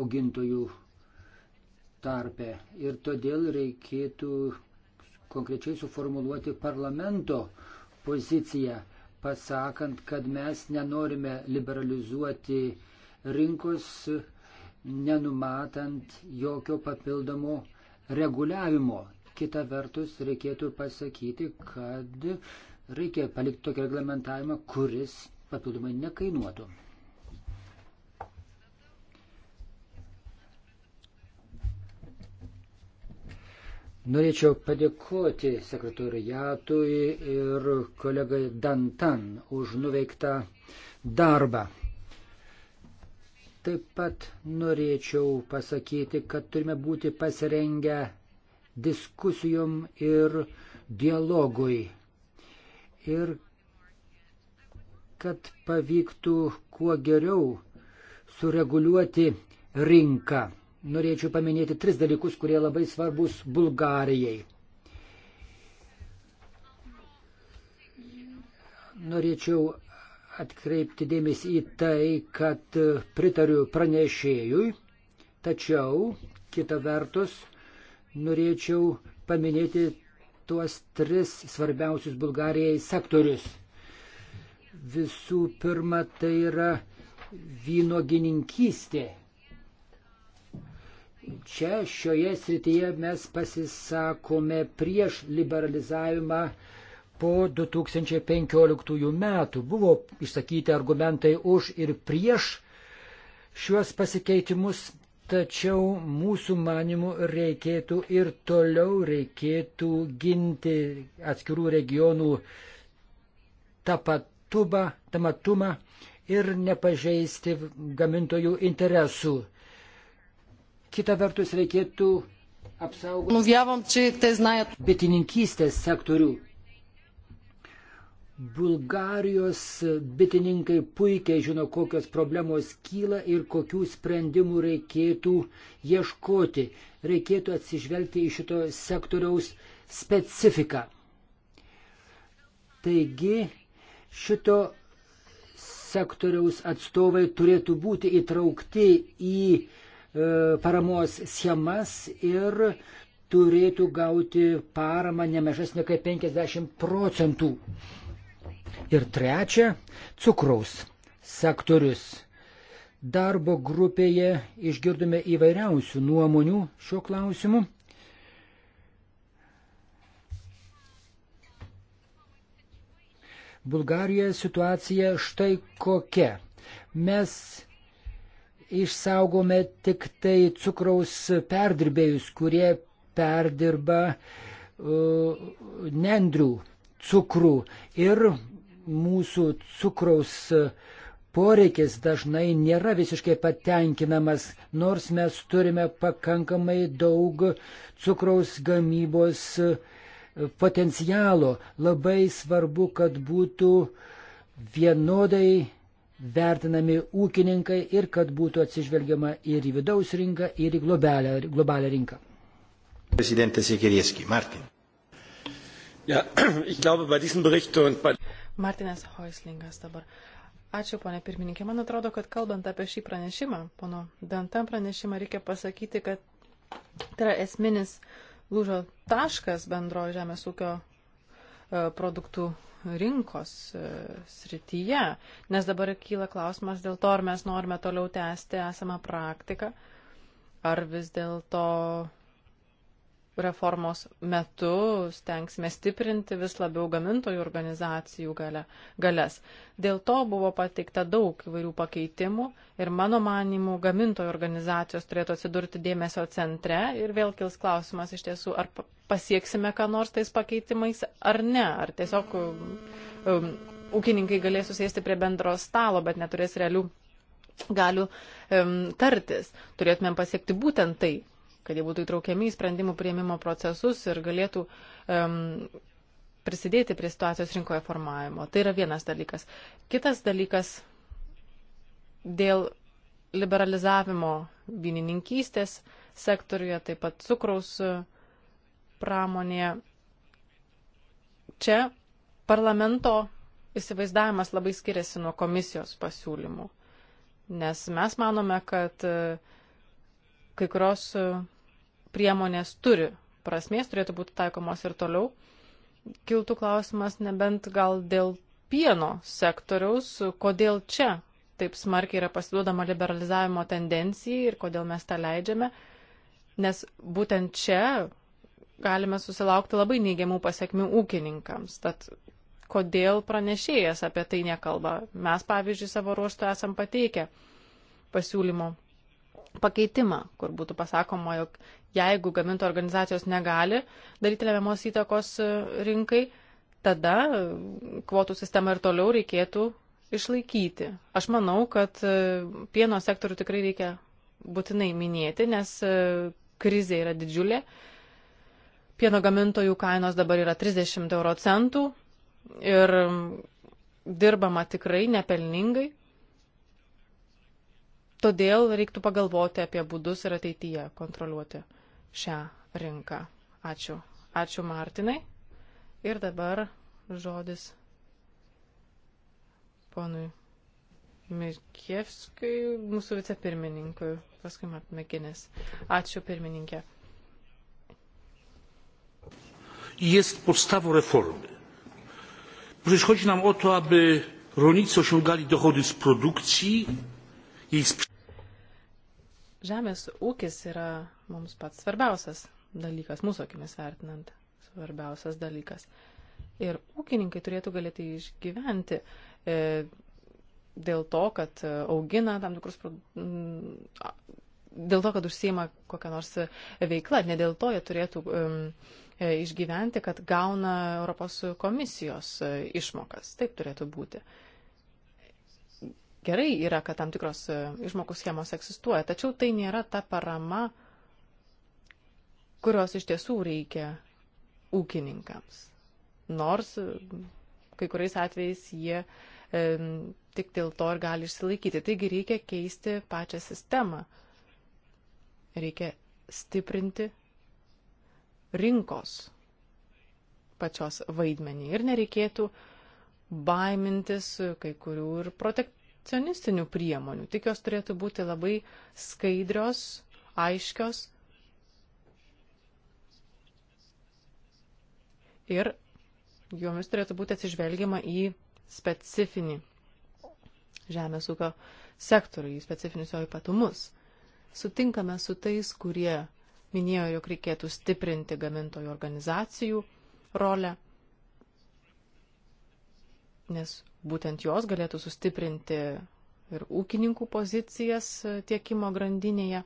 augintojų tarpe. Ir todėl reikėtų konkrečiai suformuluoti parlamento poziciją, pasakant, kad mes nenorime liberalizuoti rinkos, nenumatant jokio papildomo reguliavimo. Kita vertus, reikėtų pasakyti, kad reikia palikti tokį reglamentavimą, kuris papildomai nekainuotų. Norėčiau padėkoti sekretoriatui ir kolegai Dantan už nuveiktą darbą. Taip pat norėčiau pasakyti, kad turime būti pasirengę diskusijom ir dialogui. Ir kad pavyktų kuo geriau sureguliuoti rinką norėčiau paminėti tris dalykus, kurie labai svarbus Bulgarijai. Norėčiau atkreipti dėmesį į tai, kad pritariu pranešėjui, tačiau kita vertus norėčiau paminėti tuos tris svarbiausius Bulgarijai sektorius. Visų pirma, tai yra vynogininkystė Čia šioje srityje mes pasisakome prieš liberalizavimą po 2015 metų. Buvo išsakyti argumentai už ir prieš šiuos pasikeitimus, Tačiau mūsų manimų reikėtų ir toliau reikėtų ginti atskirų regionų tapatubą, tamatumą ir nepažeisti gamintojų interesų. Kita vertus reikėtų apsaugoti nu, bitininkystės sektorių. Bulgarijos bitininkai puikiai žino, kokios problemos kyla ir kokių sprendimų reikėtų ieškoti. Reikėtų atsižvelgti į šito sektoriaus specifiką. Taigi šito sektoriaus atstovai turėtų būti įtraukti į E, paramos schemas ir turėtų gauti paramą nemažesnė kaip 50 procentų. Ir trečia, cukraus sektorius. Darbo grupėje išgirdome įvairiausių nuomonių šiuo klausimu. Bulgarijoje situacija štai kokia. Mes išsaugome tik tai cukraus perdirbėjus, kurie perdirba uh, nendrių cukrų ir mūsų cukraus poreikis dažnai nėra visiškai patenkinamas, nors mes turime pakankamai daug cukraus gamybos e, potencialo. Labai svarbu, kad būtų vienodai vertinami ūkininkai ir kad būtų atsižvelgiama ir į vidaus rinką, ir į globalią, globalią rinką. Prezidentė Sikerieski, Martin. Ja, (clears throat) ich glaube, bei diesem Bericht und bei... Martinas Hoislingas dabar. Ačiū, ponė pirmininkė. Man atrodo, kad kalbant apie šį pranešimą, pono Dantam pranešimą, reikia pasakyti, kad tai yra esminis lūžo taškas bendro žemės ūkio e, produktų rinkos e, srityje, nes dabar kyla klausimas dėl to, ar mes norime toliau tęsti esamą praktiką, ar vis dėlto reformos metu stengsime stiprinti vis labiau gamintojų organizacijų gale, galės. Dėl to buvo pateikta daug įvairių pakeitimų ir mano manimų gamintojų organizacijos turėtų atsidurti dėmesio centre ir vėl kils klausimas iš tiesų, ar pasieksime ką nors tais pakeitimais ar ne, ar tiesiog um, ūkininkai galės susėsti prie bendro stalo, bet neturės realių galių um, tartis. Turėtumėm pasiekti būtent tai kad jie būtų įtraukiami į sprendimų prieimimo procesus ir galėtų um, prisidėti prie situacijos rinkoje formavimo. Tai yra vienas dalykas. Kitas dalykas dėl liberalizavimo vynininkystės sektoriuje, taip pat cukraus e, pramonėje. Čia parlamento įsivaizdavimas labai skiriasi nuo komisijos pasiūlymų, nes mes manome, kad e, kai kurios e, priemonės turi prasmės, turėtų būti taikomos ir toliau. Kiltų klausimas nebent gal dėl pieno sektoriaus, kodėl čia taip smarkiai yra pasiduodama liberalizavimo tendencijai ir kodėl mes tą leidžiame, nes būtent čia galime susilaukti labai neigiamų pasiekmių ūkininkams. Tad kodėl pranešėjas apie tai nekalba? Mes, pavyzdžiui, savo ruoštų esam pateikę pasiūlymo pakeitimą, kur būtų pasakoma, jog jeigu gaminto organizacijos negali daryti lemiamos įtakos e, rinkai, tada e, kvotų sistemą ir toliau reikėtų išlaikyti. Aš manau, kad e, pieno sektorių tikrai reikia būtinai minėti, nes krizė yra didžiulė. Pieno gamintojų kainos dabar yra 30 euro centų ir dirbama tikrai nepelningai. Todėl reiktų pagalvoti apie būdus ir ateityje kontroliuoti šią rinką. Ačiū. Ačiū Martinai. Ir dabar žodis ponui Mirkievskui, mūsų vicepirmininkui, paskui Martinės. Ačiū pirmininkė. Jest podstawą reformy. Przecież chodzi nam o to, aby rolnicy osiągali dochody z produkcji, Žemės ūkis yra mums pats svarbiausias dalykas, mūsų akimis vertinant, svarbiausias dalykas. Ir ūkininkai turėtų galėti išgyventi e, dėl to, kad augina tam tikrus. M, dėl to, kad užsima kokią nors veiklą, ne dėl to jie turėtų um, e, išgyventi, kad gauna Europos komisijos e, išmokas. Taip turėtų būti. Uh, gerai yra, kad tam tikros e, išmokų schemos egzistuoja, tačiau tai nėra ta parama, kurios iš tiesų reikia ūkininkams. Nors e, kai kuriais atvejais jie e, tik dėl to ir gali išsilaikyti. Taigi reikia keisti pačią sistemą. Reikia stiprinti rinkos pačios vaidmenį. Ir nereikėtų baimintis kai kurių ir protek protekcionistinių priemonių, tik jos turėtų būti labai skaidrios, aiškios ir jomis turėtų būti atsižvelgiama į specifinį žemės ūkio sektorių, į specifinius jo ypatumus. Sutinkame su tais, kurie minėjo, jog reikėtų stiprinti gamintojų organizacijų rolę nes būtent jos galėtų sustiprinti ir ūkininkų pozicijas tiekimo grandinėje.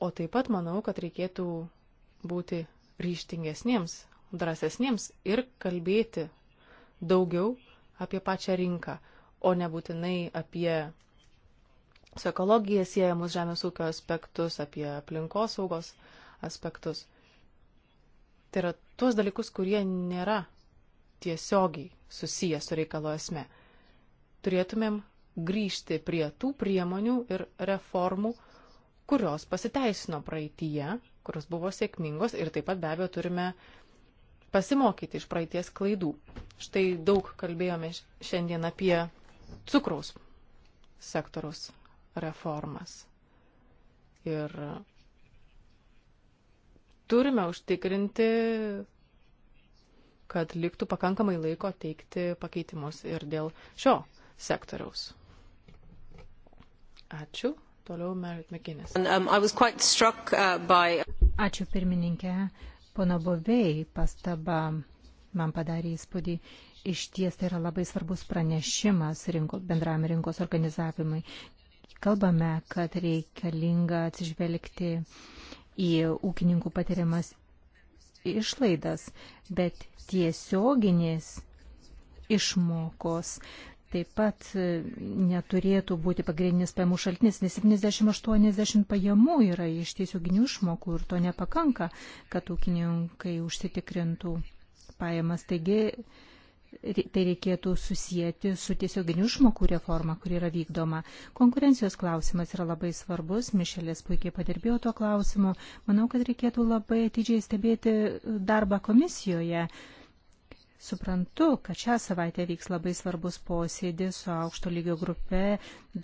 O taip pat manau, kad reikėtų būti ryštingesniems, drąsesniems ir kalbėti daugiau apie pačią rinką, o nebūtinai apie su ekologija siejamus žemės ūkio aspektus, apie aplinkosaugos aspektus. Tai yra tuos dalykus, kurie nėra tiesiogiai susiję su reikalo esme. Turėtumėm grįžti prie tų priemonių ir reformų, kurios pasiteisino praeitie, kurios buvo sėkmingos ir taip pat be abejo turime pasimokyti iš praeities klaidų. Štai daug kalbėjome šiandien apie cukraus sektoriaus reformas. Ir turime užtikrinti, kad liktų pakankamai laiko teikti pakeitimus ir dėl šio sektoriaus. Ačiū. Toliau Merit McGuinness. Um, struck, uh, by... Ačiū pirmininkė. Pono Bovei pastaba man padarė įspūdį. Iš ties tai yra labai svarbus pranešimas rinko, bendram rinkos organizavimui. Kalbame, kad reikalinga atsižvelgti į ūkininkų patiriamas išlaidas, bet tiesioginės išmokos taip pat e, neturėtų būti pagrindinis pajamų šaltinis, nes 70-80 pajamų yra iš tiesioginių išmokų ir to nepakanka, kad ūkininkai užsitikrintų pajamas. Taigi tai reikėtų susijęti su tiesioginių išmokų reforma, kuri yra vykdoma. Konkurencijos klausimas yra labai svarbus, Mišelės puikiai padirbėjo tuo klausimu. Manau, kad reikėtų labai atidžiai stebėti darbą komisijoje. Suprantu, kad šią savaitę vyks labai svarbus posėdis su aukšto lygio grupe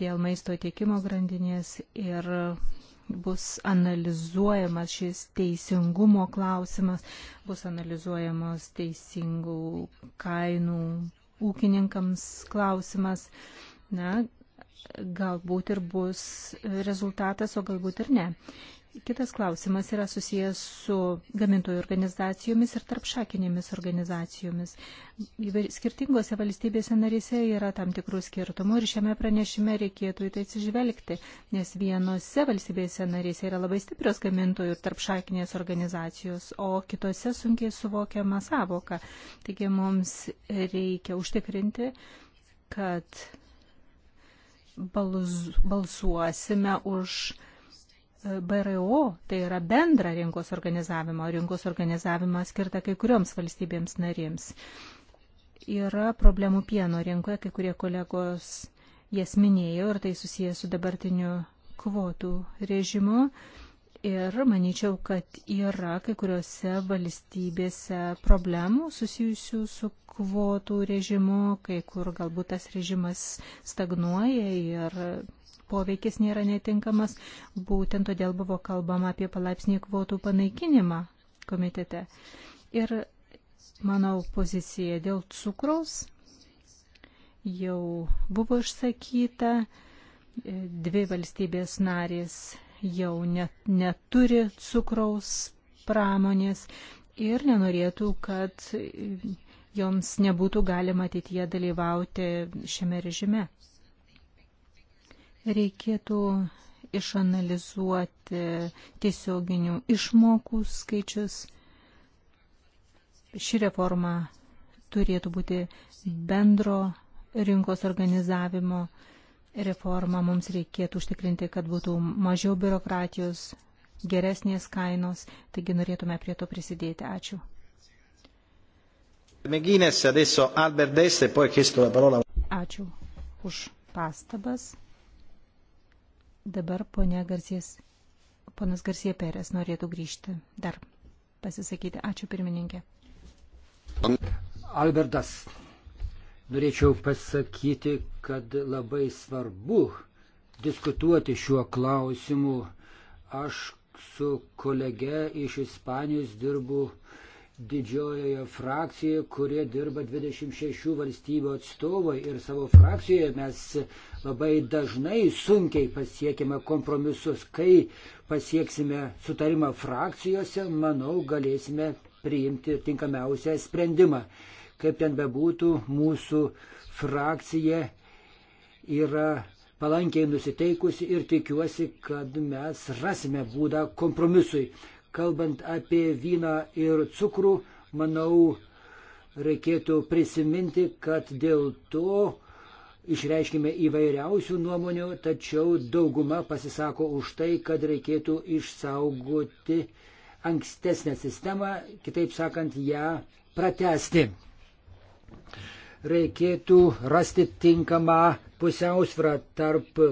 dėl maisto tiekimo grandinės ir bus analizuojamas šis teisingumo klausimas, bus analizuojamos teisingų kainų ūkininkams klausimas. Na, galbūt ir bus rezultatas, o galbūt ir ne. Kitas klausimas yra susijęs su gamintojų organizacijomis ir tarpšakinėmis organizacijomis. Skirtingose valstybėse narėse yra tam tikrų skirtumų ir šiame pranešime reikėtų į tai atsižvelgti, nes vienose valstybėse narėse yra labai stiprios gamintojų ir tarpšakinės organizacijos, o kitose sunkiai suvokiama savoka. Taigi mums reikia užtikrinti, kad balz, balsuosime už BRO, tai yra bendra rinkos organizavimo, rinkos organizavimą skirta kai kurioms valstybėms narėms. Yra problemų pieno rinkoje, kai kurie kolegos jas minėjo ir tai susijęs su dabartiniu kvotų režimu. Ir manyčiau, kad yra kai kuriuose valstybėse problemų susijusių su kvotų režimu, kai kur galbūt tas režimas stagnuoja ir poveikis nėra netinkamas, būtent todėl buvo kalbama apie palaipsnį kvotų panaikinimą komitete. Ir mano pozicija dėl cukraus jau buvo išsakyta, dvi valstybės narės jau net, neturi cukraus pramonės ir nenorėtų, kad joms nebūtų galima ateityje dalyvauti šiame režime. Reikėtų išanalizuoti tiesioginių išmokų skaičius. Ši reforma turėtų būti bendro rinkos organizavimo reforma. Mums reikėtų užtikrinti, kad būtų mažiau biurokratijos, geresnės kainos, taigi norėtume prie to prisidėti. Ačiū. Ačiū už pastabas. Dabar ponia Garcijas, ponas Garcija Perės norėtų grįžti dar pasisakyti. Ačiū pirmininkė. Albertas, norėčiau pasakyti, kad labai svarbu diskutuoti šiuo klausimu. Aš su kolege iš Ispanijos dirbu uh, didžiojoje frakcijoje, kurie dirba 26 valstybių atstovai ir savo frakcijoje mes labai dažnai sunkiai pasiekime kompromisus. Kai pasieksime sutarimą frakcijose, manau, galėsime priimti tinkamiausią sprendimą. Kaip ten bebūtų, mūsų frakcija yra palankiai nusiteikusi ir tikiuosi, kad mes rasime būdą kompromisui. Kalbant apie vyną ir cukrų, manau, reikėtų prisiminti, kad dėl to išreiškime įvairiausių nuomonių, tačiau dauguma pasisako už tai, kad reikėtų išsaugoti ankstesnę sistemą, kitaip sakant, ją pratesti. Reikėtų rasti tinkamą pusiausvyrą tarp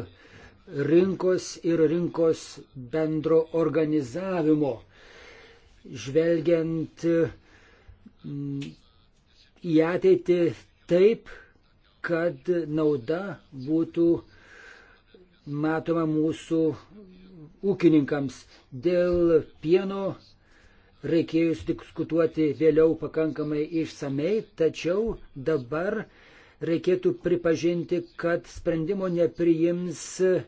rinkos ir rinkos bendro organizavimo žvelgiant mm, į ateitį taip, kad nauda būtų matoma mūsų ūkininkams. Dėl pieno reikėjo diskutuoti vėliau pakankamai išsamei, tačiau dabar reikėtų pripažinti, kad sprendimo nepriims uh,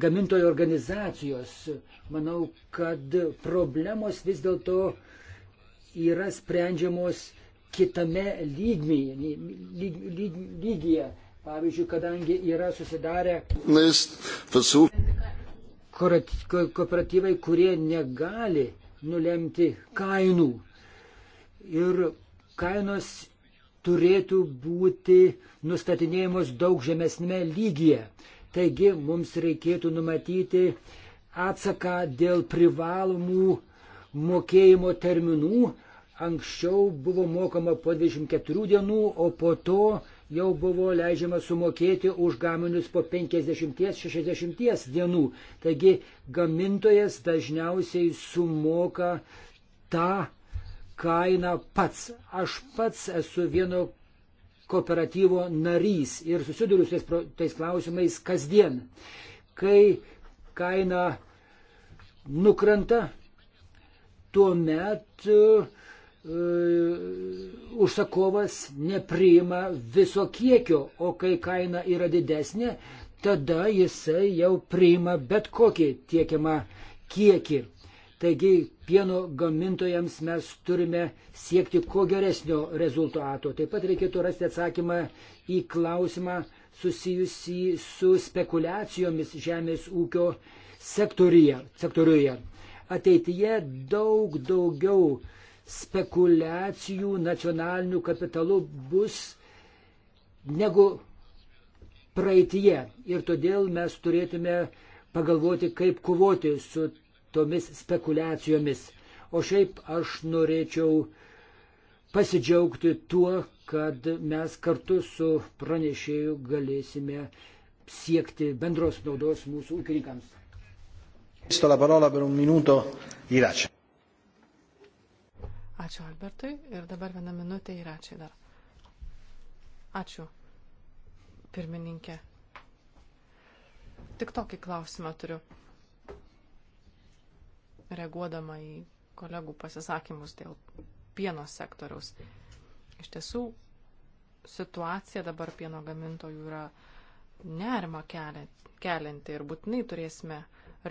gamintojų organizacijos. Manau, kad problemos vis dėlto yra sprendžiamos kitame lygmeje, lyg, lyg, lygyje. Pavyzdžiui, kadangi yra susidarę kooperatyvai, kurie negali nulemti kainų. Ir kainos turėtų būti nustatinėjamos daug žemesnėme lygyje. Taigi mums reikėtų numatyti atsaką dėl privalomų mokėjimo terminų. Anksčiau buvo mokama po 24 dienų, o po to jau buvo leidžiama sumokėti už gaminius po 50-60 dienų. Taigi gamintojas dažniausiai sumoka tą kainą pats. Aš pats esu vieno kooperatyvo narys ir susiduriu su tais klausimais kasdien. Kai kaina nukrenta, tuomet uh, užsakovas nepriima viso kiekio, o kai kaina yra didesnė, tada jisai jau priima bet kokį tiekiamą kiekį. Taigi pieno gamintojams mes turime siekti kuo geresnio rezultato. Taip pat reikėtų rasti atsakymą į klausimą susijusi su spekulacijomis žemės ūkio sektoriuje. Ateityje daug daugiau spekulacijų nacionalinių kapitalų bus negu praeitie. Ir todėl mes turėtume pagalvoti, kaip kovoti su tomis spekulacijomis. O šiaip aš norėčiau pasidžiaugti tuo, kad mes kartu su pranešėju galėsime siekti bendros naudos mūsų ūkininkams. Ačiū Albertui ir dabar vieną minutę įračiai dar. Ačiū, pirmininkė. Tik tokį klausimą turiu reaguodama į kolegų pasisakymus dėl pieno sektoriaus. Iš tiesų, situacija dabar pieno gamintojų yra nerima kelianti ir būtinai turėsime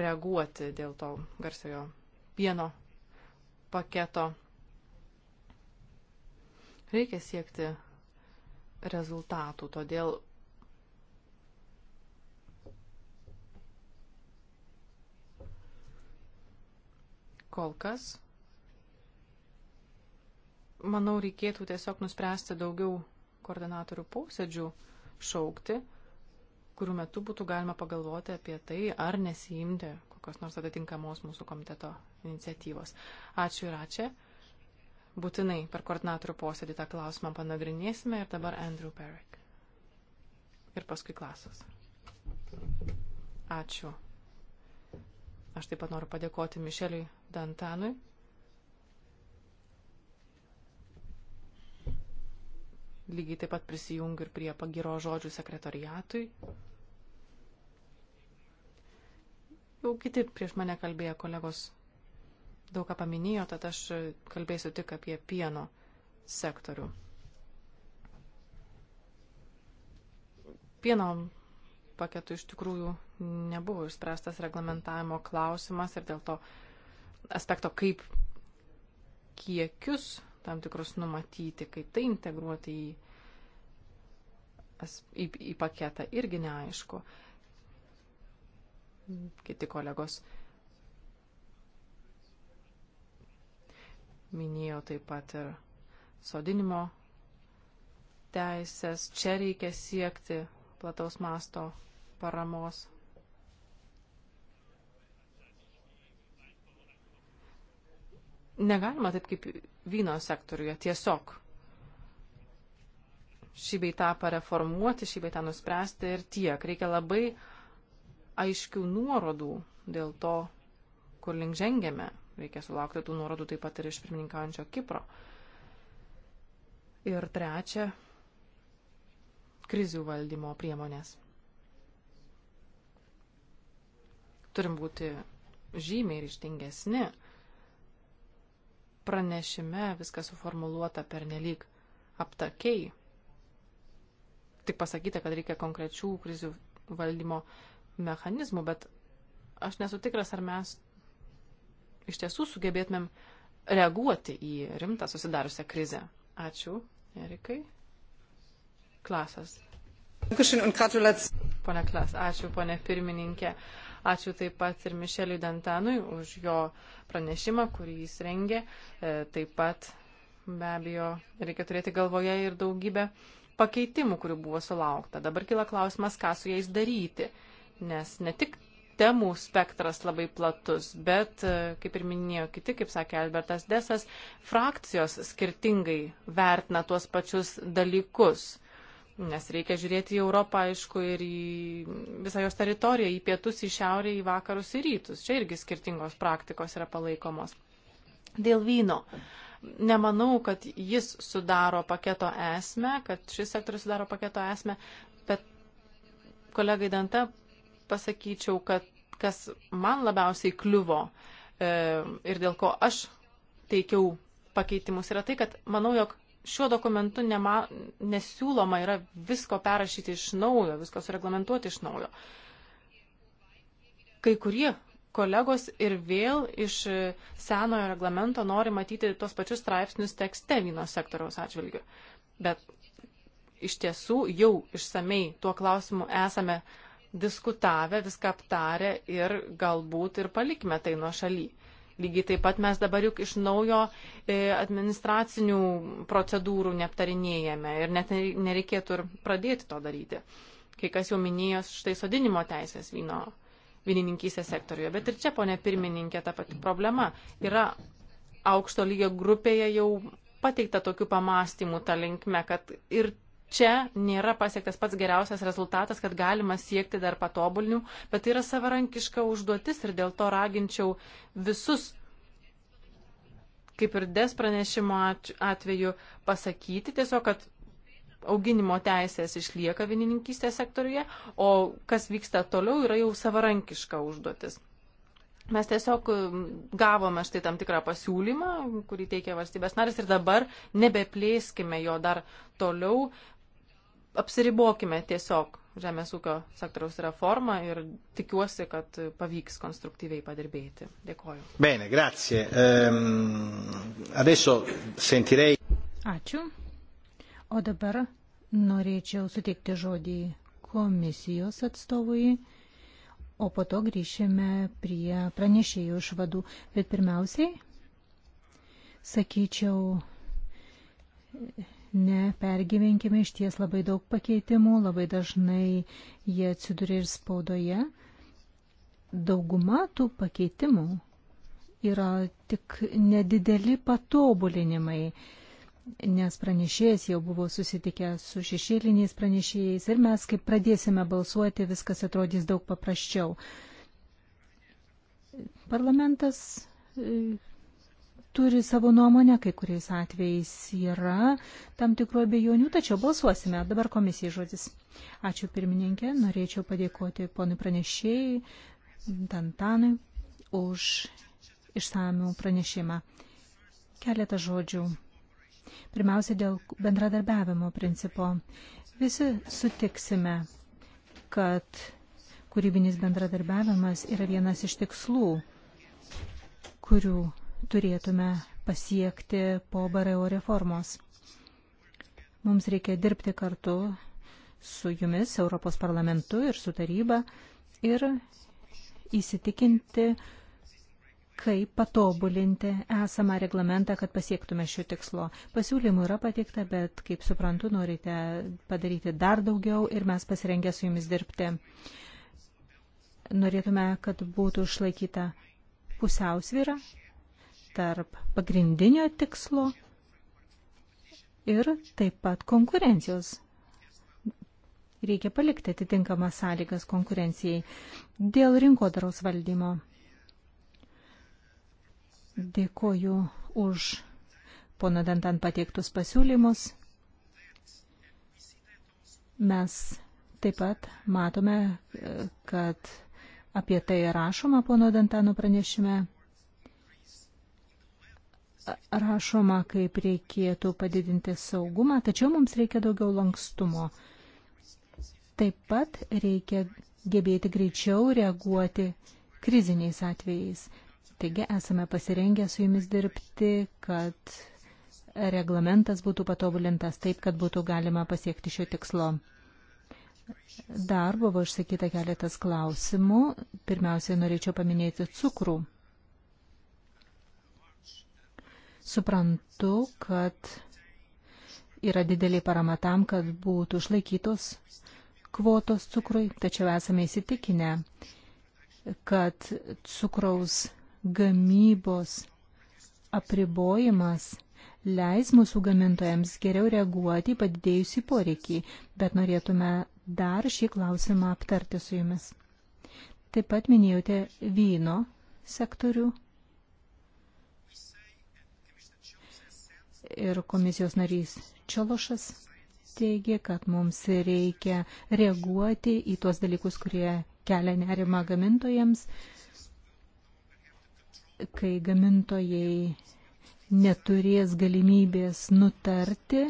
reaguoti dėl to garsiojo pieno paketo. Reikia siekti rezultatų, todėl Kol kas, manau, reikėtų tiesiog nuspręsti daugiau koordinatorių posėdžių šaukti, kurių metu būtų galima pagalvoti apie tai, ar nesiimti kokios nors atitinkamos mūsų komiteto iniciatyvos. Ačiū ir ačiū. Būtinai per koordinatorių posėdį tą klausimą panagrinėsime ir dabar Andrew Perrick. Ir paskui klasas. Ačiū. Aš taip pat noriu padėkoti Mišeliui Dantanui. Lygiai taip pat prisijungiu ir prie pagiro žodžių sekretoriatui. Jau kiti prieš mane kalbėjo kolegos daug ką paminėjo, tad aš kalbėsiu tik apie pieno sektorių. Pieno paketų iš tikrųjų nebuvo išspręstas reglamentavimo klausimas ir dėl to aspekto, kaip kiekius tam tikrus numatyti, kaip tai integruoti į, į, į paketą, irgi neaišku. Kiti kolegos minėjo taip pat ir sodinimo teisės. Čia reikia siekti plataus masto paramos negalima taip kaip vyno sektoriuje tiesiog šį beitą pareformuoti, šį beitą nuspręsti ir tiek. Reikia labai aiškių nuorodų dėl to, kur link žengėme. Reikia sulaukti tų nuorodų taip pat ir iš pirmininkaujančio Kipro. Ir trečia, krizių valdymo priemonės. Turim būti žymiai ryštingesni pranešime viskas suformuluota pernelyg aptakiai. Tik pasakyta, kad reikia konkrečių krizių valdymo mechanizmų, bet aš nesu tikras, ar mes iš tiesų sugebėtumėm reaguoti į rimtą susidariusią krizę. Ačiū, Erikai. Klasas. Pone Klas, ačiū, pone pirmininkė. Ačiū taip pat ir Mišeliui Dantanui už jo pranešimą, kurį jis rengė. E, taip pat be abejo reikia turėti galvoje ir daugybę pakeitimų, kurių buvo sulaukta. Dabar kyla klausimas, ką su jais daryti, nes ne tik temų spektras labai platus, bet, e, kaip ir minėjo kiti, kaip sakė Albertas Desas, frakcijos skirtingai vertina tuos pačius dalykus. Nes reikia žiūrėti į Europą, aišku, ir į visą jos teritoriją, į pietus, į šiaurę, į vakarus, į rytus. Čia irgi skirtingos praktikos yra palaikomos. Dėl vyno. Nemanau, kad jis sudaro paketo esmę, kad šis sektorius sudaro paketo esmę, bet kolegai Danta pasakyčiau, kad kas man labiausiai kliuvo e, ir dėl ko aš teikiau pakeitimus, yra tai, kad manau, jog šiuo dokumentu nema, nesiūloma yra visko perrašyti iš naujo, visko sureglamentuoti iš naujo. Kai kurie kolegos ir vėl iš senojo reglamento nori matyti tos pačius straipsnius tekste vyno sektoriaus atžvilgiu. Bet iš tiesų jau išsamei tuo klausimu esame diskutavę, viską aptarę ir galbūt ir palikime tai nuo šaly. Lygiai taip pat mes dabar juk iš naujo e, administracinių procedūrų neaptarinėjame ir net nereikėtų ir pradėti to daryti. Kai kas jau minėjo štai sodinimo teisės vyno vynininkysės sektoriuje. Bet ir čia, ponė pirmininkė, ta pati problema yra aukšto lygio grupėje jau pateikta tokių pamastymų tą linkme, kad ir čia nėra pasiektas pats geriausias rezultatas, kad galima siekti dar patobulinių, bet tai yra savarankiška užduotis ir dėl to raginčiau visus, kaip ir des pranešimo atveju, pasakyti tiesiog, kad auginimo teisės išlieka vienininkystės sektoriuje, o kas vyksta toliau yra jau savarankiška užduotis. Mes tiesiog gavome štai tam tikrą pasiūlymą, kurį teikia valstybės narys ir dabar nebeplėskime jo dar toliau, apsiribokime tiesiog žemės ūkio sektoriaus reformą ir tikiuosi, kad pavyks konstruktyviai padirbėti. Dėkoju. Bene, grazie. Um, adesso sentirei. Ačiū. O dabar norėčiau suteikti žodį komisijos atstovui, o po to grįšime prie pranešėjų išvadų. Bet pirmiausiai, sakyčiau, nepergyvenkime, iš ties labai daug pakeitimų, labai dažnai jie atsiduria ir spaudoje. Dauguma tų pakeitimų yra tik nedideli patobulinimai, nes pranešėjas jau buvo susitikęs su šešėliniais pranešėjais ir mes, kai pradėsime balsuoti, viskas atrodys daug paprasčiau. Parlamentas turi savo nuomonę, kai kuriais atvejais yra tam tikruo bejonių, tačiau balsuosime. Dabar komisijai žodis. Ačiū pirmininkė, norėčiau padėkoti ponui pranešėjai, Dantanui, už išsamių pranešimą. Keletą žodžių. Pirmiausia, dėl bendradarbiavimo principo. Visi sutiksime, kad kūrybinis bendradarbiavimas yra vienas iš tikslų kurių turėtume pasiekti po BRO e reformos. Mums reikia dirbti kartu su jumis, Europos parlamentu ir su taryba ir įsitikinti, kaip patobulinti esamą reglamentą, kad pasiektume šio tikslo. Pasiūlymų yra pateikta, bet, kaip suprantu, norite padaryti dar daugiau ir mes pasirengę su jumis dirbti. Norėtume, kad būtų išlaikyta pusiausvyra tarp pagrindinio tikslo ir taip pat konkurencijos. Reikia palikti atitinkamas sąlygas konkurencijai dėl rinkodaros valdymo. Dėkoju už pono Dantan pateiktus pasiūlymus. Mes taip pat matome, kad apie tai rašoma pono Dantano pranešime rašoma, kaip reikėtų padidinti saugumą, tačiau mums reikia daugiau lankstumo. Taip pat reikia gebėti greičiau reaguoti kriziniais atvejais. Taigi esame pasirengę su jumis dirbti, kad reglamentas būtų patobulintas taip, kad būtų galima pasiekti šio tikslo. Dar buvo išsakyta keletas klausimų. Pirmiausiai norėčiau paminėti cukrų. Suprantu, kad yra didelė parama tam, kad būtų išlaikytos kvotos cukrui, tačiau esame įsitikinę, kad cukraus gamybos apribojimas leis mūsų gamintojams geriau reaguoti į padidėjusį poreikį, bet norėtume dar šį klausimą aptarti su jumis. Taip pat minėjote vyno sektorių ir komisijos narys Čiološas teigia, kad mums reikia reaguoti į tuos dalykus, kurie kelia nerimą gamintojams, kai gamintojai neturės galimybės nutarti,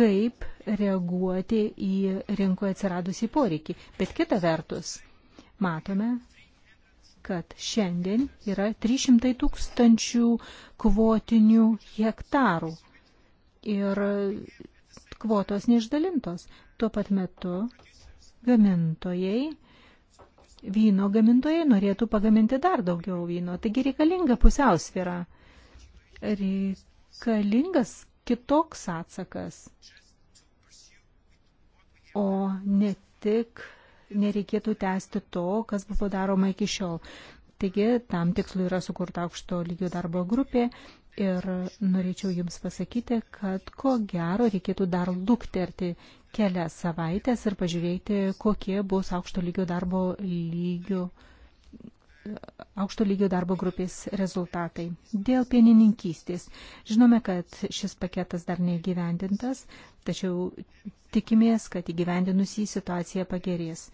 kaip reaguoti į rinkoje atsiradusį poreikį. Bet kita vertus, matome, kad šiandien yra 300 tūkstančių kvotinių hektarų ir kvotos neišdalintos. Tuo pat metu gamintojai vyno gamintojai norėtų pagaminti dar daugiau vyno. Taigi reikalinga pusiausvėra, reikalingas kitoks atsakas, o ne tik nereikėtų tęsti to, kas buvo daroma iki šiol. Taigi, tam tikslui yra sukurta aukšto lygio darbo grupė ir norėčiau Jums pasakyti, kad ko gero reikėtų dar lukterti kelias savaitės ir pažiūrėti, kokie bus aukšto lygio darbo lygio aukšto lygio darbo grupės rezultatai. Dėl pienininkystės. Žinome, kad šis paketas dar neįgyvendintas, tačiau tikimės, kad įgyvendinus jį situacija pagerės.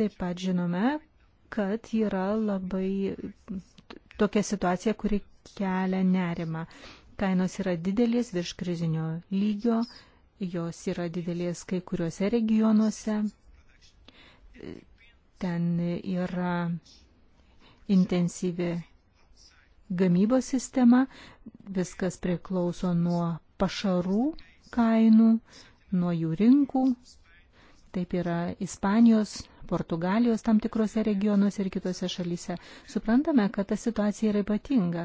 Taip pat žinome, kad yra labai tokia situacija, kuri kelia nerimą. Kainos yra didelės virš krizinio lygio, jos yra didelės kai kuriuose regionuose. Ten yra intensyvi gamybos sistema, viskas priklauso nuo pašarų kainų, nuo jų rinkų. Taip yra Ispanijos, Portugalijos tam tikrose regionuose ir kitose šalyse. Suprantame, kad ta situacija yra ypatinga.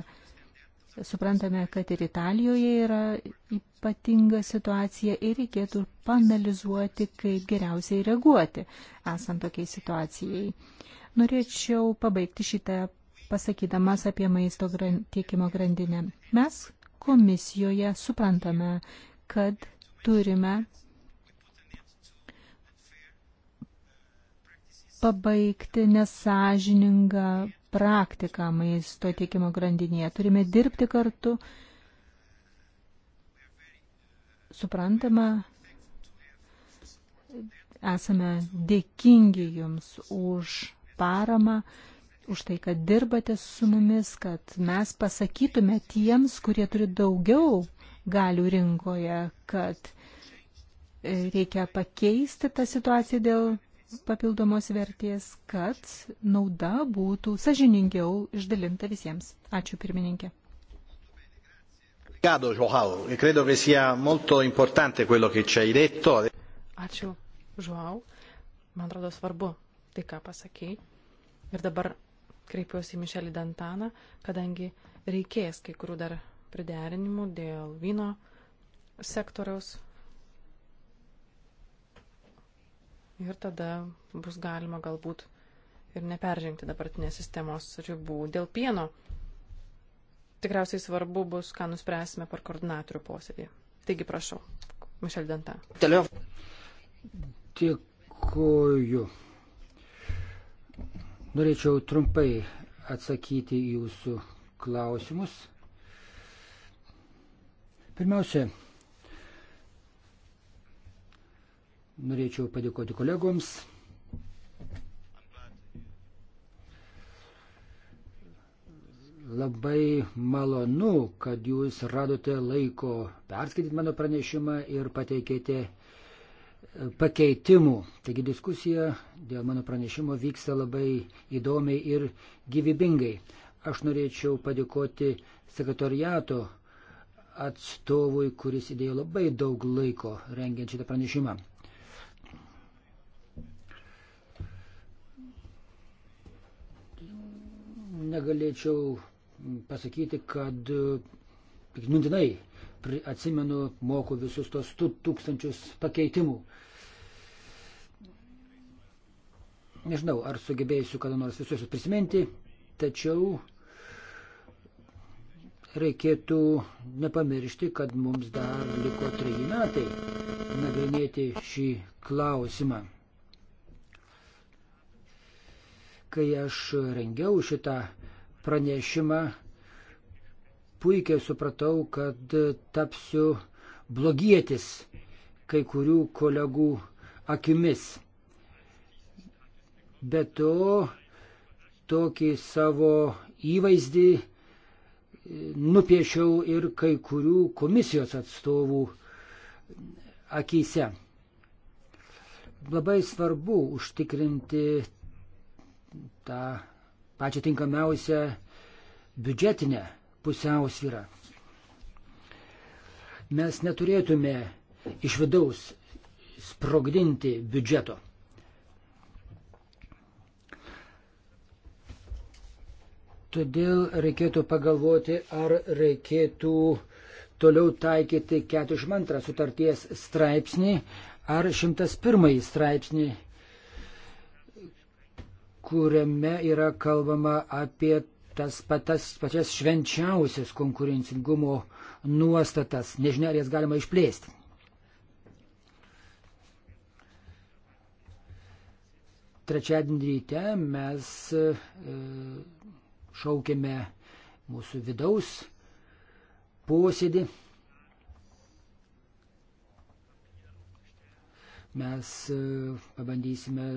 Suprantame, kad ir Italijoje yra ypatinga situacija ir reikėtų panalizuoti, kaip geriausiai reaguoti esant tokiai situacijai. Norėčiau pabaigti šitą pasakydamas apie maisto gran, tiekimo grandinę. Mes komisijoje suprantame, kad turime pabaigti nesažiningą praktiką maisto tiekimo grandinėje. Turime dirbti kartu. Suprantama, esame dėkingi Jums už paramą, už tai, kad dirbate su mumis, kad mes pasakytume tiems, kurie turi daugiau galių rinkoje, kad e, reikia pakeisti tą situaciją dėl papildomos vertės, kad nauda būtų sažiningiau išdalinta visiems. Ačiū pirmininkė. E Ačiū, Žuau. Man atrodo svarbu tai, ką pasakėjai. Ir dabar kreipiuosi į Mišelį Dantaną, kadangi reikės kai kurių dar priderinimų dėl vyno sektoriaus. Ir tada bus galima galbūt ir neperžengti dabartinės sistemos ribų. Dėl pieno tikriausiai svarbu bus, ką nuspręsime per koordinatorių posėdį. Taigi prašau, Mišel Danta. Dėkuoju. Norėčiau trumpai atsakyti jūsų klausimus. Pirmiausia, norėčiau padėkoti kolegoms. Labai malonu, kad jūs radote laiko perskaityti mano pranešimą ir pateikėte pakeitimų. Taigi diskusija dėl mano pranešimo vyksta labai įdomiai ir gyvybingai. Aš norėčiau padėkoti sekretoriato atstovui, kuris įdėjo labai daug laiko rengiant šitą pranešimą. Negalėčiau pasakyti, kad mintinai atsimenu, moku visus tos tūkstančius pakeitimų. Nežinau, ar sugebėsiu kada nors visus prisiminti, tačiau reikėtų nepamiršti, kad mums dar liko treji metai nagrinėti šį klausimą. Kai aš rengiau šitą pranešimą, puikiai supratau, kad tapsiu blogietis kai kurių kolegų akimis. Be to, tokį savo įvaizdį e, nupiešiau ir kai kurių komisijos atstovų akise. Labai svarbu užtikrinti tą pačią tinkamiausią biudžetinę pusiausvyrą. Mes neturėtume iš vidaus sprogdinti biudžeto. Todėl reikėtų pagalvoti, ar reikėtų toliau taikyti 42 sutarties straipsnį ar 101 straipsnį, kuriame yra kalbama apie tas patas, pačias švenčiausias konkurencingumo nuostatas. Nežinia, ar jas galima išplėsti. Trečiadienį ryte mes e, šaukėme mūsų vidaus posėdį. Mes e, pabandysime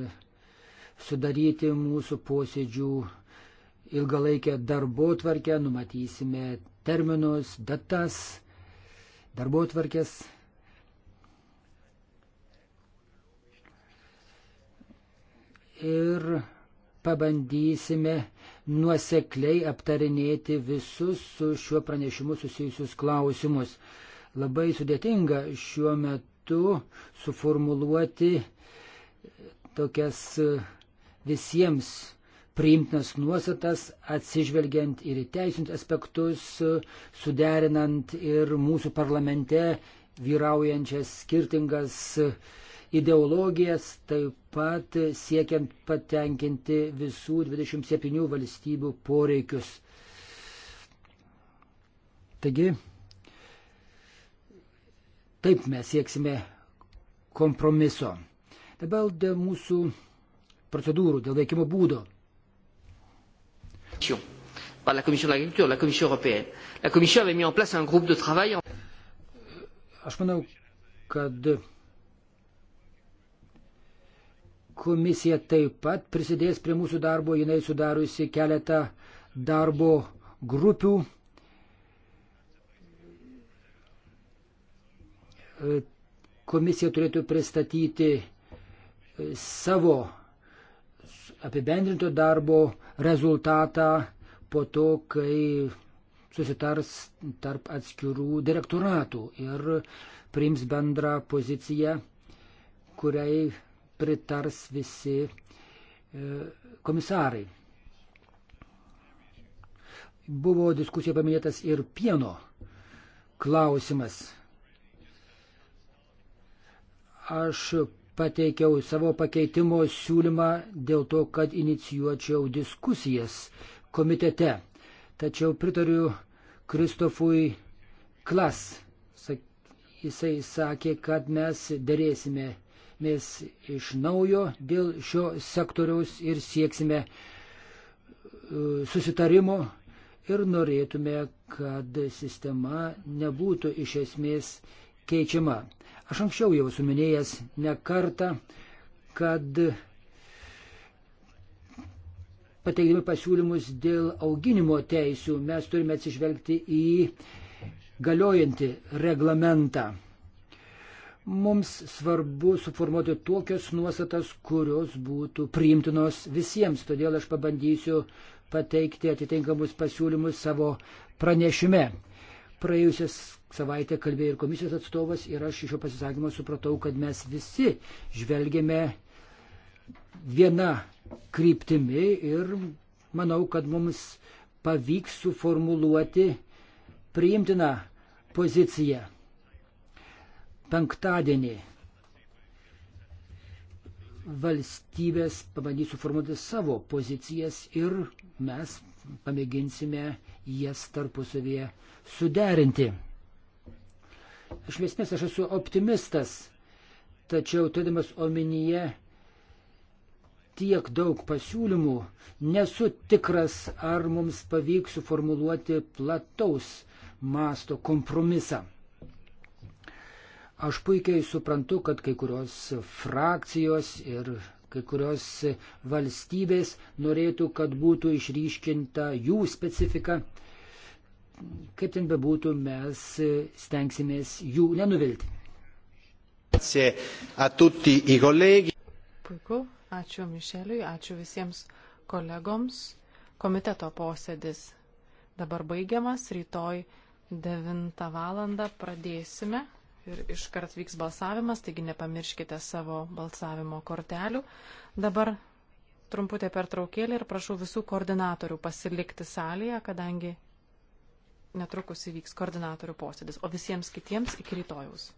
sudaryti mūsų posėdžių ilgalaikę darbo tvarkę, numatysime terminus, datas, darbo tvarkės. Ir pabandysime nuosekliai aptarinėti visus su šiuo pranešimu susijusius klausimus. Labai sudėtinga šiuo metu suformuluoti tokias visiems priimtinas nuostatas, atsižvelgiant ir į teisinius aspektus, suderinant ir mūsų parlamente vyraujančias skirtingas ideologijas, taip pat siekiant patenkinti visų 27 valstybių poreikius. Taigi, taip mes sieksime kompromiso. Dabar dėl mūsų procedūrų, dėl veikimo būdo par la Commission de l'agriculture, la Commission européenne. La Commission avait mis en place un groupe de travail. Aš manau, kad komisija taip pat prisidės prie mūsų darbo, jinai sudariusi keletą darbo grupių. Komisija turėtų pristatyti savo apibendrinto darbo rezultatą po to, kai susitars tarp atskirų direktoratų ir priims bendrą poziciją, kuriai pritars visi e, komisarai. Buvo diskusija paminėtas ir pieno klausimas. Aš pateikiau savo pakeitimo siūlymą dėl to, kad inicijuočiau diskusijas komitete. Tačiau pritariu Kristofui Klas. Jisai sakė, kad mes dėrėsime mes iš naujo dėl šio sektoriaus ir sieksime e, susitarimo ir norėtume, kad sistema nebūtų iš esmės keičiama. Aš anksčiau jau suminėjęs ne kartą, kad pateikdami pasiūlymus dėl auginimo teisių mes turime atsižvelgti į galiojantį reglamentą. Mums svarbu suformuoti tokias nuostatas, kurios būtų priimtinos visiems, todėl aš pabandysiu pateikti atitinkamus pasiūlymus savo pranešime. Praėjusias savaitę kalbėjo ir komisijos atstovas ir aš iš jo pasisakymo supratau, kad mes visi žvelgėme viena kryptimi ir manau, kad mums pavyks suformuluoti priimtiną poziciją. Penktadienį valstybės pabandys suformuoti savo pozicijas ir mes pamėginsime jas tarpusavėje suderinti. Iš esmės aš esu optimistas, tačiau turėdamas omenyje tiek daug pasiūlymų, nesu tikras, ar mums pavyks suformuluoti plataus masto kompromisą. Aš puikiai suprantu, kad kai kurios frakcijos ir Kai kurios valstybės norėtų, kad būtų išryškinta jų specifika. Kaip ten bebūtų, mes stengsimės jų nenuvilti. Puiku, ačiū Mišeliui, ačiū visiems kolegoms. Komiteto posėdis dabar baigiamas, rytoj 9 val. pradėsime ir iškart vyks balsavimas, taigi nepamirškite savo balsavimo kortelių. Dabar trumputė pertraukėlė ir prašau visų koordinatorių pasilikti salėje, kadangi netrukus įvyks koordinatorių posėdis, o visiems kitiems iki rytojaus.